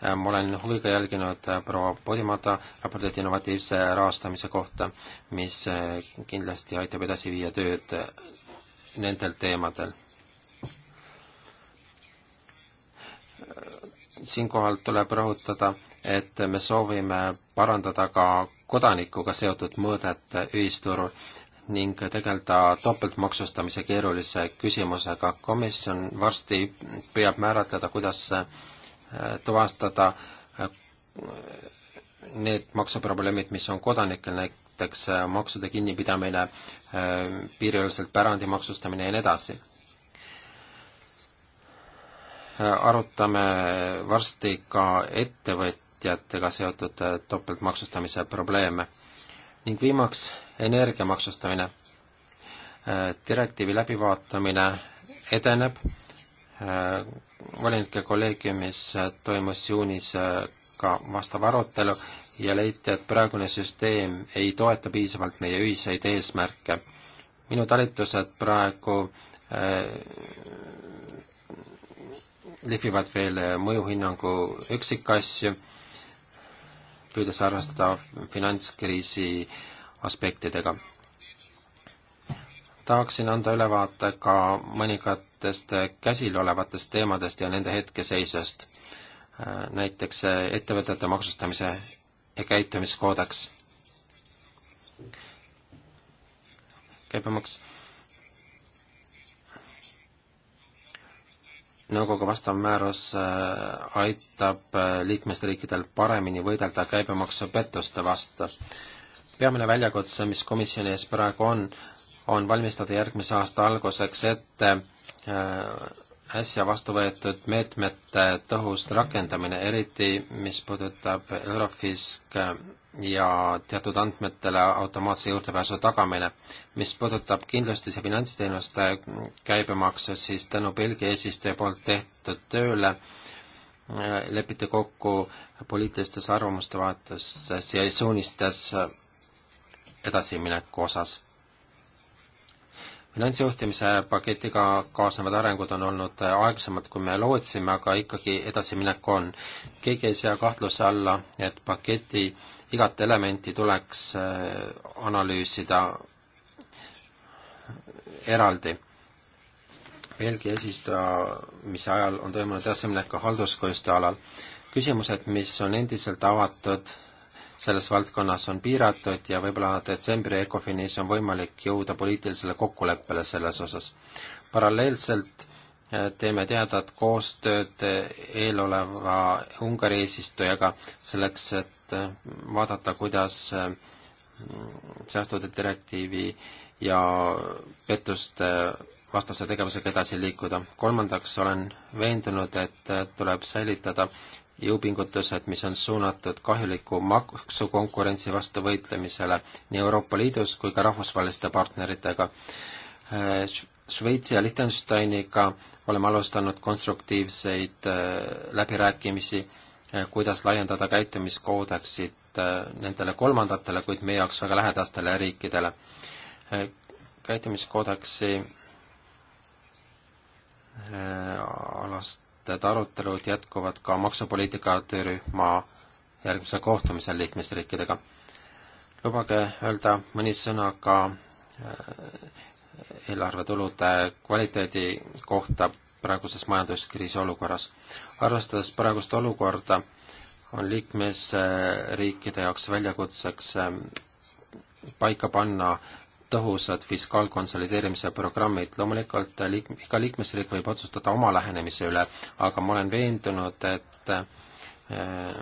Äh, ma olen huviga jälginud äh, proua Podimata raportit innovatiivse rahastamise kohta, mis äh, kindlasti aitab edasi viia tööd nendel teemadel. siinkohal tuleb rõhutada, et me soovime parandada ka kodanikuga seotud mõõdet ühisturul ning tegeleda topeltmaksustamise keerulise küsimusega. komisjon varsti püüab määratleda, kuidas tuvastada äh, need maksuprobleemid, mis on kodanikel, näiteks äh, maksude kinnipidamine, äh, piiriüleselt pärandi maksustamine ja nii edasi. arutame varsti ka ettevõtjatega seotud topeltmaksustamise probleeme. ning viimaks energia maksustamine. direktiivi läbivaatamine edeneb, volinike kolleegiumis äh, toimus juunis äh, ka vastav arutelu ja leiti, et praegune süsteem ei toeta piisavalt meie ühiseid eesmärke. minu talitused praegu äh, lihvivad veel äh, mõjuhinnangu üksikasju, püüdes arvestada finantskriisi aspektidega. tahaksin anda ülevaate ka mõningad olulistest äh, käsil olevatest teemadest ja nende hetkeseisust. Äh, näiteks äh, ettevõtete maksustamise ja käitumiskoodeks. käibemaks. nõukogu vastav määrus aitab liikmesriikidel paremini võidelda käibemaksupettuste vastu. peamine väljakutse, mis komisjoni ees praegu on, on valmistada järgmise aasta alguseks ette Äh, äsja vastu võetud meetmete tõhus rakendamine, eriti mis puudutab Eurofisk äh, ja teatud andmetele automaatse juurdepääsu tagamine. mis puudutab kindlustus- ja finantsteenuste käibemaksu, siis tänu Belgia eesistuja poolt tehtud tööle äh, lepiti kokku poliitilistes arvamuste vahetustes ja suunistes edasimineku osas finantsjuhtimise paketiga kaasnevad arengud on olnud aeglasemad, kui me lootsime, aga ikkagi edasiminek on. keegi ei sea kahtluse alla, et paketi igat elementi tuleks äh, analüüsida eraldi. Belgia eesistumise ajal on toimunud edasiminek ka halduskoostöö alal. küsimused, mis on endiselt avatud, selles valdkonnas on piiratud ja võib-olla detsembri ECOFINis on võimalik jõuda poliitilisele kokkuleppele selles osas. paralleelselt eh, teeme teadat koostööd eh, eeloleva Ungari eesistujaga selleks, et eh, vaadata, kuidas säästude direktiivi ja pettuste vastase tegevusega edasi liikuda. kolmandaks olen veendunud, et tuleb säilitada jõupingutused, mis on suunatud kahjuliku maksukonkurentsi vastu võitlemisele nii Euroopa Liidus kui ka rahvusvaheliste partneritega. Äh, Šveitsi ja Liechtensteiniga oleme alustanud konstruktiivseid äh, läbirääkimisi, äh, kuidas laiendada käitumiskoodeksit nendele kolmandatele, kuid meie jaoks väga lähedastele riikidele. käitumiskoodeksi alast et arutelud jätkuvad ka maksupoliitika töörühma järgmisel kohtumisel liikmesriikidega. lubage öelda mõni sõna ka äh, eelarvetulude kvaliteedi kohta praeguses majanduskriisi olukorras. arvestades praegust olukorda, on liikmesriikide jaoks väljakutseks äh, paika panna tõhusad fiskaalkonsolideerimise programmid, loomulikult liik-, iga liikmesriik võib otsustada oma lähenemise üle, aga ma olen veendunud, et äh,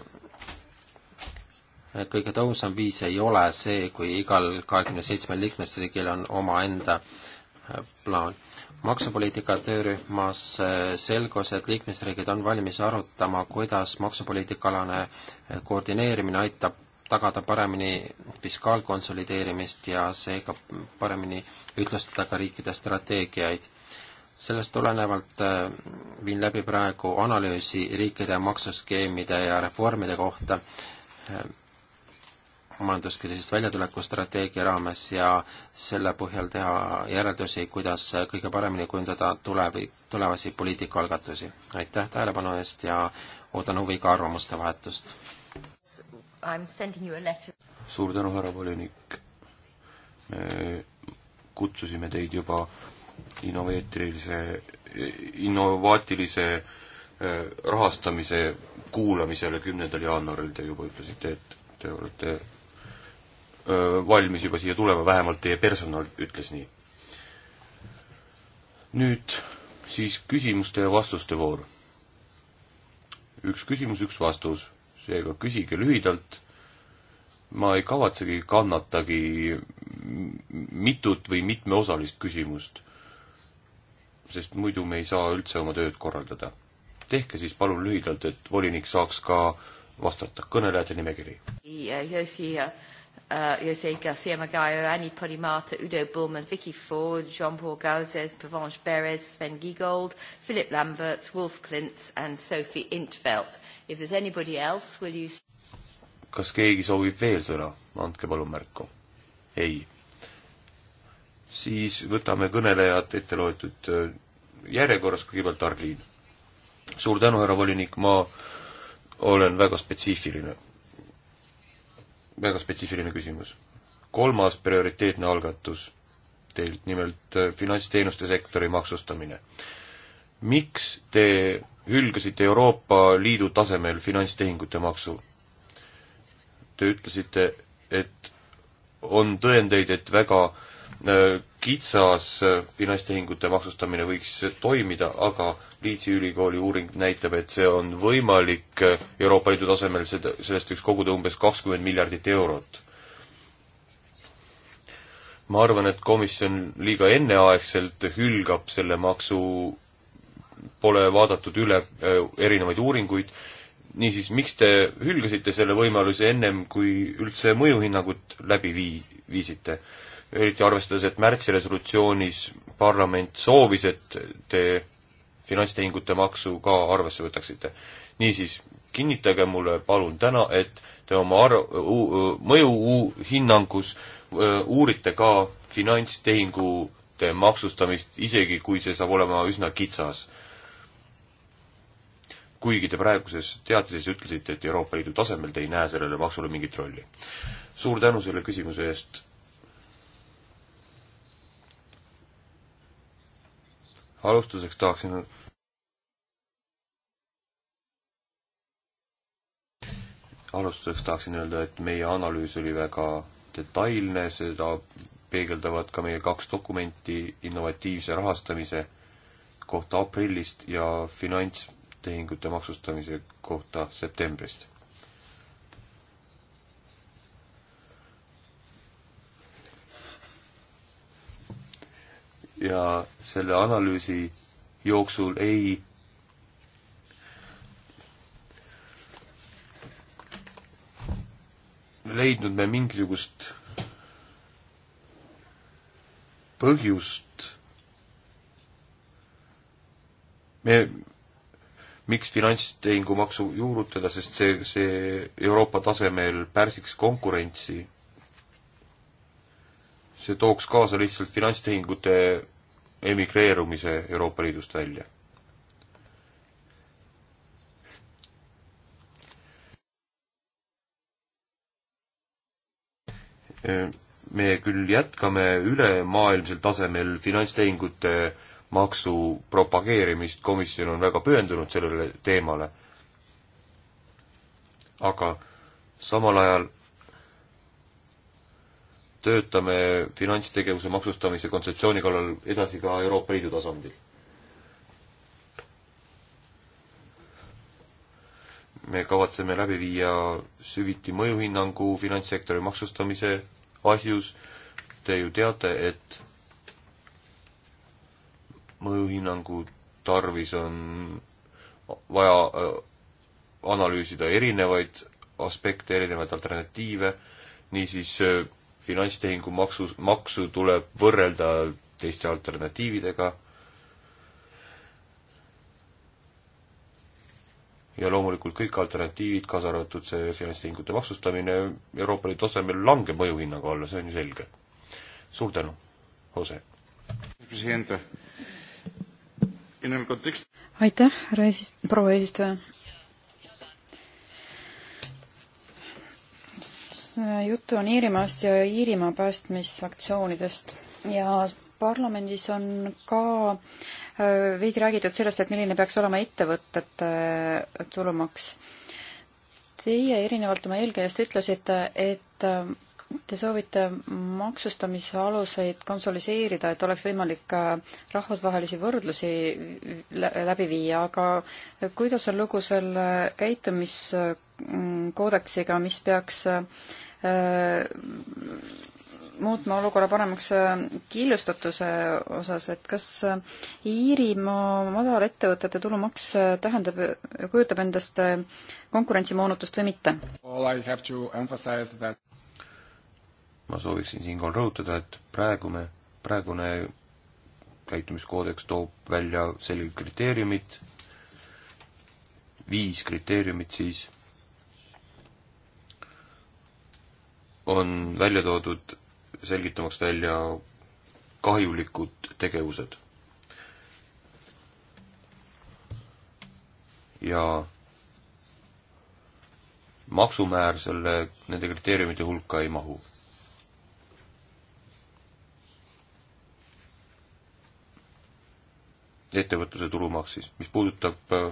et kõige tõhusam viis ei ole see, kui igal kahekümne seitsmel liikmesriigil on omaenda äh, plaan. maksupoliitika töörühmas äh, selgus, et liikmesriigid on valmis arutama, kuidas maksupoliitikaalane koordineerimine aitab tagada paremini fiskaalkonsolideerimist ja seega paremini ütlustada ka riikide strateegiaid. sellest tulenevalt äh, viin läbi praegu analüüsi riikide maksuskeemide ja reformide kohta äh, majanduskriisist väljatuleku strateegia raames ja selle põhjal teha järeldusi, kuidas kõige paremini kujundada tulevi, tulevasi poliitikaalgatusi. aitäh tähelepanu eest ja ootan huviga arvamuste vahetust! suur tänu, härra volinik. me kutsusime teid juba innoveetrilise, innovaatilise eh, rahastamise kuulamisele kümnendal jaanuaril, te juba ütlesite, et te olete eh, valmis juba siia tulema, vähemalt teie personal ütles nii. nüüd siis küsimuste ja vastuste voor. üks küsimus, üks vastus seega küsige lühidalt, ma ei kavatsegi kannatagi mitut või mitmeosalist küsimust, sest muidu me ei saa üldse oma tööd korraldada. tehke siis palun lühidalt, et volinik saaks ka vastata. kõnelejate nimekiri. ja, ja siia uh, Jose Garcia Magallo, Annie Podimata, Udo Bullman, Vicky Ford, Jean-Paul Gauzes, Provence Beres, Sven Giegold, Philip Lamberts, Wolf Klintz and Sophie Intveld. If there's anybody else, will you... kas keegi soovib veel sõna? andke palun märku. ei. siis võtame kõnelejad ette loetud äh, järjekorras, kõigepealt Arliin. suur tänu, härra volinik, ma olen väga spetsiifiline väga spetsiifiline küsimus. kolmas prioriteetne algatus teilt, nimelt äh, finantsteenuste sektori maksustamine. miks te hülgasite Euroopa Liidu tasemel finantstehingute maksu? Te ütlesite, et on tõendeid, et väga äh, Äh, kitsas äh, finantstehingute maksustamine võiks toimida, aga Leedsi ülikooli uuring näitab, et see on võimalik äh, Euroopa Liidu tasemel, seda, sellest võiks koguda umbes kakskümmend miljardit eurot. ma arvan, et komisjon liiga enneaegselt hülgab selle maksu, pole vaadatud üle erinevaid uuringuid, niisiis, miks te hülgasite selle võimaluse ennem, kui üldse mõjuhinnangut läbi vii-, viisite? eriti arvestades, et märtsi resolutsioonis parlament soovis, et te finantstehingute maksu ka arvesse võtaksite. niisiis, kinnitage mulle palun täna, et te oma arv-, mõjuhinnangus uurite ka finantstehingute maksustamist, isegi kui see saab olema üsna kitsas. kuigi te praeguses teatises ütlesite, et Euroopa Liidu tasemel te ei näe sellele maksule mingit rolli. suur tänu selle küsimuse eest alustuseks tahaksin alustuseks tahaksin öelda, et meie analüüs oli väga detailne, seda peegeldavad ka meie kaks dokumenti innovatiivse rahastamise kohta aprillist ja finantstehingute maksustamise kohta septembrist. ja selle analüüsi jooksul ei leidnud me mingisugust põhjust, me, miks finantstehingumaksu juurutada, sest see, see Euroopa tasemel pärsiks konkurentsi see tooks kaasa lihtsalt finantstehingute emigreerumise Euroopa Liidust välja. me küll jätkame ülemaailmsel tasemel finantstehingute maksu propageerimist, komisjon on väga pühendunud sellele teemale, aga samal ajal töötame finantstegevuse maksustamise kontseptsiooni kallal edasi ka Euroopa Liidu tasandil. me kavatseme läbi viia süviti mõjuhinnangu finantssektori maksustamise asjus. Te ju teate, et mõjuhinnangu tarvis on vaja äh, analüüsida erinevaid aspekte, erinevaid alternatiive, niisiis äh, finantstehingu maksu, maksu tuleb võrrelda teiste alternatiividega ja loomulikult kõik alternatiivid, kaasa arvatud see finantstehingute maksustamine, Euroopa Liidu tasemel langeb mõjuhinnaga alla, see on ju selge. suur tänu, Jose. aitäh, härra esis-, proua eesistuja juttu on Iirimaast ja Iirimaa päästmissaktsioonidest ja parlamendis on ka äh, veidi räägitud sellest, et milline peaks olema ettevõtete äh, tulumaks. Teie erinevalt oma eelkäijast ütlesite, et äh, Te soovite maksustamise aluseid konsoliseerida, et oleks võimalik äh, rahvusvahelisi võrdlusi läbi viia, aga kuidas on lugu selle käitumiskoodeksiga, mis peaks äh, muutma olukorra paremaks äh, killustatuse osas, et kas Iirimaa madal ettevõtete tulumaks tähendab, kujutab endast konkurentsimoonutust või mitte? ma sooviksin siinkohal rõhutada, et praegu me, praegune käitumiskoodeks toob välja selged kriteeriumid, viis kriteeriumit siis, on välja toodud selgitamaks välja kahjulikud tegevused. ja maksumäär selle, nende kriteeriumite hulka ei mahu ettevõtluse tulumaks siis, mis puudutab äh,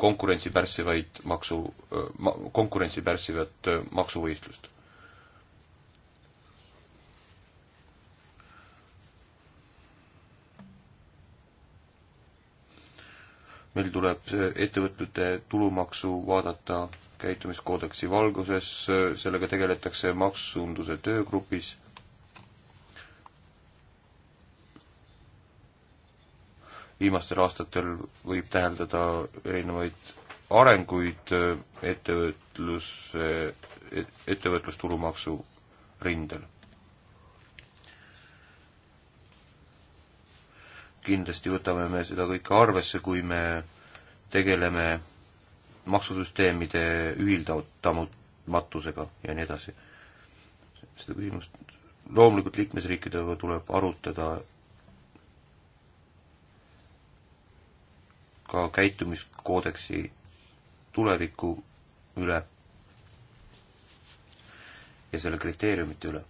konkurentsi pärssivaid maksu, äh, konkurentsi pärssivat äh, maksuvõistlust meil tuleb ettevõtete tulumaksu vaadata käitumiskoodeksi valguses, sellega tegeletakse maksunduse töögrupis viimastel aastatel võib täheldada erinevaid arenguid äh, ettevõtlus, ettevõtlusturumaksu rindel. kindlasti võtame me seda kõike arvesse, kui me tegeleme maksusüsteemide ühildamatusega ja nii edasi. seda küsimust loomulikult liikmesriikidega tuleb arutada ka käitumiskoodeksi tuleviku üle ja selle kriteeriumite üle.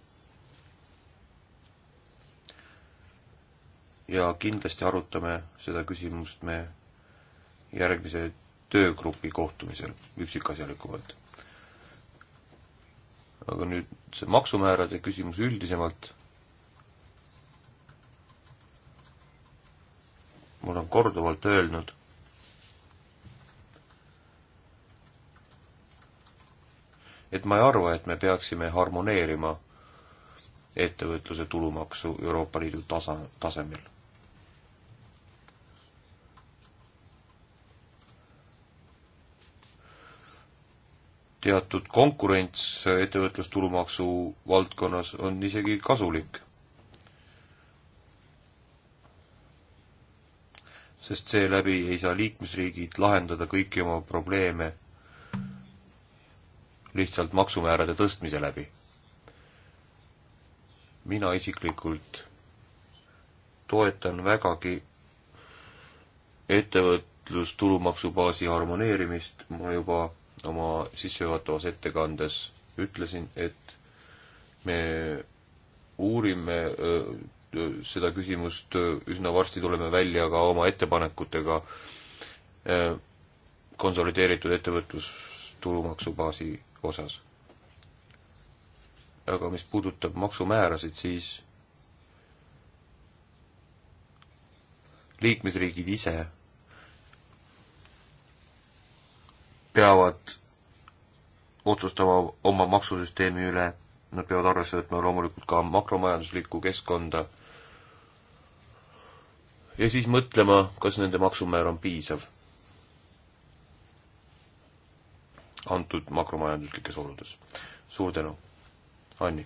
ja kindlasti arutame seda küsimust me järgmise töögrupi kohtumisel üksikasjalikumalt. aga nüüd see maksumäärade küsimus üldisemalt mul on korduvalt öelnud, et ma ei arva, et me peaksime harmoneerima ettevõtluse tulumaksu Euroopa Liidu tasa, tasemel. teatud konkurents ettevõtlustulumaksu valdkonnas on isegi kasulik sest seeläbi ei saa liikmesriigid lahendada kõiki oma probleeme lihtsalt maksumäärade tõstmise läbi. mina isiklikult toetan vägagi ettevõtlustulumaksubaasi harmoneerimist, ma juba oma sissejuhatavas ettekandes ütlesin, et me uurime seda küsimust, üsna varsti tuleme välja ka oma ettepanekutega konsolideeritud ettevõtlustulumaksubaasi osas. aga mis puudutab maksumäärasid, siis liikmesriigid ise peavad otsustama oma maksusüsteemi üle, nad peavad arvesse võtma loomulikult ka makromajanduslikku keskkonda ja siis mõtlema, kas nende maksumäär on piisav antud makromajanduslikes oludes. suur tänu, Anni.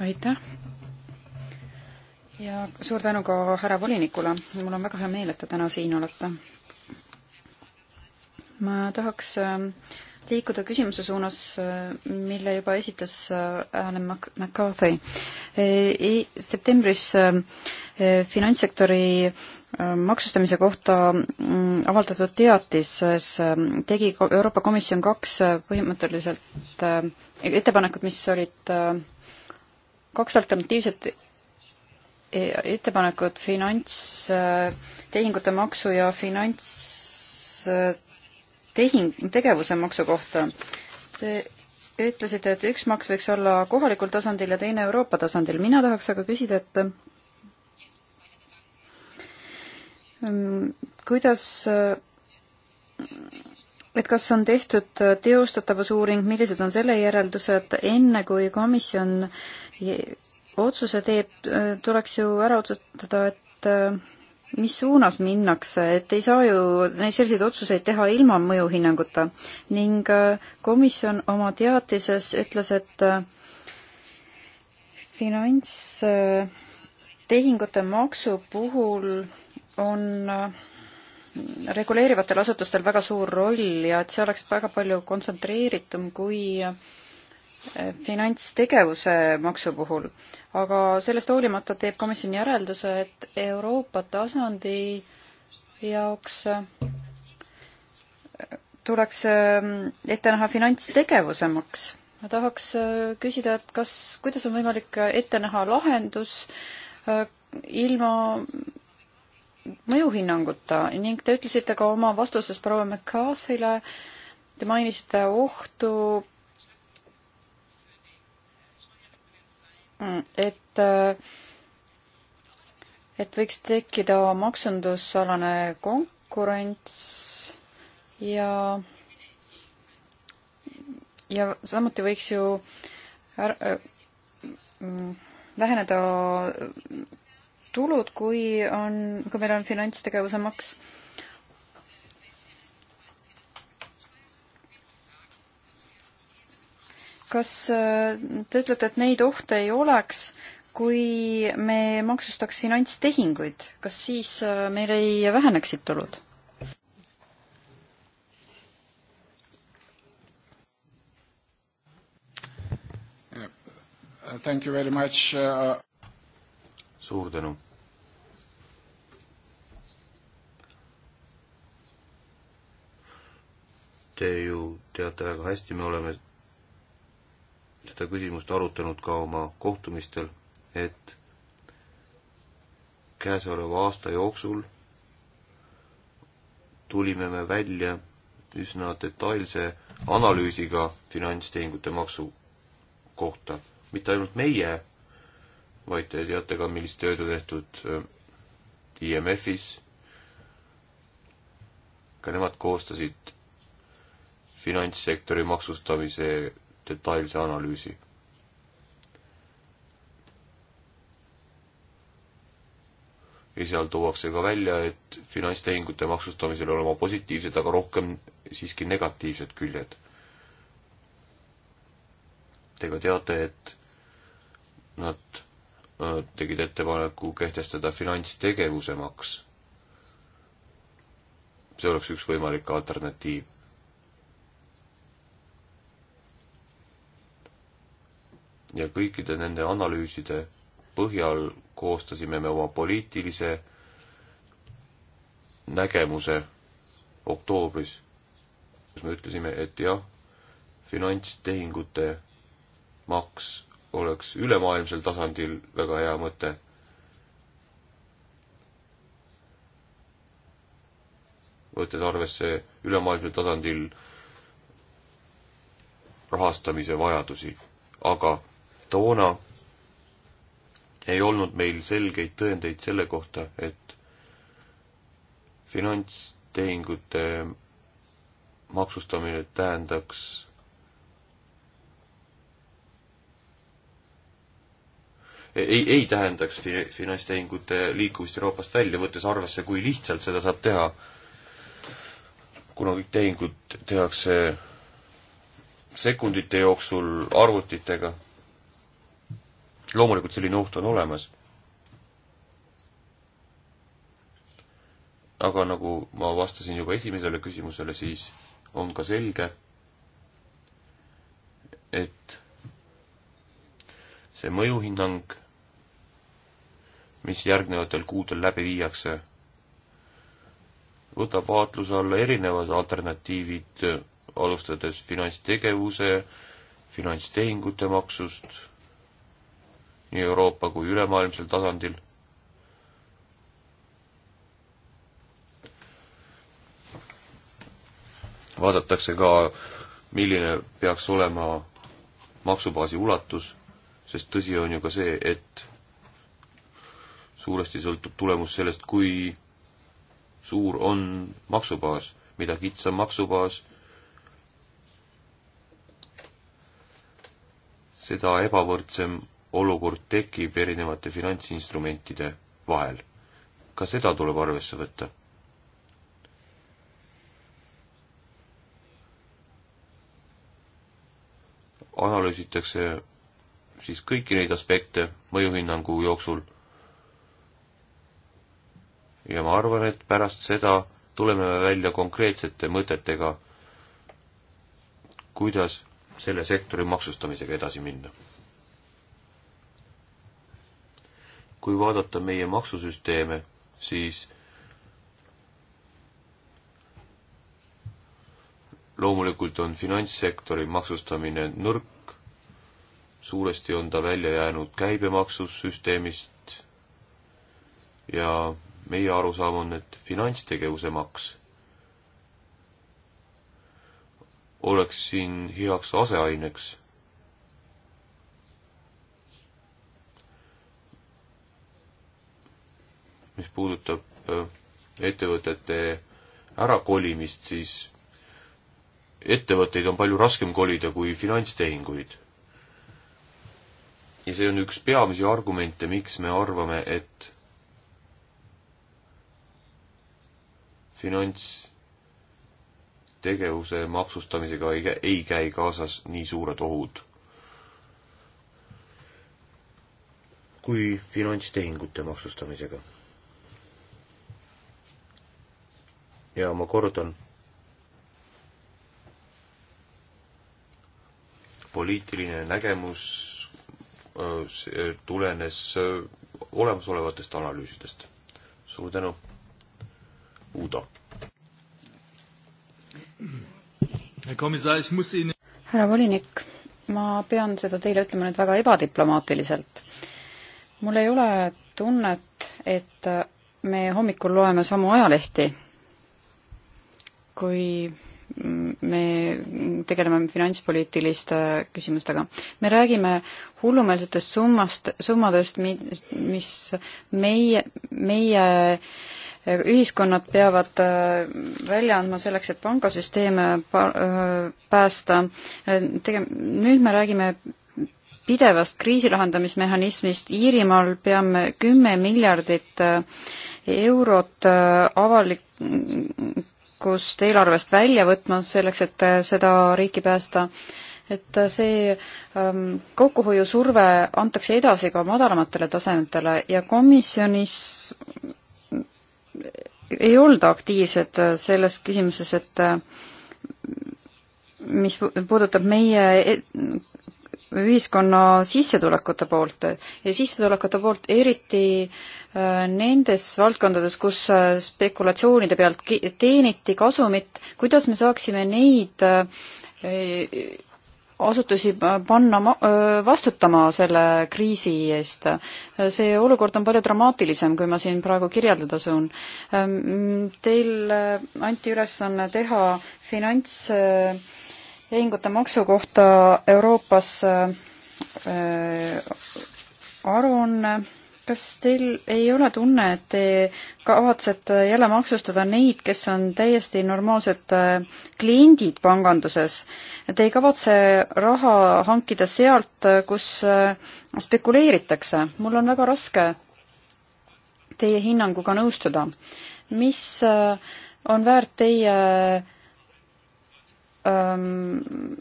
aitäh ja suur tänu ka härra volinikule, mul on väga hea meel, et te täna siin olete. ma tahaks äh, liikuda küsimuse suunas, äh, mille juba esitas äh, Alan McCarthy. E-, septembris finantssektori maksustamise kohta mm, avaldatud teatises ähm, tegi Euroopa Komisjon kaks äh, põhimõtteliselt äh, ettepanekut, mis olid äh, kaks alternatiivset e, ettepanekut finantstehingute maksu ja finantstehing, tegevuse maksu kohta. Te ütlesite, et üks maks võiks olla kohalikul tasandil ja teine Euroopa tasandil. mina tahaks aga küsida, et kuidas, äh, et kas on tehtud äh, teostatavusuuring, millised on selle järeldused, enne kui komisjon otsuse teeb, äh, tuleks ju ära otsustada, et mis suunas minnakse, et ei saa ju neid selliseid otsuseid teha ilma mõjuhinnanguta. ning komisjon oma teatises ütles, et finantstehingute maksu puhul on äh, reguleerivatel asutustel väga suur roll ja et see oleks väga palju kontsentreeritum kui äh, finantstegevuse maksu puhul. aga sellest hoolimata teeb komisjon järelduse, et Euroopa tasandi jaoks äh, tuleks ette näha finantstegevuse maks. ma tahaks küsida, et kas, kuidas on võimalik ette näha lahendus ilma mõjuhinnanguta ning te ütlesite ka oma vastuses proua McCarthy'le, te mainisite ohtu, et, et võiks tekkida maksundusalane konkurents ja, ja samuti võiks ju ära, äh, mm, väheneda tulud, kui on, kui meil on finantstegevuse maks. kas äh, te ütlete, et neid ohte ei oleks, kui me maksustaks finantstehinguid, kas siis äh, meil ei väheneksid tulud? Thank you very much uh suur tänu. Te ju teate väga hästi, me oleme seda küsimust arutanud ka oma kohtumistel, et käesoleva aasta jooksul tulime me välja üsna detailse analüüsiga finantstehingute maksu kohta. mitte ainult meie vaid te teate ka, millist tööd on tehtud äh, IMF-is. ka nemad koostasid finantssektori maksustamise detailse analüüsi. ja seal tuuakse ka välja, et finantstehingute maksustamisel on oma positiivsed, aga rohkem siiski negatiivsed küljed. Te ka teate, et nad Äh, tegid ettepaneku kehtestada finantstegevuse maks. see oleks üks võimalik alternatiiv. ja kõikide nende analüüside põhjal koostasime me oma poliitilise nägemuse oktoobris, kus me ütlesime, et jah, finantstehingute maks oleks ülemaailmsel tasandil väga hea mõte. võttes arvesse ülemaailmsel tasandil rahastamise vajadusi, aga toona ei olnud meil selgeid tõendeid selle kohta, et finantstehingute maksustamine tähendaks ei, ei tähendaks fi-, finantstehingute liikumist Euroopast välja, võttes arvesse, kui lihtsalt seda saab teha, kuna kõik tehingud tehakse sekundite jooksul arvutitega. loomulikult selline oht on olemas. aga nagu ma vastasin juba esimesele küsimusele, siis on ka selge, et see mõjuhinnang mis järgnevatel kuudel läbi viiakse, võtab vaatluse alla erinevad alternatiivid, alustades finantstegevuse, finantstehingute maksust nii Euroopa kui ülemaailmsel tasandil. vaadatakse ka, milline peaks olema maksubaasi ulatus, sest tõsi on ju ka see, et suuresti sõltub tulemus sellest, kui suur on maksubaas, mida kitsam maksubaas, seda ebavõrdsem olukord tekib erinevate finantsinstrumentide vahel. ka seda tuleb arvesse võtta analüüsitakse siis kõiki neid aspekte mõjuhinnangu jooksul ja ma arvan, et pärast seda tuleme välja konkreetsete mõtetega, kuidas selle sektori maksustamisega edasi minna. kui vaadata meie maksusüsteeme, siis loomulikult on finantssektori maksustamine nõrk, suuresti on ta välja jäänud käibemaksussüsteemist ja meie arusaam on, et finantstegevuse maks oleks siin heaks aseaineks. mis puudutab äh, ettevõtete ärakolimist, siis ettevõtteid on palju raskem kolida kui finantstehinguid. ja see on üks peamisi argumente, miks me arvame, et finantstegevuse maksustamisega ei, ei käi kaasas nii suured ohud kui finantstehingute maksustamisega. ja ma kordan, poliitiline nägemus äh, tulenes äh, olemasolevatest analüüsidest. suur tänu! Uudo. härra volinik, ma pean seda teile ütlema nüüd väga ebadiplomaatiliselt. mul ei ole tunnet, et me hommikul loeme samu ajalehti, kui me tegeleme finantspoliitiliste küsimustega. me räägime hullumeelsetest summast, summadest, mis meie, meie ühiskonnad peavad äh, välja andma selleks, et pangasüsteeme äh, päästa. tege-, nüüd me räägime pidevast kriisilahendamismehhanismist, Iirimaal peame kümme miljardit äh, eurot avalikust eelarvest välja võtma selleks, et seda riiki päästa et see ähm, kokkuhoiusurve antakse edasi ka madalamatele tasemetele ja komisjonis ei olda aktiivsed äh, selles küsimuses, et äh, mis puudutab meie e-, ühiskonna sissetulekute poolt ja sissetulekute poolt eriti äh, nendes valdkondades, kus spekulatsioonide pealt teeniti kasumit, kuidas me saaksime neid asutusi panna vastutama selle kriisi eest. see olukord on palju dramaatilisem, kui ma siin praegu kirjeldada suun. Teil anti ülesanne teha finantstehingute maksu kohta Euroopas aruanne kas teil ei ole tunne, et te kavatsete jälle maksustada neid, kes on täiesti normaalsed kliendid panganduses äh, te ei kavatse raha hankida sealt, kus äh, spekuleeritakse. mul on väga raske teie hinnanguga nõustuda. mis äh, on väärt teie ähm,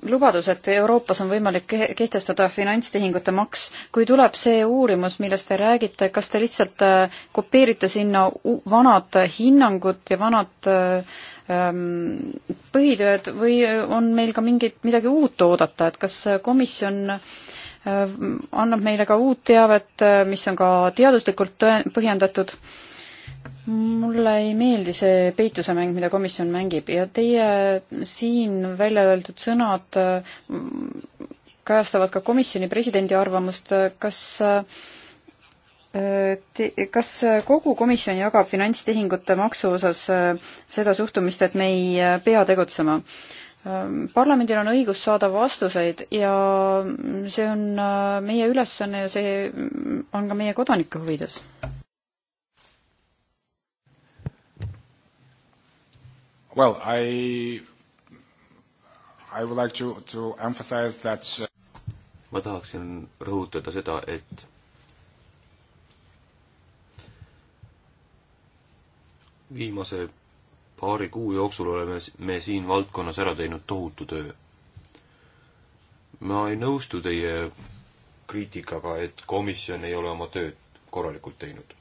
lubadus, et Euroopas on võimalik kehtestada finantstehingute maks. kui tuleb see uurimus, millest te räägite, kas te lihtsalt äh, kopeerite sinna vanad hinnangud ja vanad äh, Ähm, põhitööd või äh, on meil ka mingit, midagi uut oodata, et kas äh, komisjon äh, annab meile ka uut teavet, mis on ka teaduslikult tõe-, põhjendatud? mulle ei meeldi see peitusemäng, mida komisjon mängib ja teie siin välja öeldud sõnad kajastavad ka komisjoni presidendi arvamust, kas äh, Te, kas kogu komisjon jagab finantstehingute maksu osas äh, seda suhtumist, et me ei äh, pea tegutsema? Ähm, parlamendil on õigus saada vastuseid ja mm, see on äh, meie ülesanne ja see mm, on ka meie kodanike huvides. Well, I, I would like to, to emphasize that uh, ma tahaksin rõhutada seda, et viimase paari kuu jooksul oleme me siin valdkonnas ära teinud tohutu töö. ma ei nõustu teie kriitikaga, et komisjon ei ole oma tööd korralikult teinud.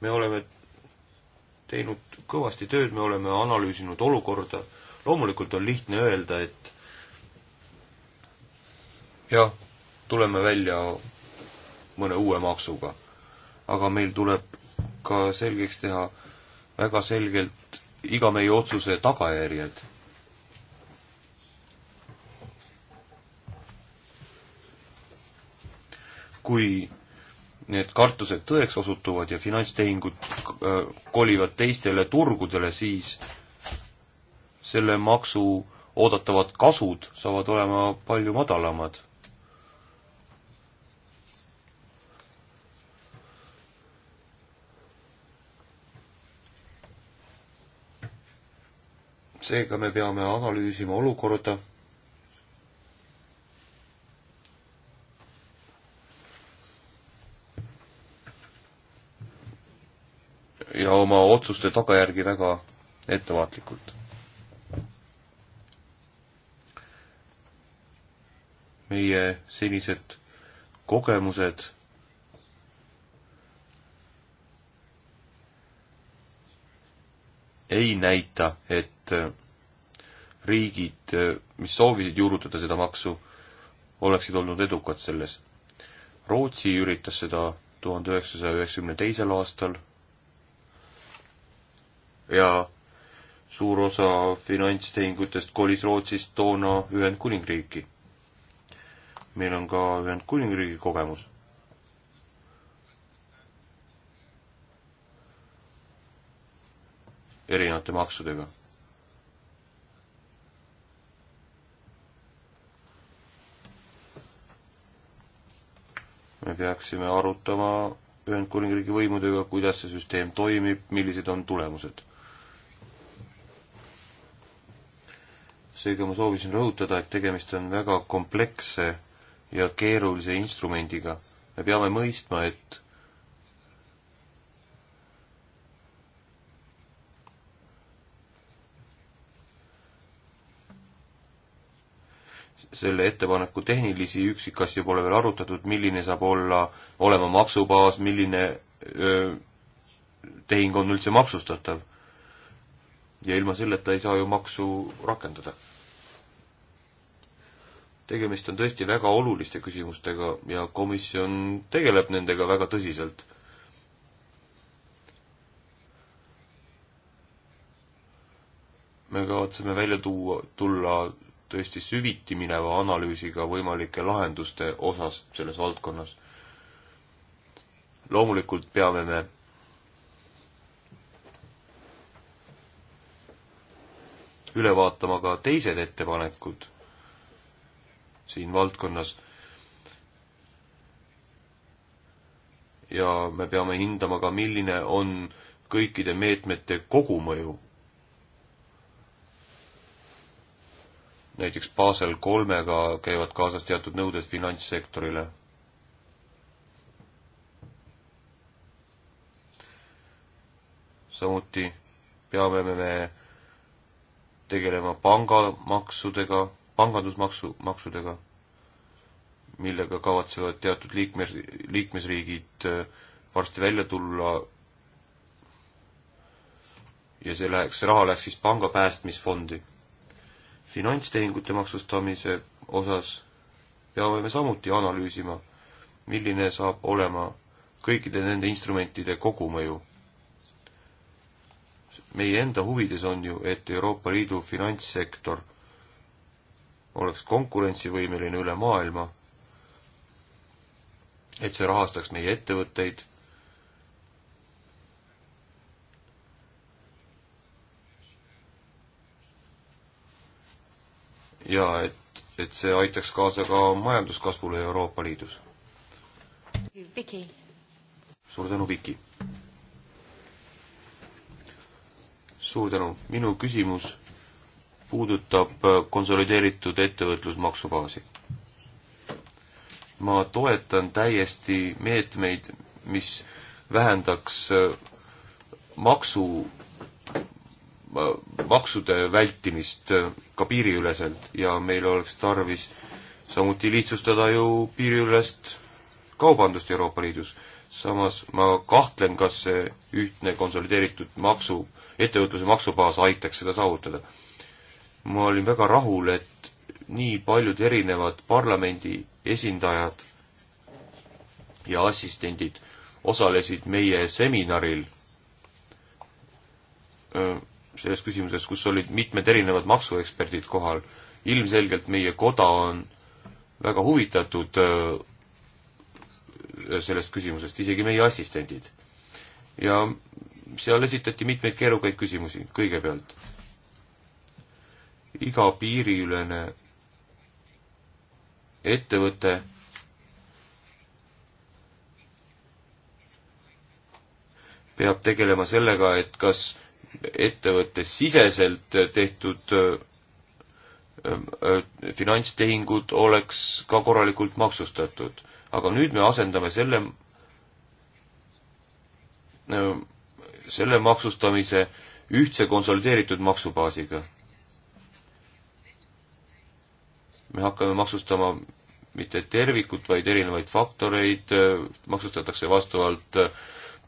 me oleme teinud kõvasti tööd, me oleme analüüsinud olukorda, loomulikult on lihtne öelda, et jah, tuleme välja mõne uue maksuga, aga meil tuleb ka selgeks teha, väga selgelt iga meie otsuse tagajärjed. kui need kartused tõeks osutuvad ja finantstehingud äh, kolivad teistele turgudele, siis selle maksu oodatavad kasud saavad olema palju madalamad seega me peame analüüsima olukorda ja oma otsuste tagajärgi väga ettevaatlikult. meie senised kogemused ei näita, et äh, riigid, äh, mis soovisid juurutada seda maksu, oleksid olnud edukad selles. Rootsi üritas seda tuhande üheksasaja üheksakümne teisel aastal ja suur osa finantstehingutest kolis Rootsist toona Ühendkuningriiki. meil on ka Ühendkuningriigi kogemus. erinevate maksudega. me peaksime arutama Ühendkuningriigi võimudega, kuidas see süsteem toimib, millised on tulemused. seega ma soovisin rõhutada, et tegemist on väga kompleksse ja keerulise instrumendiga. me peame mõistma, et selle ettepaneku tehnilisi üksikasju pole veel arutatud, milline saab olla, olema maksubaas, milline öö, tehing on üldse maksustatav. ja ilma selleta ei saa ju maksu rakendada. tegemist on tõesti väga oluliste küsimustega ja komisjon tegeleb nendega väga tõsiselt me kavatseme välja tuua, tulla tõesti süviti mineva analüüsiga võimalike lahenduste osas selles valdkonnas. loomulikult peame me üle vaatama ka teised ettepanekud siin valdkonnas. ja me peame hindama ka, milline on kõikide meetmete kogumõju näiteks Basel kolmega käivad kaasas teatud nõuded finantssektorile. samuti peame me tegelema pangamaksudega, pangandusmaksu, maksudega, millega kavatsevad teatud liikmes, liikmesriigid äh, varsti välja tulla ja see läheks, see raha läheks siis panga päästmisfondi finantstehingute maksustamise osas peame me samuti analüüsima, milline saab olema kõikide nende instrumentide kogumõju. meie enda huvides on ju, et Euroopa Liidu finantssektor oleks konkurentsivõimeline üle maailma, et see rahastaks meie ettevõtteid ja et, et see aitaks kaasa ka majanduskasvule Euroopa Liidus. suur tänu, Viki! suur tänu, minu küsimus puudutab äh, konsolideeritud ettevõtlusmaksubaasi. ma toetan täiesti meetmeid, mis vähendaks äh, maksu Äh, maksude vältimist äh, ka piiriüleselt ja meil oleks tarvis samuti lihtsustada ju piiriülest kaubandust Euroopa Liidus. samas ma kahtlen, kas see ühtne konsolideeritud maksu, ettevõtluse maksubaas aitaks seda saavutada. ma olin väga rahul, et nii paljud erinevad parlamendi esindajad ja assistendid osalesid meie seminaril äh, selles küsimuses, kus olid mitmed erinevad maksueksperdid kohal. ilmselgelt meie koda on väga huvitatud äh, sellest küsimusest, isegi meie assistendid. ja seal esitati mitmeid keerukaid küsimusi, kõigepealt iga piiriülene ettevõte peab tegelema sellega, et kas ettevõttesiseselt tehtud äh, äh, finantstehingud oleks ka korralikult maksustatud. aga nüüd me asendame selle, äh, selle maksustamise ühtse konsolideeritud maksubaasiga. me hakkame maksustama mitte tervikut, vaid erinevaid faktoreid, maksustatakse vastavalt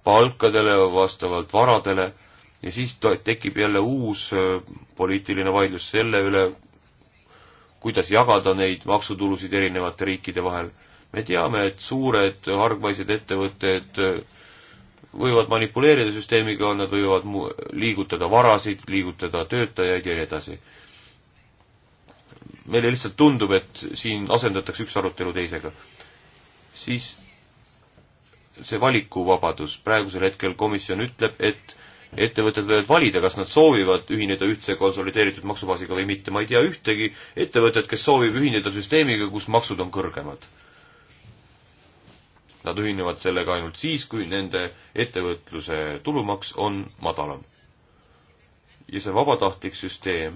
palkadele, vastavalt varadele ja siis to-, tekib jälle uus äh, poliitiline vaidlus selle üle, kuidas jagada neid maksutulusid erinevate riikide vahel. me teame, et suured hargmaised ettevõtted äh, võivad manipuleerida süsteemiga, nad võivad mu-, liigutada varasid, liigutada töötajaid ja nii edasi. meile lihtsalt tundub, et siin asendatakse üks arutelu teisega. siis see valikuvabadus, praegusel hetkel komisjon ütleb, et ettevõtted võivad valida, kas nad soovivad ühineda ühtse konsolideeritud maksubaasiga või mitte. ma ei tea ühtegi ettevõtet, kes soovib ühineda süsteemiga, kus maksud on kõrgemad. Nad ühinevad sellega ainult siis, kui nende ettevõtluse tulumaks on madalam. ja see vabatahtlik süsteem,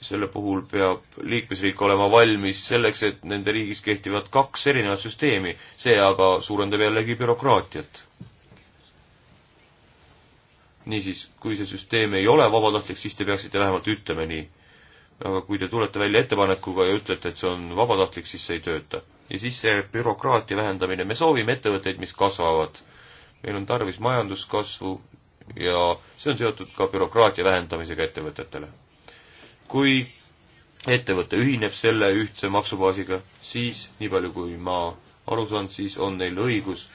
selle puhul peab liikmesriik olema valmis selleks, et nende riigis kehtivad kaks erinevat süsteemi, see aga suurendab jällegi bürokraatiat niisiis, kui see süsteem ei ole vabatahtlik, siis te peaksite vähemalt ütlema nii. aga kui te tulete välja ettepanekuga ja ütlete, et see on vabatahtlik, siis see ei tööta. ja siis see bürokraatia vähendamine, me soovime ettevõtteid, mis kasvavad. meil on tarvis majanduskasvu ja see on seotud ka bürokraatia vähendamisega ettevõtetele. kui ettevõte ühineb selle ühtse maksubaasiga, siis nii palju, kui ma aru saan, siis on neil õigus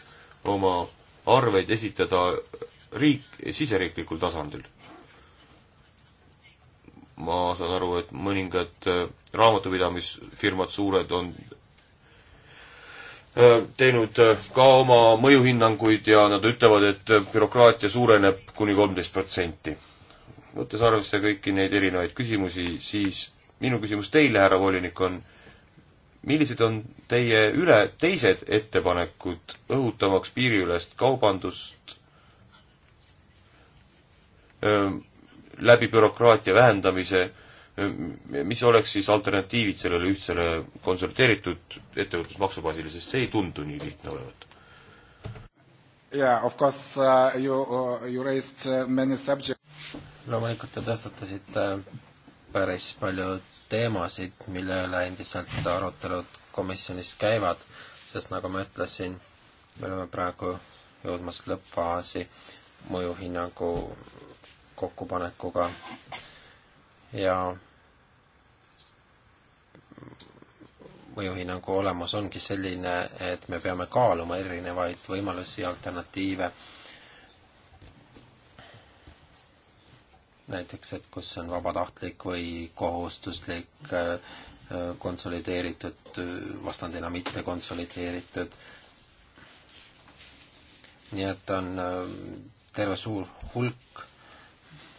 oma arveid esitada riik, siseriiklikul tasandil. ma saan aru, et mõningad äh, raamatupidamisfirmad, suured, on äh, teinud äh, ka oma mõjuhinnanguid ja nad ütlevad, et bürokraatia suureneb kuni kolmteist protsenti. võttes arvesse kõiki neid erinevaid küsimusi, siis minu küsimus teile, härra volinik, on millised on teie üle teised ettepanekud õhutamaks piiriülest kaubandust läbi bürokraatia vähendamise, mis oleks siis alternatiivid sellele ühtsele konsolideeritud ettevõtlusmaksubaasile, sest see ei tundu nii lihtne olevat? Yeah, of course uh, you uh,, you raised uh, many subjects. loomulikult te tõstatasite äh, päris palju teemasid, mille üle endiselt arutelud komisjonis käivad, sest nagu ma ütlesin, me oleme praegu jõudmas lõppfaasi mõjuhinnangu kokkupanekuga ja mõjuhinnangu olemus ongi selline, et me peame kaaluma erinevaid võimalusi, alternatiive. näiteks, et kus on vabatahtlik või kohustuslik, äh, konsolideeritud, vastandina mitte konsolideeritud. nii et on äh, terve suur hulk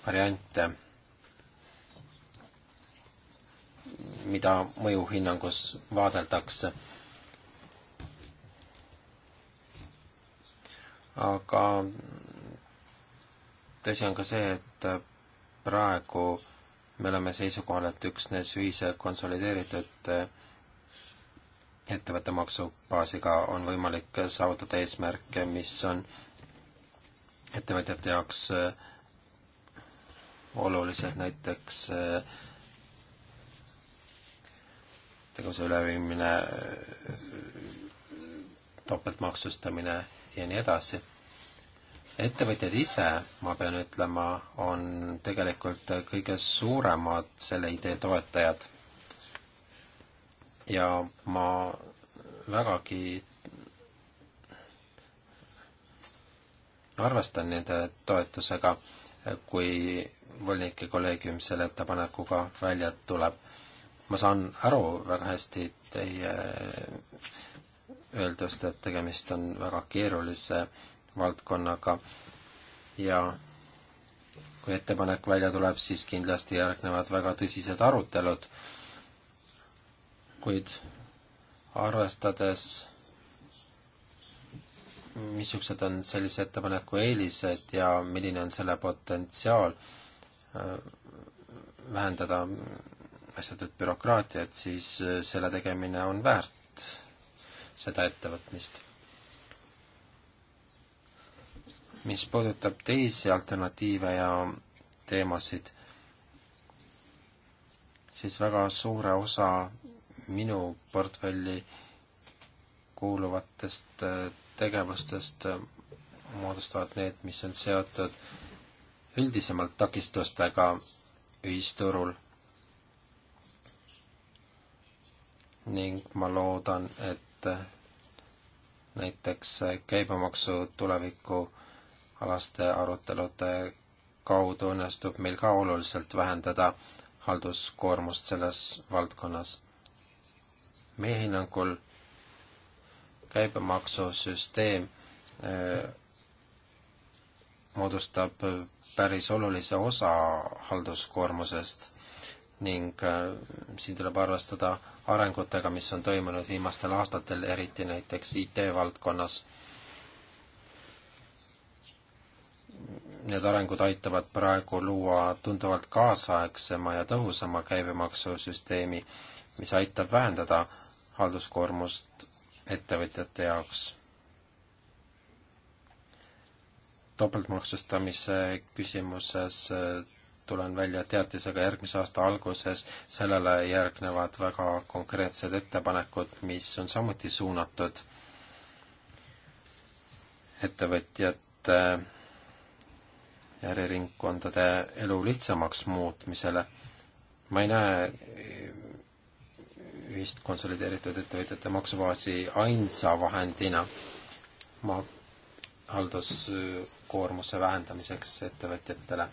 variante, mida mõjuhinnangus vaadeldakse. aga tõsi on ka see, et praegu me oleme seisukohal, et üksnes ühise konsolideeritud ettevõtte maksubaasiga on võimalik saavutada eesmärke, mis on ettevõtjate jaoks äh, olulised, näiteks eh, tegevuse üleviimine, eh, topeltmaksustamine ja nii edasi. ettevõtjad ise, ma pean ütlema, on tegelikult kõige suuremad selle idee toetajad. ja ma vägagi arvestan nende toetusega, kui volinike kolleegium selle ettepanekuga välja tuleb. ma saan aru väga hästi teie öeldust, et tegemist on väga keerulise valdkonnaga ja kui ettepanek välja tuleb, siis kindlasti järgnevad väga tõsised arutelud, kuid arvestades missugused on sellise ettepaneku eelised ja milline on selle potentsiaal, Äh, vähendada asjatut bürokraatiat, siis äh, selle tegemine on väärt seda ettevõtmist. mis puudutab teisi alternatiive ja teemasid, siis väga suure osa minu portfelli kuuluvatest äh, tegevustest moodustavad need, mis on seotud üldisemalt takistustega ühisturul ning ma loodan, et näiteks käibemaksu tuleviku alaste arutelude kaudu õnnestub meil ka oluliselt vähendada halduskoormust selles valdkonnas. meie hinnangul käibemaksusüsteem öö, äh, moodustab päris olulise osa halduskoormusest ning äh, siin tuleb arvestada arengutega, mis on toimunud viimastel aastatel, eriti näiteks IT-valdkonnas. Need arengud aitavad praegu luua tunduvalt kaasaegsema ja tõhusama käibemaksusüsteemi, mis aitab vähendada halduskoormust ettevõtjate jaoks topeltmaksustamise küsimuses eh, tulen välja teatisega järgmise aasta alguses, sellele järgnevad väga konkreetsed ettepanekud, mis on samuti suunatud ettevõtjate eh, äriringkondade elu lihtsamaks muutmisele. ma ei näe eh, ühist konsolideeritud ettevõtjate maksubaasi ainsa vahendina. ma halduskoormuse vähendamiseks ettevõtjatele.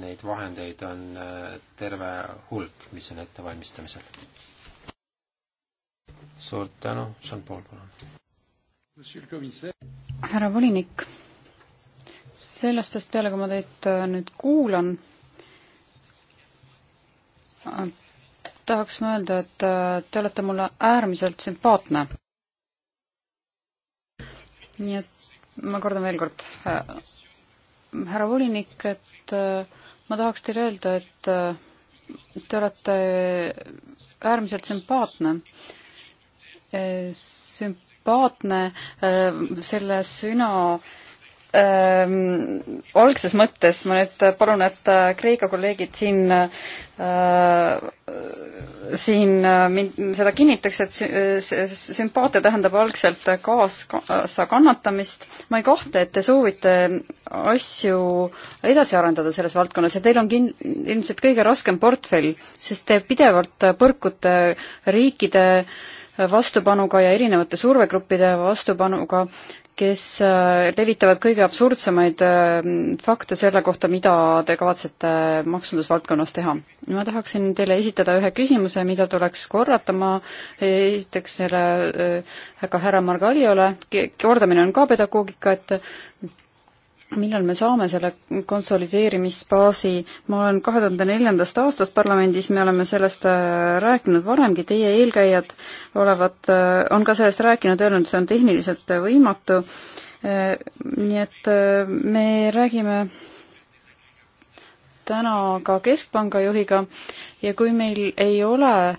Neid vahendeid on äh, terve hulk, mis on ettevalmistamisel. suur tänu, Jean-Paul, palun. härra volinik, sellest ajast peale, kui ma teid äh, nüüd kuulan, äh, tahaks ma öelda, et te olete mulle äärmiselt sümpaatne nii et ma kordan veel kord, äh, härra volinik, et äh, ma tahaks teile öelda, et äh, te olete äärmiselt sümpaatne. sümpaatne selle sõna ähm, algses mõttes ma nüüd palun, et äh, Kreeka kolleegid siin äh, siin äh, mind, seda kinnitaks, et äh, sümpaatia tähendab algselt kaasa kannatamist. ma ei kahtle, et te soovite asju edasi arendada selles valdkonnas ja teil on kin-, ilmselt kõige raskem portfell, sest te pidevalt põrkute riikide vastupanuga ja erinevate survegruppide vastupanuga kes äh, levitavad kõige absurdsemaid äh, fakte selle kohta, mida te kavatsete maksundusvaldkonnas teha. ma tahaksin teile esitada ühe küsimuse, mida tuleks korrata, ma esitaks selle äh, ka härra Margaliole, kordamine on ka pedagoogika, et millal me saame selle konsolideerimisbaasi, ma olen kahe tuhande neljandast aastast parlamendis, me oleme sellest äh, rääkinud varemgi, teie eelkäijad olevat, äh, on ka sellest rääkinud, öelnud, see on tehniliselt äh, võimatu, nii et me räägime täna ka Keskpanga juhiga ja kui meil ei ole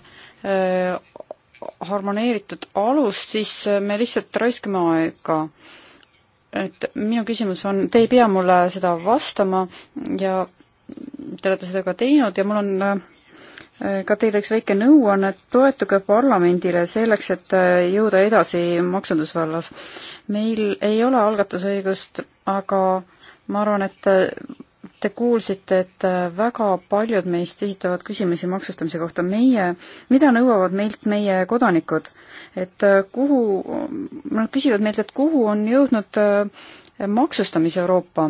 harmoneeritud alust, siis me lihtsalt raiskame aega et minu küsimus on, te ei pea mulle seda vastama ja te olete seda ka teinud ja mul on äh, ka teile üks väike nõuanne, toetuge parlamendile selleks, et äh, jõuda edasi maksundusvallas. meil ei ole algatusõigust, aga ma arvan, et äh, Te kuulsite, et äh, väga paljud meist esitavad küsimusi maksustamise kohta. meie, mida nõuavad meilt meie kodanikud? et äh, kuhu, nad küsivad meilt, et kuhu on jõudnud äh, maksustamise Euroopa?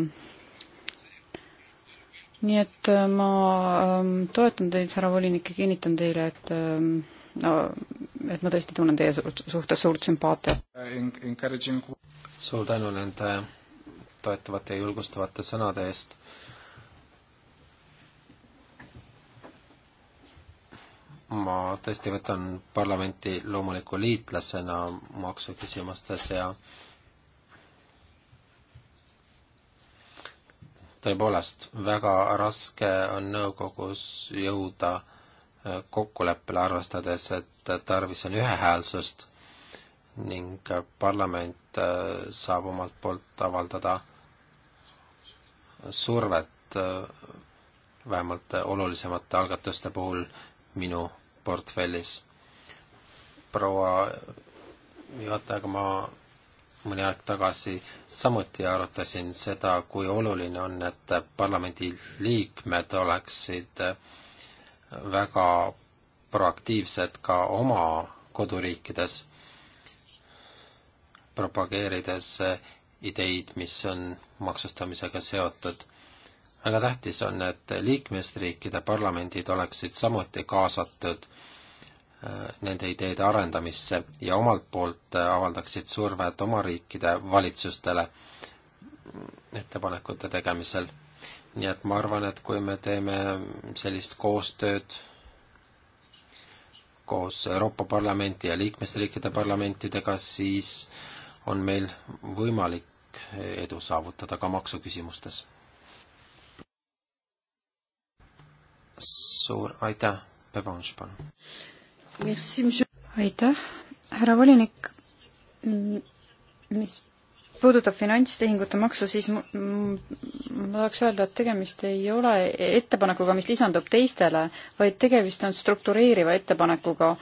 nii et ma ähm, toetan teid, härra volinik, ja kinnitan teile, et ähm, no, et ma tõesti tunnen teie suhtes suurt sümpaatiat. suur tänu nende toetavate ja julgustavate sõnade eest ma tõesti võtan parlamenti loomuliku liitlasena maksuküsimustes ja tõepoolest, väga raske on nõukogus jõuda äh, kokkuleppele, arvestades, et tarvis on ühehäälsust ning parlament äh, saab omalt poolt avaldada survet äh, vähemalt olulisemate algatuste puhul minu portfellis. proua juhatajaga ma mõni aeg tagasi samuti arutasin seda, kui oluline on, et parlamendi liikmed oleksid väga proaktiivsed ka oma koduriikides, propageerides ideid, mis on maksustamisega seotud väga tähtis on, et liikmesriikide parlamendid oleksid samuti kaasatud äh, nende ideede arendamisse ja omalt poolt äh, avaldaksid survet oma riikide valitsustele ettepanekute tegemisel. nii et ma arvan, et kui me teeme sellist koostööd koos Euroopa Parlamenti ja liikmesriikide parlamentidega, siis on meil võimalik edu saavutada ka maksuküsimustes suur aitäh, Bevanš, palun! aitäh, härra volinik, mis puudutab finantstehingute maksu, siis ma tahaks öelda, et tegemist ei ole ettepanekuga, mis lisandub teistele, vaid tegemist on struktureeriva ettepanekuga.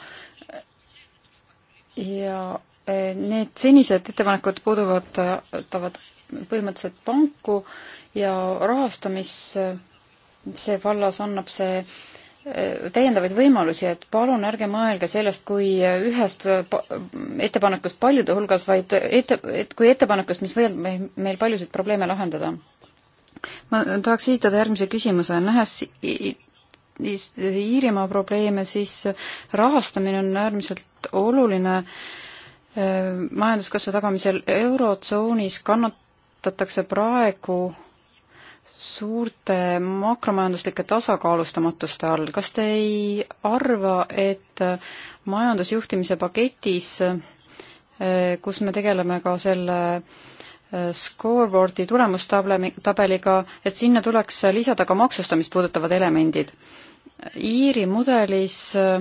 ja e, need senised ettepanekud puudutavad põhimõtteliselt panku ja rahastamis- see vallas annab see äh, täiendavaid võimalusi, et palun ärge mõelge sellest kui ühest ettepanekust paljude hulgas, vaid ette, et kui ettepanekust, mis võib meil paljusid probleeme lahendada. ma tahaks esitada järgmise küsimuse, nähes Iirimaa probleeme, siis rahastamine on äärmiselt oluline äh, majanduskasvu tagamisel Eurotsoonis kannatatakse praegu suurte makromajanduslike tasakaalustamatuste all. kas te ei arva, et majandusjuhtimise paketis, eh, kus me tegeleme ka selle eh, scoreboardi tulemustabeliga, et sinna tuleks lisada ka maksustamist puudutavad elemendid? Iiri mudelis eh,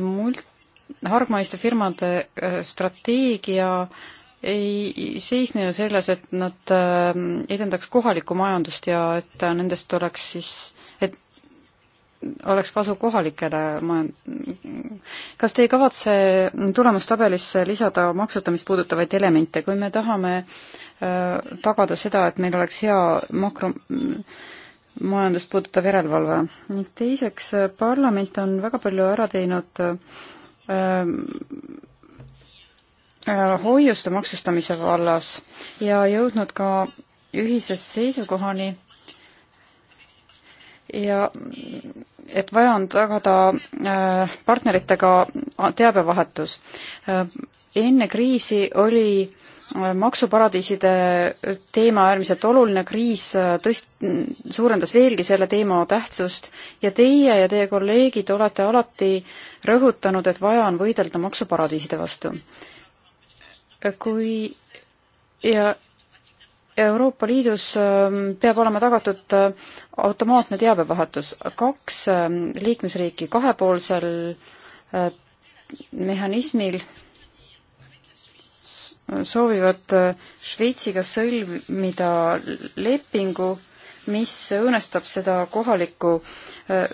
mult-, hargmaiste firmade strateegia äh, ei seisne ju selles, et nad äh, edendaks kohalikku majandust ja et äh, nendest oleks siis, et oleks kasu kohalikele majand-. kas te ei kavatse tulemustabelisse lisada maksutamist puudutavaid elemente, kui me tahame äh, tagada seda, et meil oleks hea makro majandust puudutav järelevalve. ning teiseks, parlament on väga palju ära teinud Äh, hoiuste maksustamise vallas ja jõudnud ka ühise seisukohani ja mm, et vaja on tagada äh, partneritega teabevahetus. Äh, enne kriisi oli maksuparadiiside teema äärmiselt oluline, kriis tõst-, suurendas veelgi selle teema tähtsust ja teie ja teie kolleegid olete alati rõhutanud, et vaja on võidelda maksuparadiiside vastu kui ja Euroopa Liidus ähm, peab olema tagatud äh, automaatne teabevahetus. kaks ähm, liikmesriiki kahepoolsel äh, mehhanismil soovivad äh, Šveitsiga sõlmida lepingu mis õõnestab seda kohalikku äh,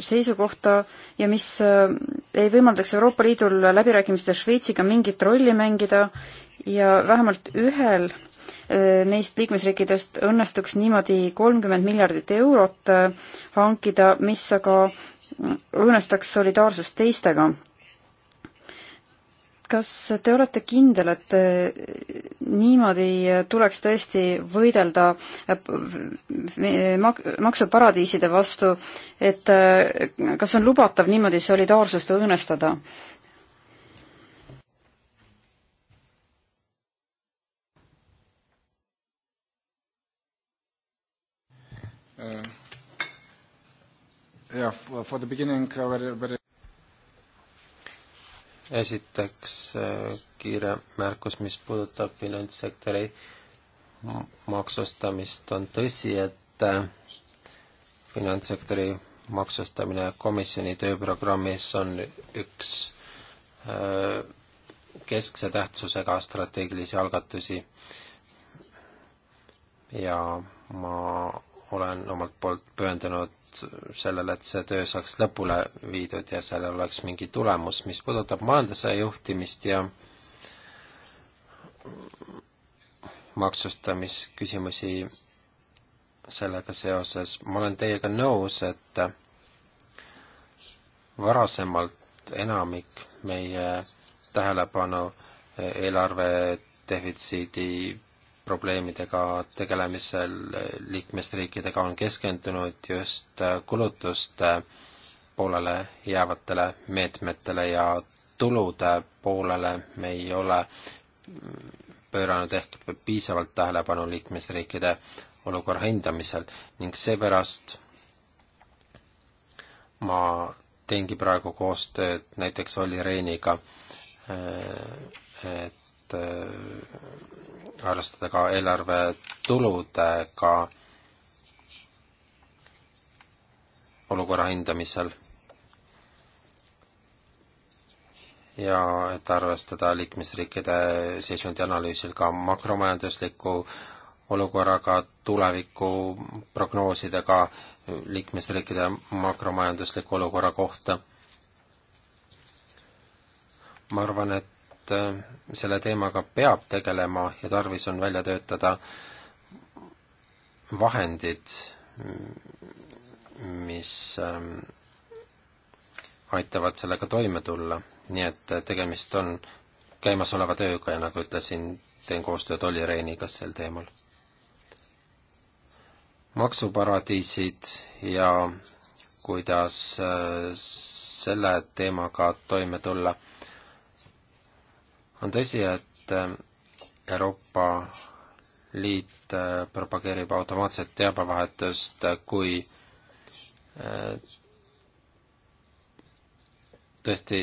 seisukohta ja mis äh, ei võimaldaks Euroopa Liidul läbirääkimistel Šveitsiga mingit rolli mängida ja vähemalt ühel äh, neist liikmesriikidest õnnestuks niimoodi kolmkümmend miljardit eurot hankida, mis aga mm, õõnestaks solidaarsust teistega. kas te olete kindel, et niimoodi tuleks tõesti võidelda äh, mak-, maksuparadiiside vastu, et äh, kas on lubatav niimoodi solidaarsust õõnestada? Uh, yeah, for the beginning, very, uh, very esiteks äh, kiire märkus, mis puudutab finantssektori maksustamist, on tõsi, et äh, finantssektori maksustamine komisjoni tööprogrammis on üks äh, keskse tähtsusega strateegilisi algatusi ja ma olen omalt poolt pühendunud pühendunud sellele, et see töö saaks lõpule viidud ja sellel oleks mingi tulemus, mis puudutab majanduse juhtimist ja maksustamisküsimusi sellega seoses. ma olen teiega nõus, et varasemalt enamik meie tähelepanu eelarve defitsiidi probleemidega tegelemisel liikmesriikidega on keskendunud just kulutuste poolele jäävatele meetmetele ja tulude poolele me ei ole pööranud ehk piisavalt tähelepanu liikmesriikide olukorra hindamisel ning seepärast ma teengi praegu koostööd näiteks Olli Rehniga, äh, et et äh, arvestada ka eelarve tuludega olukorra hindamisel. ja et arvestada liikmesriikide seisundi analüüsil ka makromajandusliku olukorraga, tuleviku prognoosidega liikmesriikide makromajandusliku olukorra kohta. ma arvan, et et äh, selle teemaga peab tegelema ja tarvis on välja töötada vahendid, mis ähm, aitavad sellega toime tulla, nii et äh, tegemist on käimasoleva tööga ja nagu ütlesin, teen koostööd Olli Reiniga sel teemal. maksuparadiisid ja kuidas äh, selle teemaga toime tulla on tõsi, et äh, Euroopa Liit äh, propageerib automaatset teabevahetust äh, kui tõesti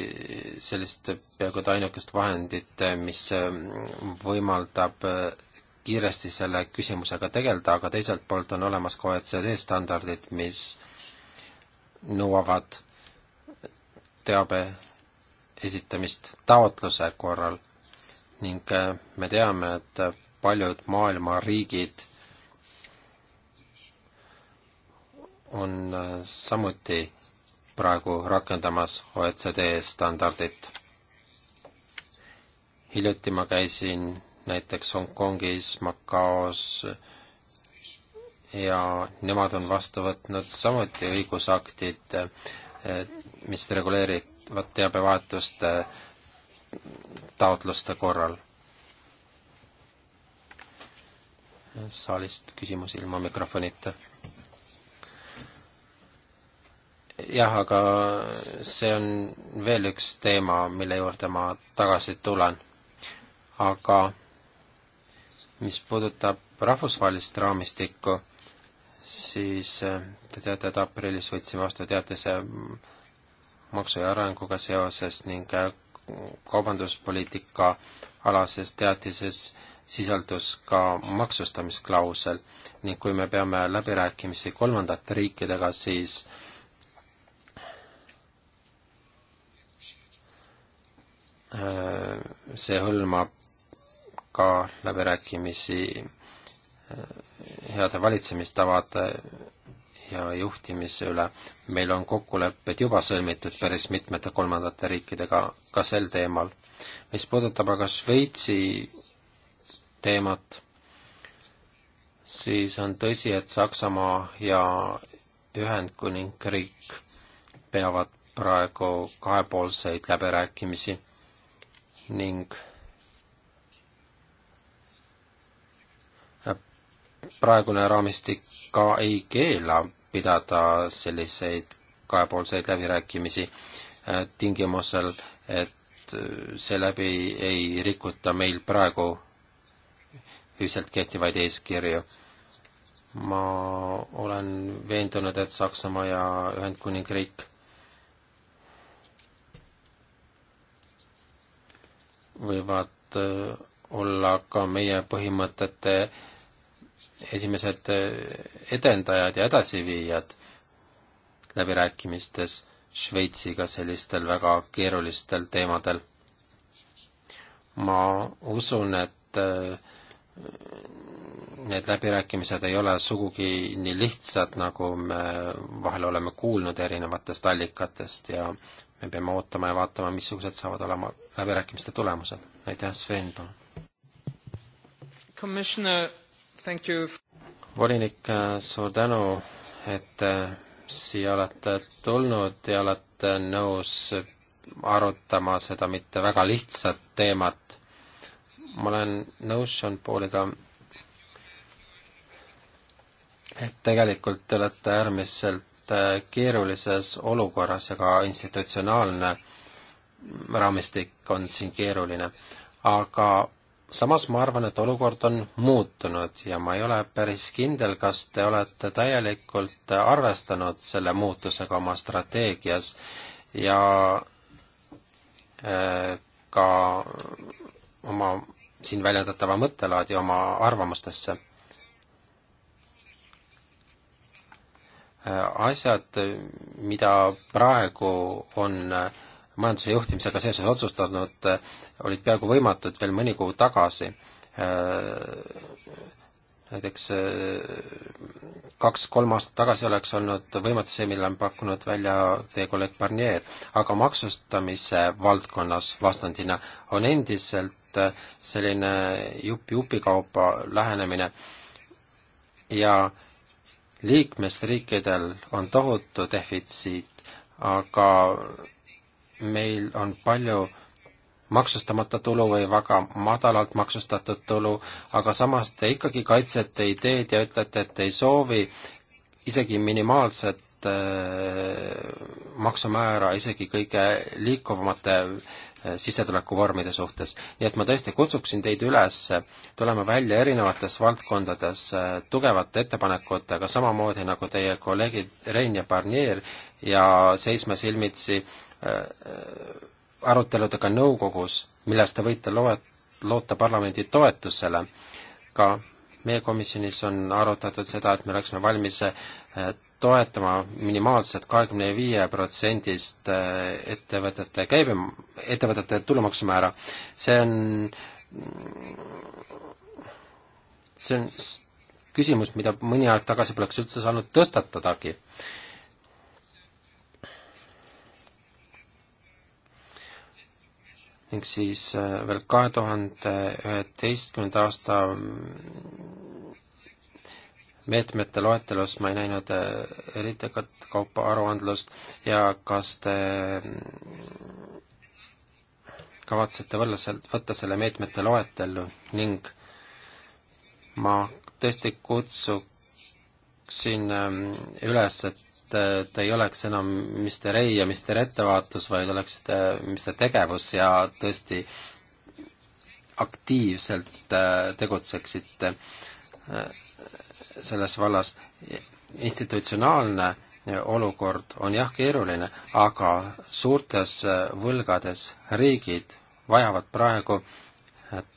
sellist peaaegu et ainukest vahendit, mis võimaldab kiiresti selle küsimusega tegeleda, aga teiselt poolt on olemas ka OECD standardid, mis nõuavad teabe esitamist taotluse korral ning äh, me teame, et paljud maailma riigid on äh, samuti praegu rakendamas OECD standardit. hiljuti ma käisin näiteks Hongkongis, Macaos ja nemad on vastu võtnud samuti õigusaktid, äh, mis reguleerivad teabevahetust taotluste korral. saalist küsimus ilma mikrofonita. jah, aga see on veel üks teema, mille juurde ma tagasi tulen. aga mis puudutab rahvusvahelist raamistikku, siis äh, te teate, et aprillis võtsime vastu teatise maksu ja arenguga seoses ning äh, kaubanduspoliitika alases teatises sisaldus ka maksustamisklausel ning kui me peame läbirääkimisi kolmandate riikidega, siis äh, see hõlmab ka läbirääkimisi äh, heade valitsemistavade ja juhtimise üle. meil on kokkulepped juba sõlmitud päris mitmete kolmandate riikidega ka sel teemal. mis puudutab aga Šveitsi teemat, siis on tõsi, et Saksamaa ja Ühendkuningriik peavad praegu kahepoolseid läbirääkimisi ning praegune raamistik ka ei keela pidada selliseid kahepoolseid läbirääkimisi äh, tingimusel, et äh, seeläbi ei rikuta meil praegu ühiselt kehtivaid eeskirju. ma olen veendunud, et Saksamaa ja Ühendkuningriik võivad äh, olla ka meie põhimõtete esimesed eh, edendajad ja edasiviijad läbirääkimistes Šveitsiga sellistel väga keerulistel teemadel. ma usun, et eh, need läbirääkimised ei ole sugugi nii lihtsad, nagu me vahel oleme kuulnud erinevatest allikatest ja me peame ootama ja vaatama, missugused saavad olema läbirääkimiste tulemused. aitäh, Sven, palun! volinik, äh, suur tänu, et äh, siia olete tulnud ja olete nõus arutama seda mitte väga lihtsat teemat. ma olen nõus Sean Pauliga, et tegelikult te olete äärmiselt äh, keerulises olukorras ja ka institutsionaalne raamistik on siin keeruline. aga samas ma arvan, et olukord on muutunud ja ma ei ole päris kindel, kas te olete täielikult arvestanud selle muutusega oma strateegias ja äh, ka oma siin väljendatava mõttelaadi oma arvamustesse. Äh, asjad, mida praegu on äh, majanduse juhtimisega seoses otsustanud, äh, olid peaaegu võimatud veel mõni kuu tagasi. Äh, näiteks äh, kaks-kolm aastat tagasi oleks olnud võimatu see, mille on pakkunud välja teie kolleeg Barnier, aga maksustamise valdkonnas vastandina on endiselt selline jupp jupi kaupa lähenemine ja liikmesriikidel on tohutu defitsiit, aga meil on palju maksustamata tulu või väga madalalt maksustatud tulu, aga samas te ikkagi kaitsete ideed ja ütlete, et ei soovi isegi minimaalset äh, maksumäära isegi kõige liikuvamate äh, sissetulekuvormide suhtes. nii et ma tõesti kutsuksin teid üles tulema välja erinevates valdkondades äh, tugevate ettepanekutega, samamoodi nagu teie kolleegid Rein ja Barnier, ja seisma silmitsi äh, Äh, aruteludega nõukogus, milles te võite loe-, loota parlamendi toetusele, ka meie komisjonis on arutatud seda, et me oleksime valmis äh, toetama minimaalselt kahekümne viie protsendist äh, ettevõtete käibe, ettevõtete tulumaksumäära. see on, see on küsimus, mida mõni aeg tagasi poleks üldse saanud tõstatadagi. ning siis äh, veel kahe tuhande üheteistkümnenda aasta mm, meetmete loetelus ma ei näinud äh, eritekat kaupa aruandlust ja kas te mm, kavatsete võlla seal, võtta selle meetmete loetellu ning ma tõesti kutsuksin ähm, üles, et te ei oleks enam Mr. ei ja Mr. ettevaatus, vaid oleksite äh, Mr. tegevus ja tõesti aktiivselt äh, tegutseksite äh, selles vallas. institutsionaalne olukord on jah keeruline, aga suurtes võlgades riigid vajavad praegu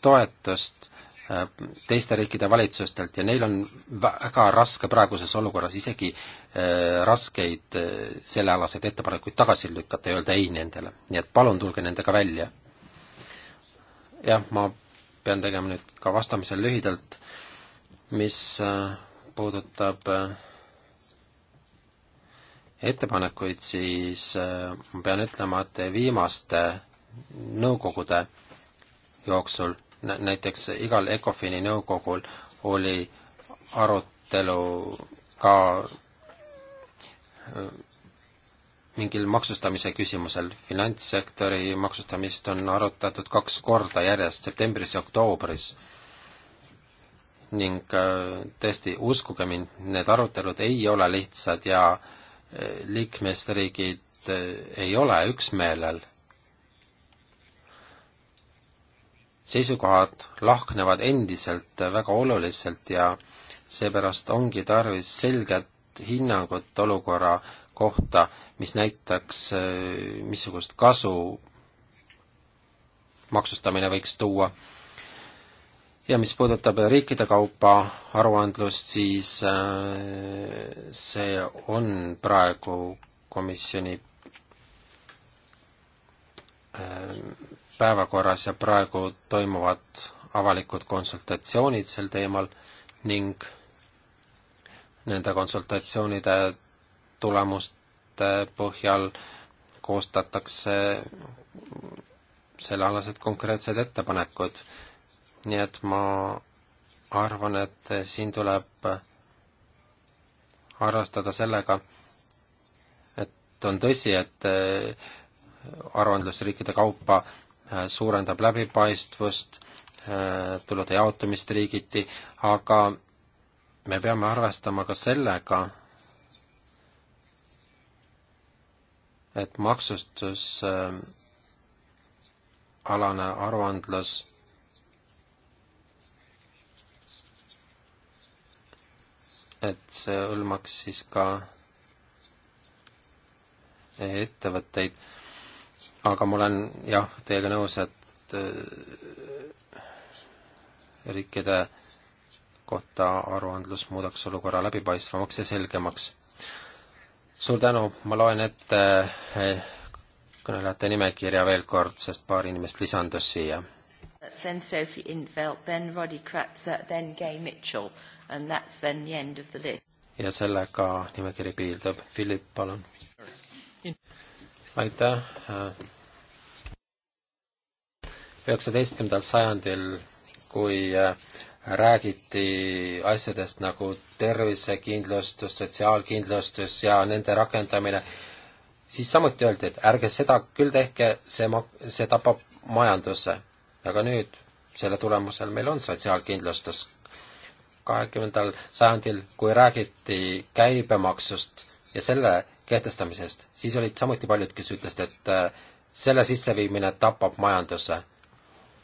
toetust Äh, teiste riikide valitsustelt ja neil on väga raske praeguses olukorras isegi äh, raskeid äh, sellealaseid ettepanekuid tagasi lükata ja öelda ei nendele. nii et palun tulge nendega välja. jah, ma pean tegema nüüd ka vastamisel lühidalt, mis puudutab ettepanekuid, siis ma pean ütlema, et viimaste nõukogude jooksul näiteks igal ECOFIN-i nõukogul oli arutelu ka äh, mingil maksustamise küsimusel. finantssektori maksustamist on arutatud kaks korda järjest, septembris ja oktoobris. ning äh, tõesti, uskuge mind, need arutelud ei ole lihtsad ja äh, liikmesriigid ei ole üksmeelel seisukohad lahknevad endiselt väga oluliselt ja seepärast ongi tarvis selget hinnangut olukorra kohta, mis näitaks, missugust kasu maksustamine võiks tuua. ja mis puudutab riikide kaupa aruandlust, siis äh, see on praegu komisjoni äh, päevakorras ja praegu toimuvad avalikud konsultatsioonid sel teemal ning nende konsultatsioonide tulemuste põhjal koostatakse sellealased konkreetsed ettepanekud. nii et ma arvan, et siin tuleb arvestada sellega, et on tõsi, et aruandlusriikide kaupa Äh, suurendab läbipaistvust, äh, tulude jaotumist riigiti, aga me peame arvestama ka sellega, et maksustusalane aruandlus et see hõlmaks siis ka ettevõtteid aga ma olen jah, teiega nõus, et äh, riikide kohta aruandlus muudaks olukorra läbipaistvamaks ja selgemaks. suur tänu, ma loen ette äh, kõnelejate nimekirja veel kord, sest paar inimest lisandus siia. Then Sophie Infeld, then Roddy Kratzer, then Gay Mitchell and that's then the end of the list. ja sellega nimekiri piirdub, Philip, palun aitäh. üheksateistkümnendal sajandil, kui äh, räägiti asjadest nagu tervisekindlustus, sotsiaalkindlustus ja nende rakendamine, siis samuti öeldi, et ärge seda küll tehke, see ma-, see tapab majanduse. aga nüüd selle tulemusel meil on sotsiaalkindlustus. kahekümnendal sajandil, kui räägiti käibemaksust ja selle kehtestamisest, siis olid samuti paljud, kes ütlesid, et äh, selle sisseviimine tapab majanduse.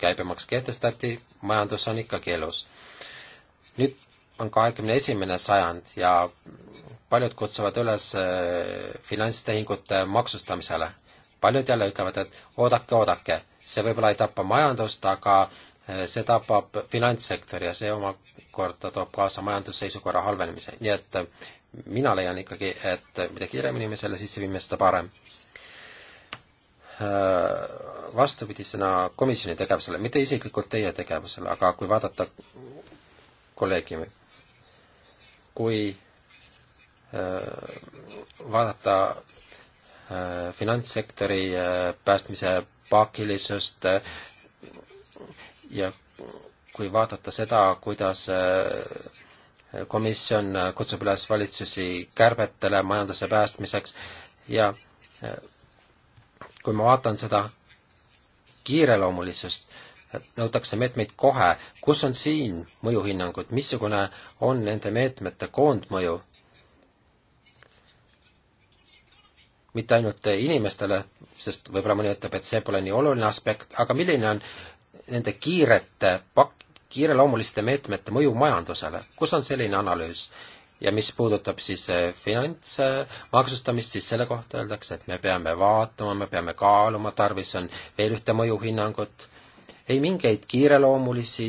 käibemaks kehtestati, majandus on ikkagi elus. nüüd on kahekümne esimene sajand ja paljud kutsuvad üles äh, finantstehingute maksustamisele. paljud jälle ütlevad, et oodake, oodake, see võib-olla ei tapa majandust, aga äh, see tapab finantssektori ja see omakorda toob kaasa majandusseisukorra halvenemise, nii et mina leian ikkagi, et mida kiiremini me selle sisse viime, seda parem. Äh, vastupidisena komisjoni tegevusele, mitte isiklikult teie tegevusele, aga kui vaadata kolleegiumi, kui äh, vaadata äh, finantssektori päästmise pakilisust ja kui vaadata seda, kuidas komisjon kutsub üles valitsusi kärbetele majanduse päästmiseks ja eh, kui ma vaatan seda kiireloomulisust, nõutakse meetmeid kohe, kus on siin mõjuhinnangud, missugune on nende meetmete koondmõju? mitte ainult inimestele, sest võib-olla mõni ütleb, et see pole nii oluline aspekt, aga milline on nende kiirete pak-, kiireloomuliste meetmete mõju majandusele, kus on selline analüüs? ja mis puudutab siis eh, finantsmaksustamist, eh, siis selle kohta öeldakse, et me peame vaatama, me peame kaaluma, tarvis on veel ühte mõjuhinnangut, ei mingeid kiireloomulisi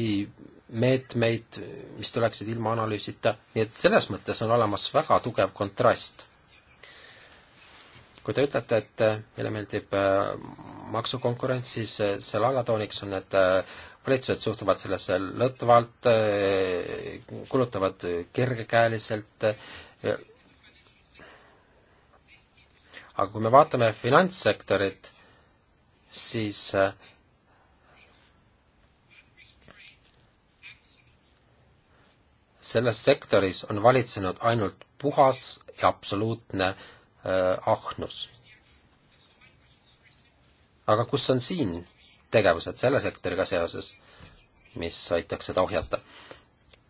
meetmeid, mis tuleksid ilma analüüsita, nii et selles mõttes on olemas väga tugev kontrast. kui te ütlete, et eh, meile meeldib maksukonkurents, siis selle alatooniks on, et valitsused suhtuvad sellesse lõtvalt, kulutavad kergekäeliselt, aga kui me vaatame finantssektorit, siis selles sektoris on valitsenud ainult puhas ja absoluutne äh, ahnus. aga kus on siin tegevused selle sektoriga seoses, mis aitaks seda ohjata.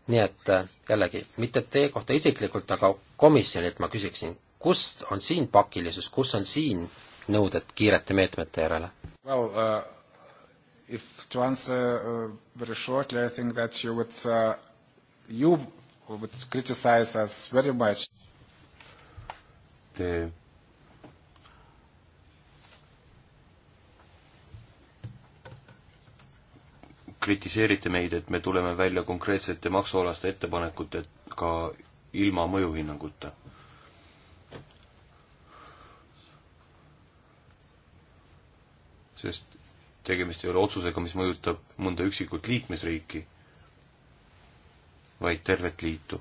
nii et äh, jällegi, mitte teie kohta isiklikult, aga komisjonilt ma küsiksin, kust on siin pakilisus, kus on siin nõuded kiirete meetmete järele well,? Uh if to answer uh, very shortly, I think that you would uh, you would criticize us very much. Te kritiseerite meid, et me tuleme välja konkreetsete maksualaste ettepanekutega ilma mõjuhinnanguta. sest tegemist ei ole otsusega, mis mõjutab mõnda üksikut liikmesriiki, vaid tervet liitu.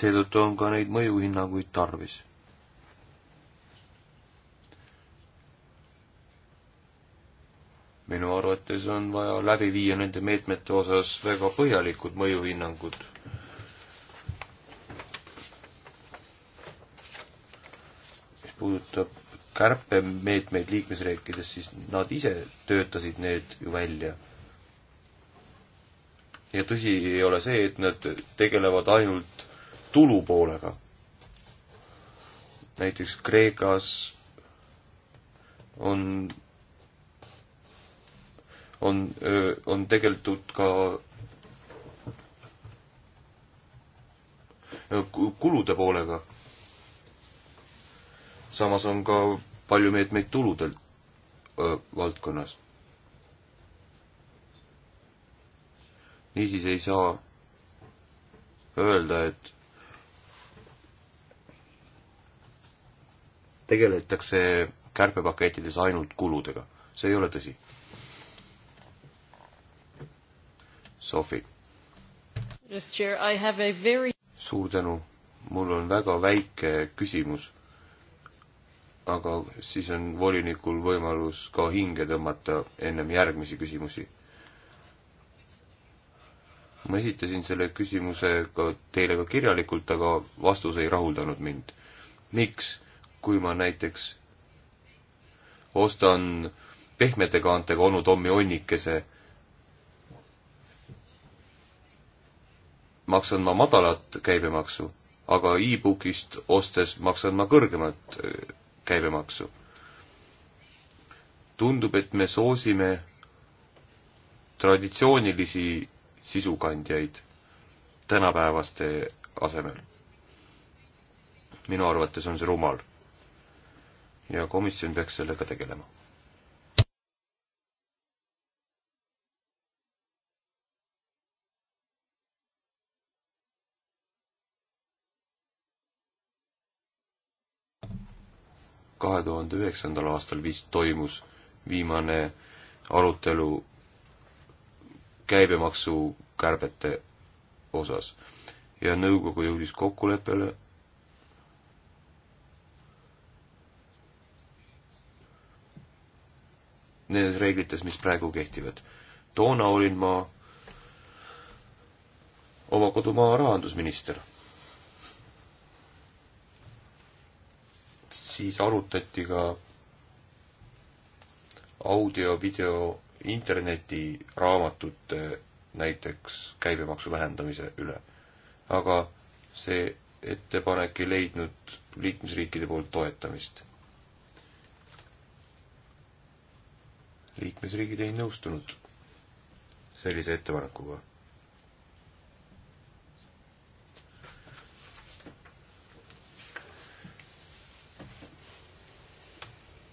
seetõttu on ka neid mõjuhinnanguid tarvis. minu arvates on vaja läbi viia nende meetmete osas väga põhjalikud mõjuhinnangud. mis puudutab kärpemeetmeid liikmesriikides, siis nad ise töötasid need ju välja ja tõsi ei ole see, et nad tegelevad ainult tulupoolega. näiteks Kreekas on, on, on tegeldud ka kulude poolega. samas on ka palju meetmeid tuludelt öö, valdkonnas. niisiis ei saa öelda, et tegeletakse kärpepakettides ainult kuludega. see ei ole tõsi. Sofi. Very... suur tänu. mul on väga väike küsimus. aga siis on volinikul võimalus ka hinge tõmmata ennem järgmisi küsimusi. ma esitasin selle küsimuse ka teile ka kirjalikult, aga vastus ei rahuldanud mind. miks? kui ma näiteks ostan pehmete kaantega onu Tommy onnikese, maksan ma madalat käibemaksu, aga e-bookist ostes maksan ma kõrgemat äh, käibemaksu. tundub, et me soosime traditsioonilisi sisukandjaid tänapäevaste asemel. minu arvates on see rumal ja komisjon peaks sellega tegelema. kahe tuhande üheksandal aastal vist toimus viimane arutelu käibemaksukärbete osas ja nõukogu jõudis kokkuleppele, nendes reeglites, mis praegu kehtivad. toona olin ma oma kodumaa rahandusminister. siis arutati ka audio, video, interneti, raamatute näiteks käibemaksu vähendamise üle. aga see ettepanek ei leidnud liikmesriikide poolt toetamist liikmesriigid ei nõustunud sellise ettepanekuga.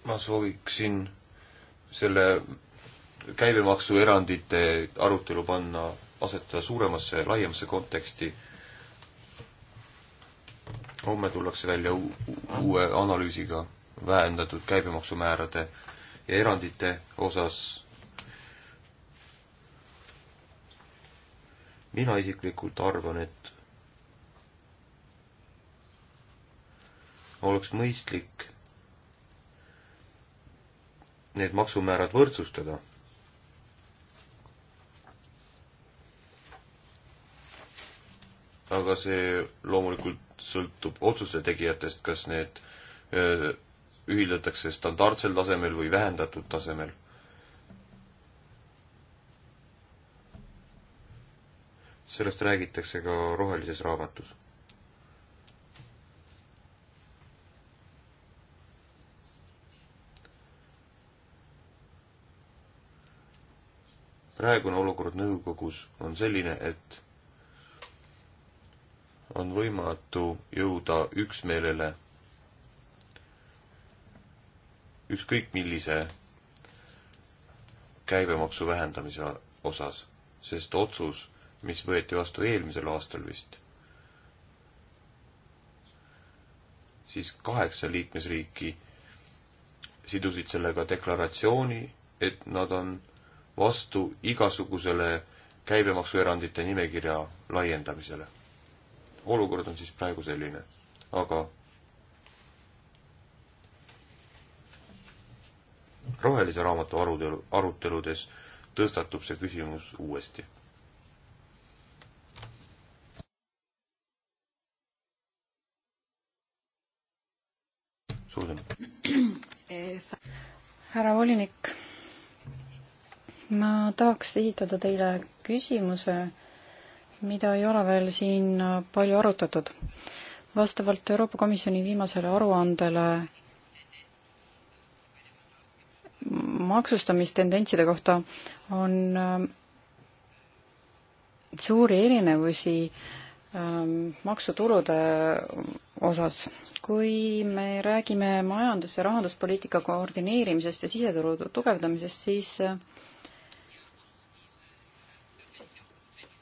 ma sooviksin selle käibemaksuerandite arutelu panna, asetada suuremasse, laiemasse konteksti homme tullakse välja uue analüüsiga vähendatud käibemaksumäärade ja erandite osas mina isiklikult arvan, et oleks mõistlik need maksumäärad võrdsustada. aga see loomulikult sõltub otsuste tegijatest, kas need öö, äh, ühildatakse standardsel tasemel või vähendatud tasemel. sellest räägitakse ka rohelises raamatus. praegune olukord nõukogus on selline, et on võimatu jõuda üksmeelele ükskõik millise käibemaksu vähendamise osas, sest otsus, mis võeti vastu eelmisel aastal vist, siis kaheksa liikmesriiki sidusid sellega deklaratsiooni, et nad on vastu igasugusele käibemaksuerandite nimekirja laiendamisele. olukord on siis praegu selline, aga rohelise raamatu arutelu, aruteludes tõstatub see küsimus uuesti. suur tänu. härra volinik, ma tahaks esitada teile küsimuse, mida ei ole veel siin palju arutatud. vastavalt Euroopa Komisjoni viimasele aruandele maksustamistendentside kohta on ähm, suuri erinevusi ähm, maksutulude osas. kui me räägime majandus- ja rahanduspoliitika koordineerimisest ja siseturu tugevdamisest, siis äh,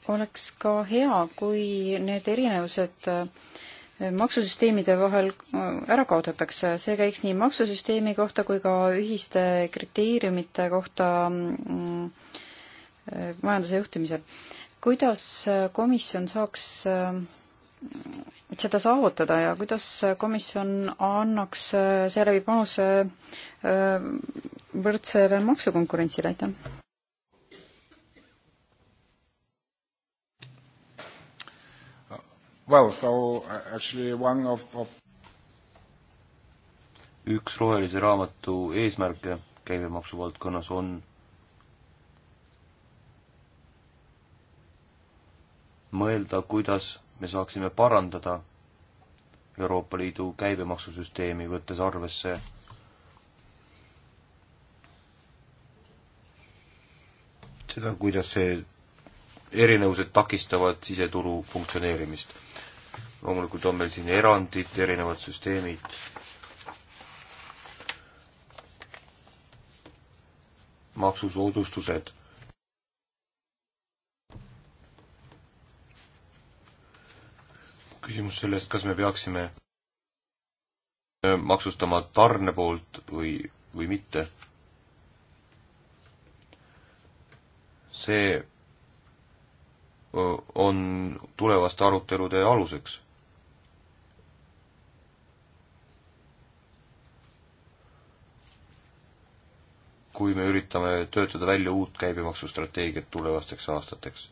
oleks ka hea, kui need erinevused äh, maksusüsteemide vahel äh, ära kaotatakse. see käiks nii maksusüsteemi kohta kui ka ühiste kriteeriumite kohta mm, äh, majanduse juhtimisel. kuidas äh, komisjon saaks seda saavutada ja kuidas komisjon annaks seeläbi panuse võrdsele maksukonkurentsile, aitäh? Well, so uh, actually one of, of üks rohelise raamatu eesmärke käibemaksu valdkonnas on mõelda, kuidas me saaksime parandada Euroopa Liidu käibemaksusüsteemi, võttes arvesse seda, kuidas see erinevused takistavad siseturu funktsioneerimist loomulikult on meil siin erandid, erinevad süsteemid. maksusoodustused. küsimus sellest, kas me peaksime äh, maksustama tarne poolt või, või mitte. see äh, on tulevaste arutelude aluseks kui me üritame töötada välja uut käibemaksustrateegiat tulevasteks aastateks.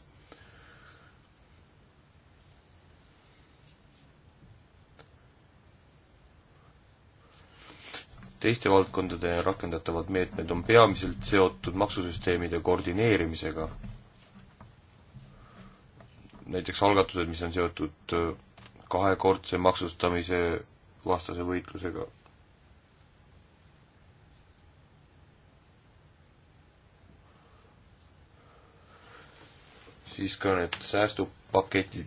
teiste valdkondade rakendatavad meetmed on peamiselt seotud maksusüsteemide koordineerimisega. näiteks algatused, mis on seotud kahekordse maksustamise vastase võitlusega siis ka need säästupaketid,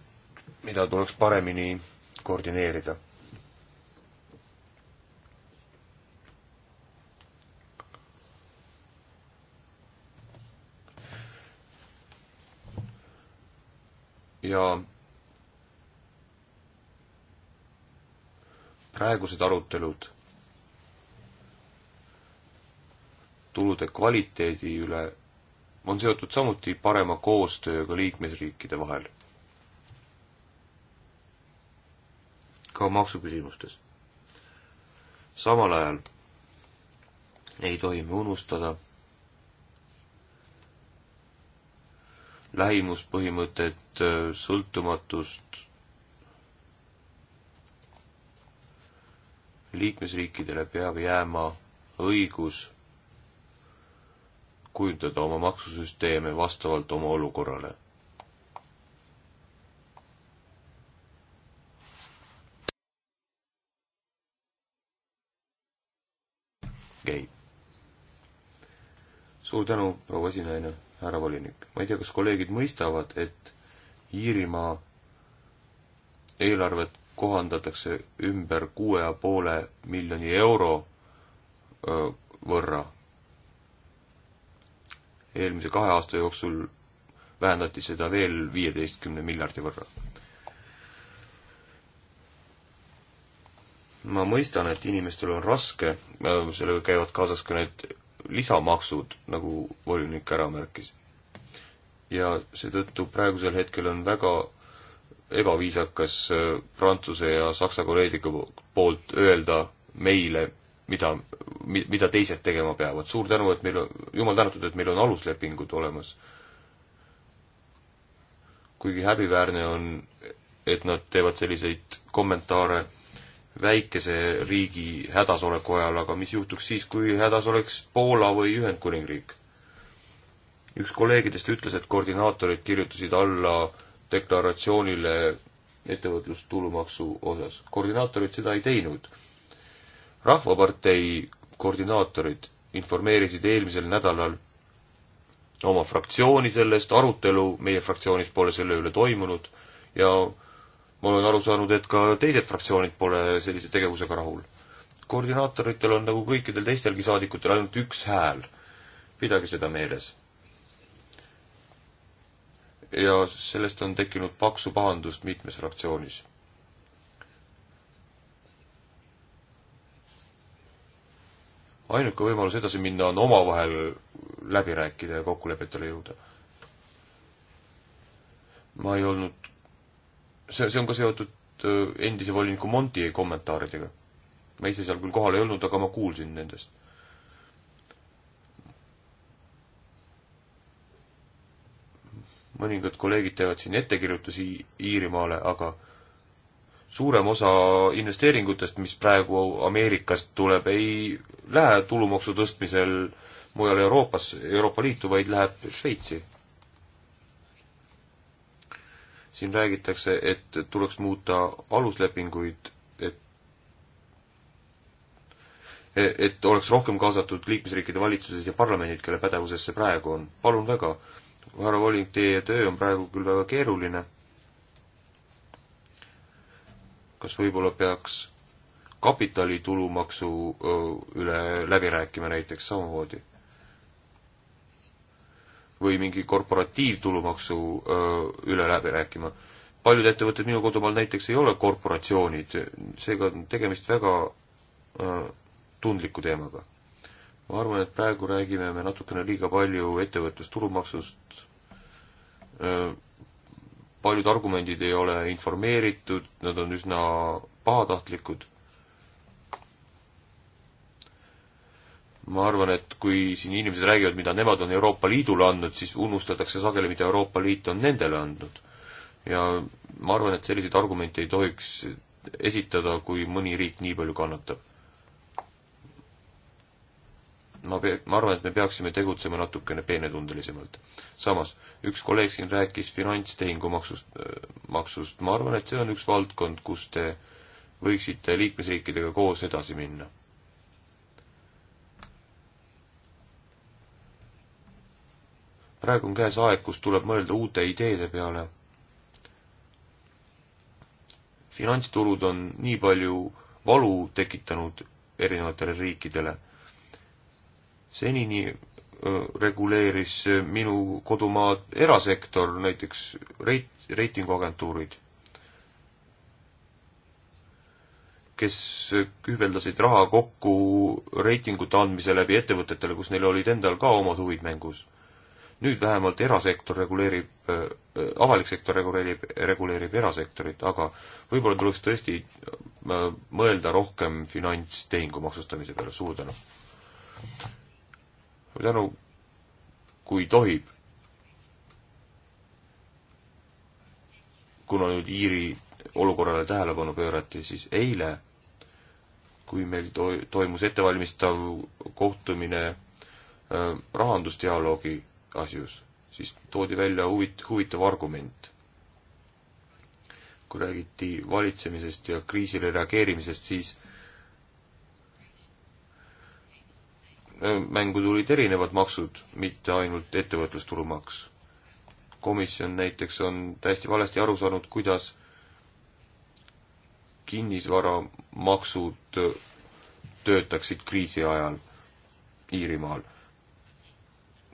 mida tuleks paremini koordineerida. ja praegused arutelud tulude kvaliteedi üle on seotud samuti parema koostööga liikmesriikide vahel. ka maksuküsimustes. samal ajal ei tohi me unustada lähimuspõhimõtet, sõltumatust liikmesriikidele peab jääma õigus kujundada oma maksusüsteeme vastavalt oma olukorrale. okei okay.. suur tänu, proua esinaine, härra volinik. ma ei tea, kas kolleegid mõistavad, et Iirimaa eelarvet kohandatakse ümber kuue ja poole miljoni euro võrra eelmise kahe aasta jooksul vähendati seda veel viieteistkümne miljardi võrra. ma mõistan, et inimestel on raske, äh, sellega käivad kaasas ka need lisamaksud, nagu volinik ära märkis. ja seetõttu praegusel hetkel on väga ebaviisakas äh, Prantsuse ja Saksa kolleegiga poolt öelda meile, mida, mida teised tegema peavad. suur tänu, et meil on, jumal tänatud, et meil on aluslepingud olemas. kuigi häbiväärne on, et nad teevad selliseid kommentaare väikese riigi hädasoleku ajal, aga mis juhtuks siis, kui hädas oleks Poola või Ühendkuningriik? üks kolleegidest ütles, et koordinaatorid kirjutasid alla deklaratsioonile ettevõtlustulumaksu osas. koordinaatorid seda ei teinud rahvapartei koordinaatorid informeerisid eelmisel nädalal oma fraktsiooni sellest, arutelu meie fraktsioonis pole selle üle toimunud ja ma olen aru saanud, et ka teised fraktsioonid pole sellise tegevusega rahul. koordinaatoritel on nagu kõikidel teistelgi saadikutel ainult üks hääl. pidage seda meeles. ja sellest on tekkinud paksu pahandust mitmes fraktsioonis. ainuke võimalus edasi minna on omavahel läbi rääkida ja kokkulepetele jõuda. ma ei olnud, see, see on ka seotud äh, endise voliniku Monti kommentaaridega. ma ise seal küll kohal ei olnud, aga ma kuulsin nendest. mõningad kolleegid teevad siin ettekirjutusi Iirimaale, aga suurem osa investeeringutest, mis praegu Ameerikast tuleb, ei lähe tulumaksu tõstmisel mujal Euroopas, Euroopa Liitu, vaid läheb Šveitsi. siin räägitakse, et tuleks muuta aluslepinguid, et et oleks rohkem kaasatud liikmesriikide valitsused ja parlamendid, kelle pädevuses see praegu on. palun väga, härra Volling, teie töö on praegu küll väga keeruline kas võib-olla peaks kapitalitulumaksu üle läbi rääkima näiteks samamoodi? või mingi korporatiivtulumaksu üle läbi rääkima? paljud ettevõtted minu kodumaal näiteks ei ole korporatsioonid, seega on tegemist väga öö, tundliku teemaga. ma arvan, et praegu räägime me natukene liiga palju ettevõtlustulumaksust, paljud argumendid ei ole informeeritud, nad on üsna pahatahtlikud. ma arvan, et kui siin inimesed räägivad, mida nemad on Euroopa Liidule andnud, siis unustatakse sageli, mida Euroopa Liit on nendele andnud. ja ma arvan, et selliseid argumente ei tohiks esitada, kui mõni riik nii palju kannatab ma pe-, ma arvan, et me peaksime tegutsema natukene peenetundelisemalt. samas, üks kolleeg siin rääkis finantstehingu maksust äh,, maksust, ma arvan, et see on üks valdkond, kus te võiksite liikmesriikidega koos edasi minna. praegu on käes aeg, kus tuleb mõelda uute ideede peale. finantsturud on nii palju valu tekitanud erinevatele riikidele senini reguleeris minu kodumaad erasektor, näiteks reit-, reitinguagentuurid, kes kühveldasid raha kokku reitingute andmise läbi ettevõtetele, kus neil olid endal ka omad huvid mängus. nüüd vähemalt erasektor reguleerib äh,, avalik sektor reguleerib, reguleerib erasektorit, aga võib-olla tuleks tõesti äh, mõelda rohkem finantstehingu maksustamise peale, suur tänu! tänu, kui tohib. kuna nüüd Iiri olukorrale tähelepanu pöörati, siis eile, kui meil to-, toimus ettevalmistav kohtumine äh, rahandusdialoogi asjus, siis toodi välja huvit-, huvitav argument. kui räägiti valitsemisest ja kriisile reageerimisest, siis äh, Äh, mängu tulid erinevad maksud, mitte ainult ettevõtlusturumaks. komisjon näiteks on täiesti valesti aru saanud, kuidas kinnisvaramaksud äh, töötaksid kriisi ajal Iirimaal.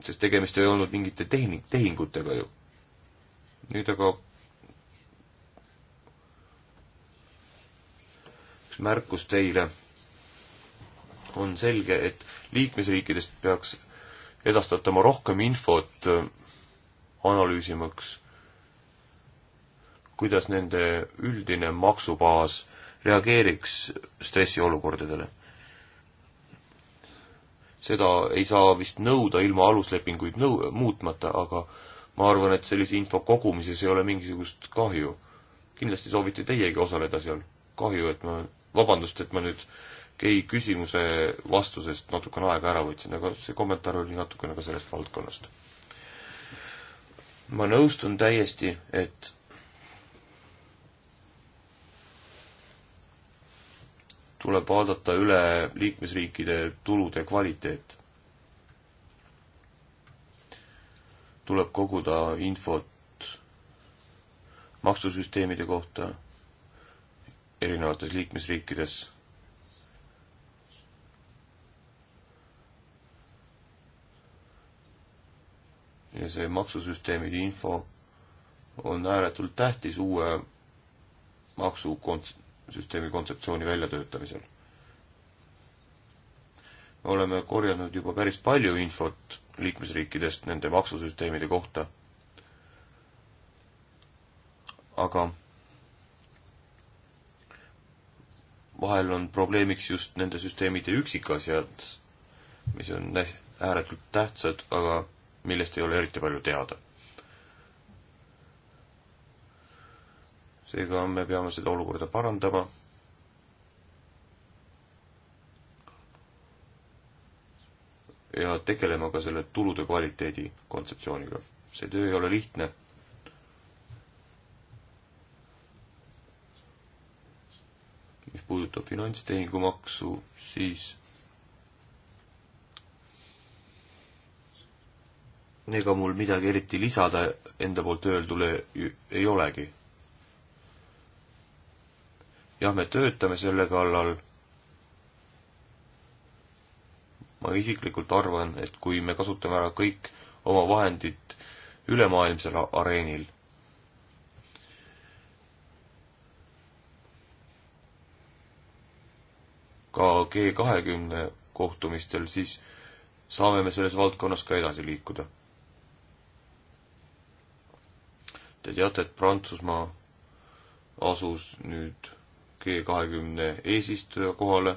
sest tegemist ei olnud mingite tehni-, tehingutega ju. nüüd aga üks märkus teile on selge, et liikmesriikidest peaks edastatama rohkem infot äh, analüüsimaks, kuidas nende üldine maksubaas reageeriks stressiolukordadele. seda ei saa vist nõuda ilma aluslepinguid nõu-, muutmata, aga ma arvan, et sellise info kogumises ei ole mingisugust kahju. kindlasti soovite teiegi osaleda seal. kahju, et ma, vabandust, et ma nüüd Kei küsimuse vastusest natukene aega ära võtsin, aga see kommentaar oli natukene ka sellest valdkonnast. ma nõustun täiesti, et tuleb vaadata üle liikmesriikide tulude kvaliteet. tuleb koguda infot maksusüsteemide kohta erinevates liikmesriikides ja see maksusüsteemide info on ääretult tähtis uue maksusüsteemi kontseptsiooni väljatöötamisel. me oleme korjanud juba päris palju infot liikmesriikidest nende maksusüsteemide kohta, aga vahel on probleemiks just nende süsteemide üksikasjad, mis on ääretult tähtsad, aga millest ei ole eriti palju teada. seega me peame seda olukorda parandama. ja tegelema ka selle tulude kvaliteedi kontseptsiooniga. see töö ei ole lihtne mis puudutab finantstehingumaksu, siis ega mul midagi eriti lisada enda poolt öeldule ei olegi. jah, me töötame selle kallal. ma isiklikult arvan, et kui me kasutame ära kõik oma vahendid ülemaailmsel areenil, ka G kahekümne kohtumistel, siis saame me selles valdkonnas ka edasi liikuda Te teate, et Prantsusmaa asus nüüd G kahekümne eesistuja kohale.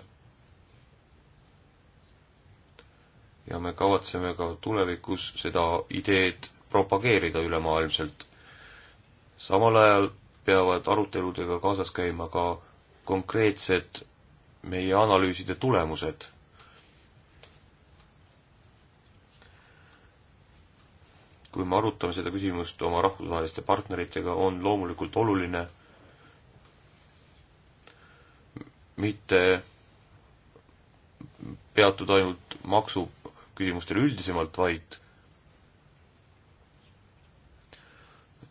ja me kavatseme ka tulevikus seda ideed propageerida ülemaailmselt. samal ajal peavad aruteludega kaasas käima ka konkreetsed meie analüüside tulemused kui me arutame seda küsimust oma rahvusvaheliste partneritega, on loomulikult oluline mitte peatuda ainult maksuküsimustel üldisemalt, vaid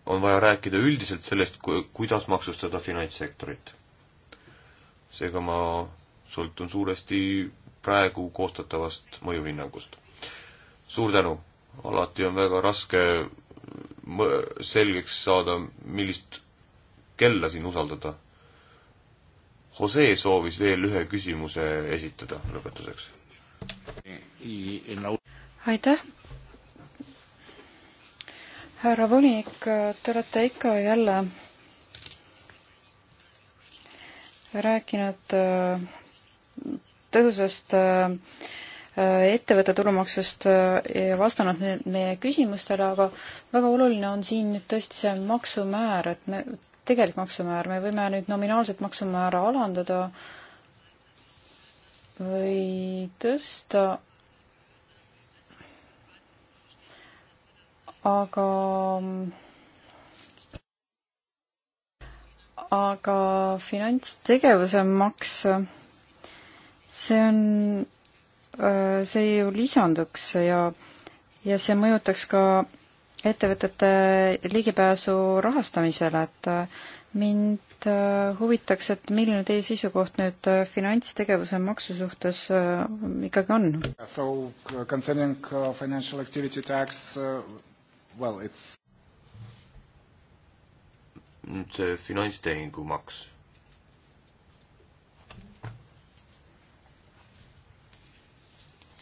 on vaja rääkida üldiselt sellest, kuidas maksustada finantssektorit. seega ma sõltun suuresti praegu koostatavast mõjuhinnangust. suur tänu! alati on väga raske selgeks saada, millist kella siin usaldada. Jose soovis veel ühe küsimuse esitada lõpetuseks. aitäh! härra volinik, te olete ikka ja jälle rääkinud äh, tõhusast äh, Äh, ettevõtte tulumaksust äh, ja vastanud meie küsimustele, aga väga oluline on siin nüüd tõesti see maksumäär, et me, tegelik maksumäär, me võime nüüd nominaalset maksumäära alandada või tõsta, aga aga finantstegevuse maks, see on Äh, see ju lisanduks ja, ja see mõjutaks ka ettevõtete ligipääsu rahastamisele, et äh, mind äh, huvitaks, et milline teie seisukoht nüüd finantstegevuse maksu suhtes ikkagi on? So concerning uh, financial activity tax, uh, well it's nüüd see finantstehingu maks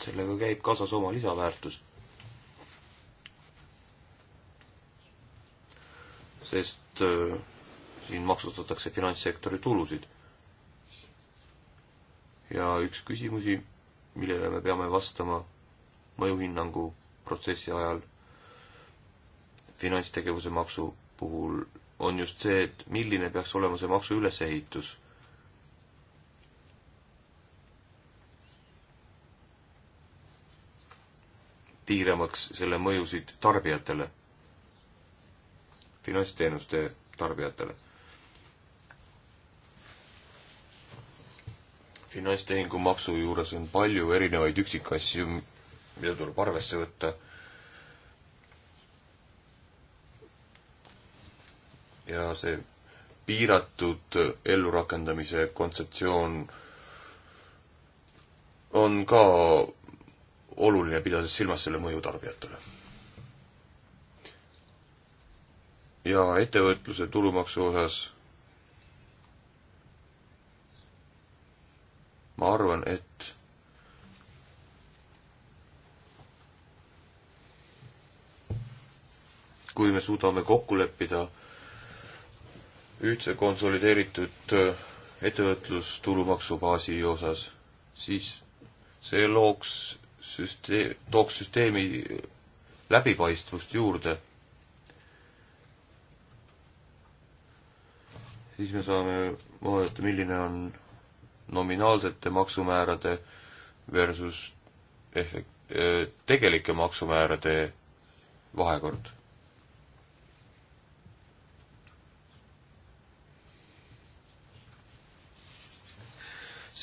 sellega käib kaasas oma lisaväärtus. sest äh, siin maksustatakse finantssektori tulusid. ja üks küsimusi, millele me peame vastama mõjuhinnangu protsessi ajal finantstegevuse maksu puhul, on just see, et milline peaks olema see maksu ülesehitus piiramaks selle mõjusid tarbijatele, finantsteenuste tarbijatele. finantstehingu maksu juures on palju erinevaid üksikasju, mida tuleb arvesse võtta ja see piiratud ellurakendamise kontseptsioon on ka oluline, pidades silmas selle mõju tarbijatele. ja ettevõtluse tulumaksu osas ma arvan, et kui me suudame kokku leppida ühtse konsolideeritud ettevõtlustulumaksubaasi osas, siis see looks süsteem, tooks süsteemi läbipaistvust juurde, siis me saame vaadata, milline on nominaalsete maksumäärade versus efekt-, tegelike maksumäärade vahekord.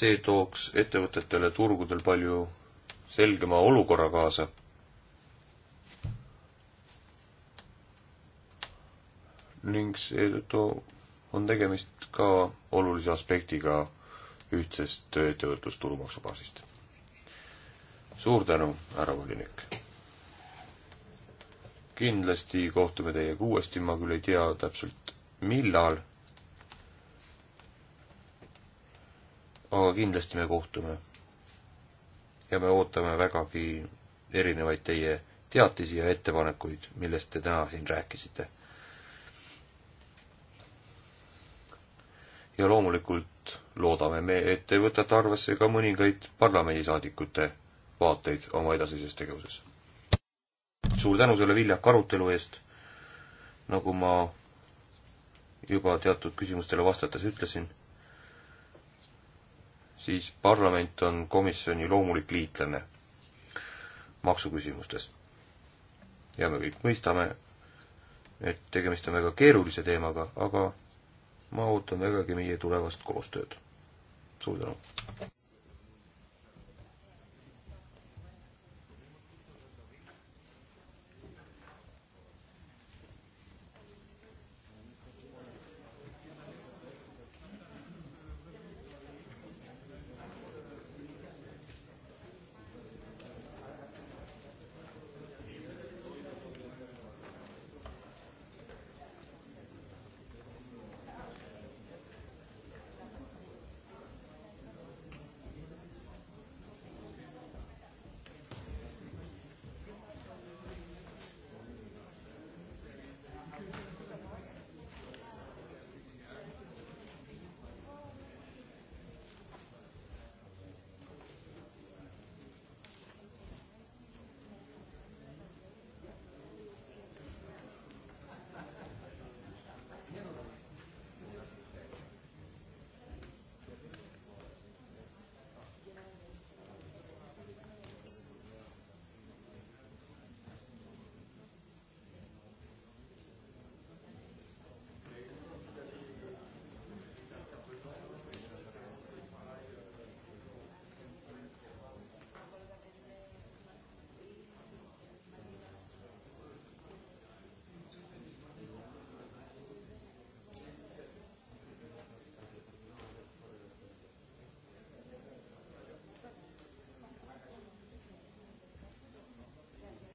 see tooks ettevõtetele turgudel palju selgema olukorra kaasa. ning seetõttu on tegemist ka olulise aspektiga ühtsest ettevõtlustulumaksu baasist. suur tänu, härra volinik! kindlasti kohtume teiega uuesti, ma küll ei tea täpselt, millal, aga kindlasti me kohtume ja me ootame vägagi erinevaid teie teatisi ja ettepanekuid, millest te täna siin rääkisite. ja loomulikult loodame me, et te võtate arvesse ka mõningaid parlamendisaadikute vaateid oma edasises tegevuses. suur tänu selle viljaka arutelu eest, nagu ma juba teatud küsimustele vastates ütlesin siis parlament on komisjoni loomulik liitlane maksuküsimustes. ja me kõik mõistame, et tegemist on väga keerulise teemaga, aga ma ootan vägagi meie tulevast koostööd. suur tänu!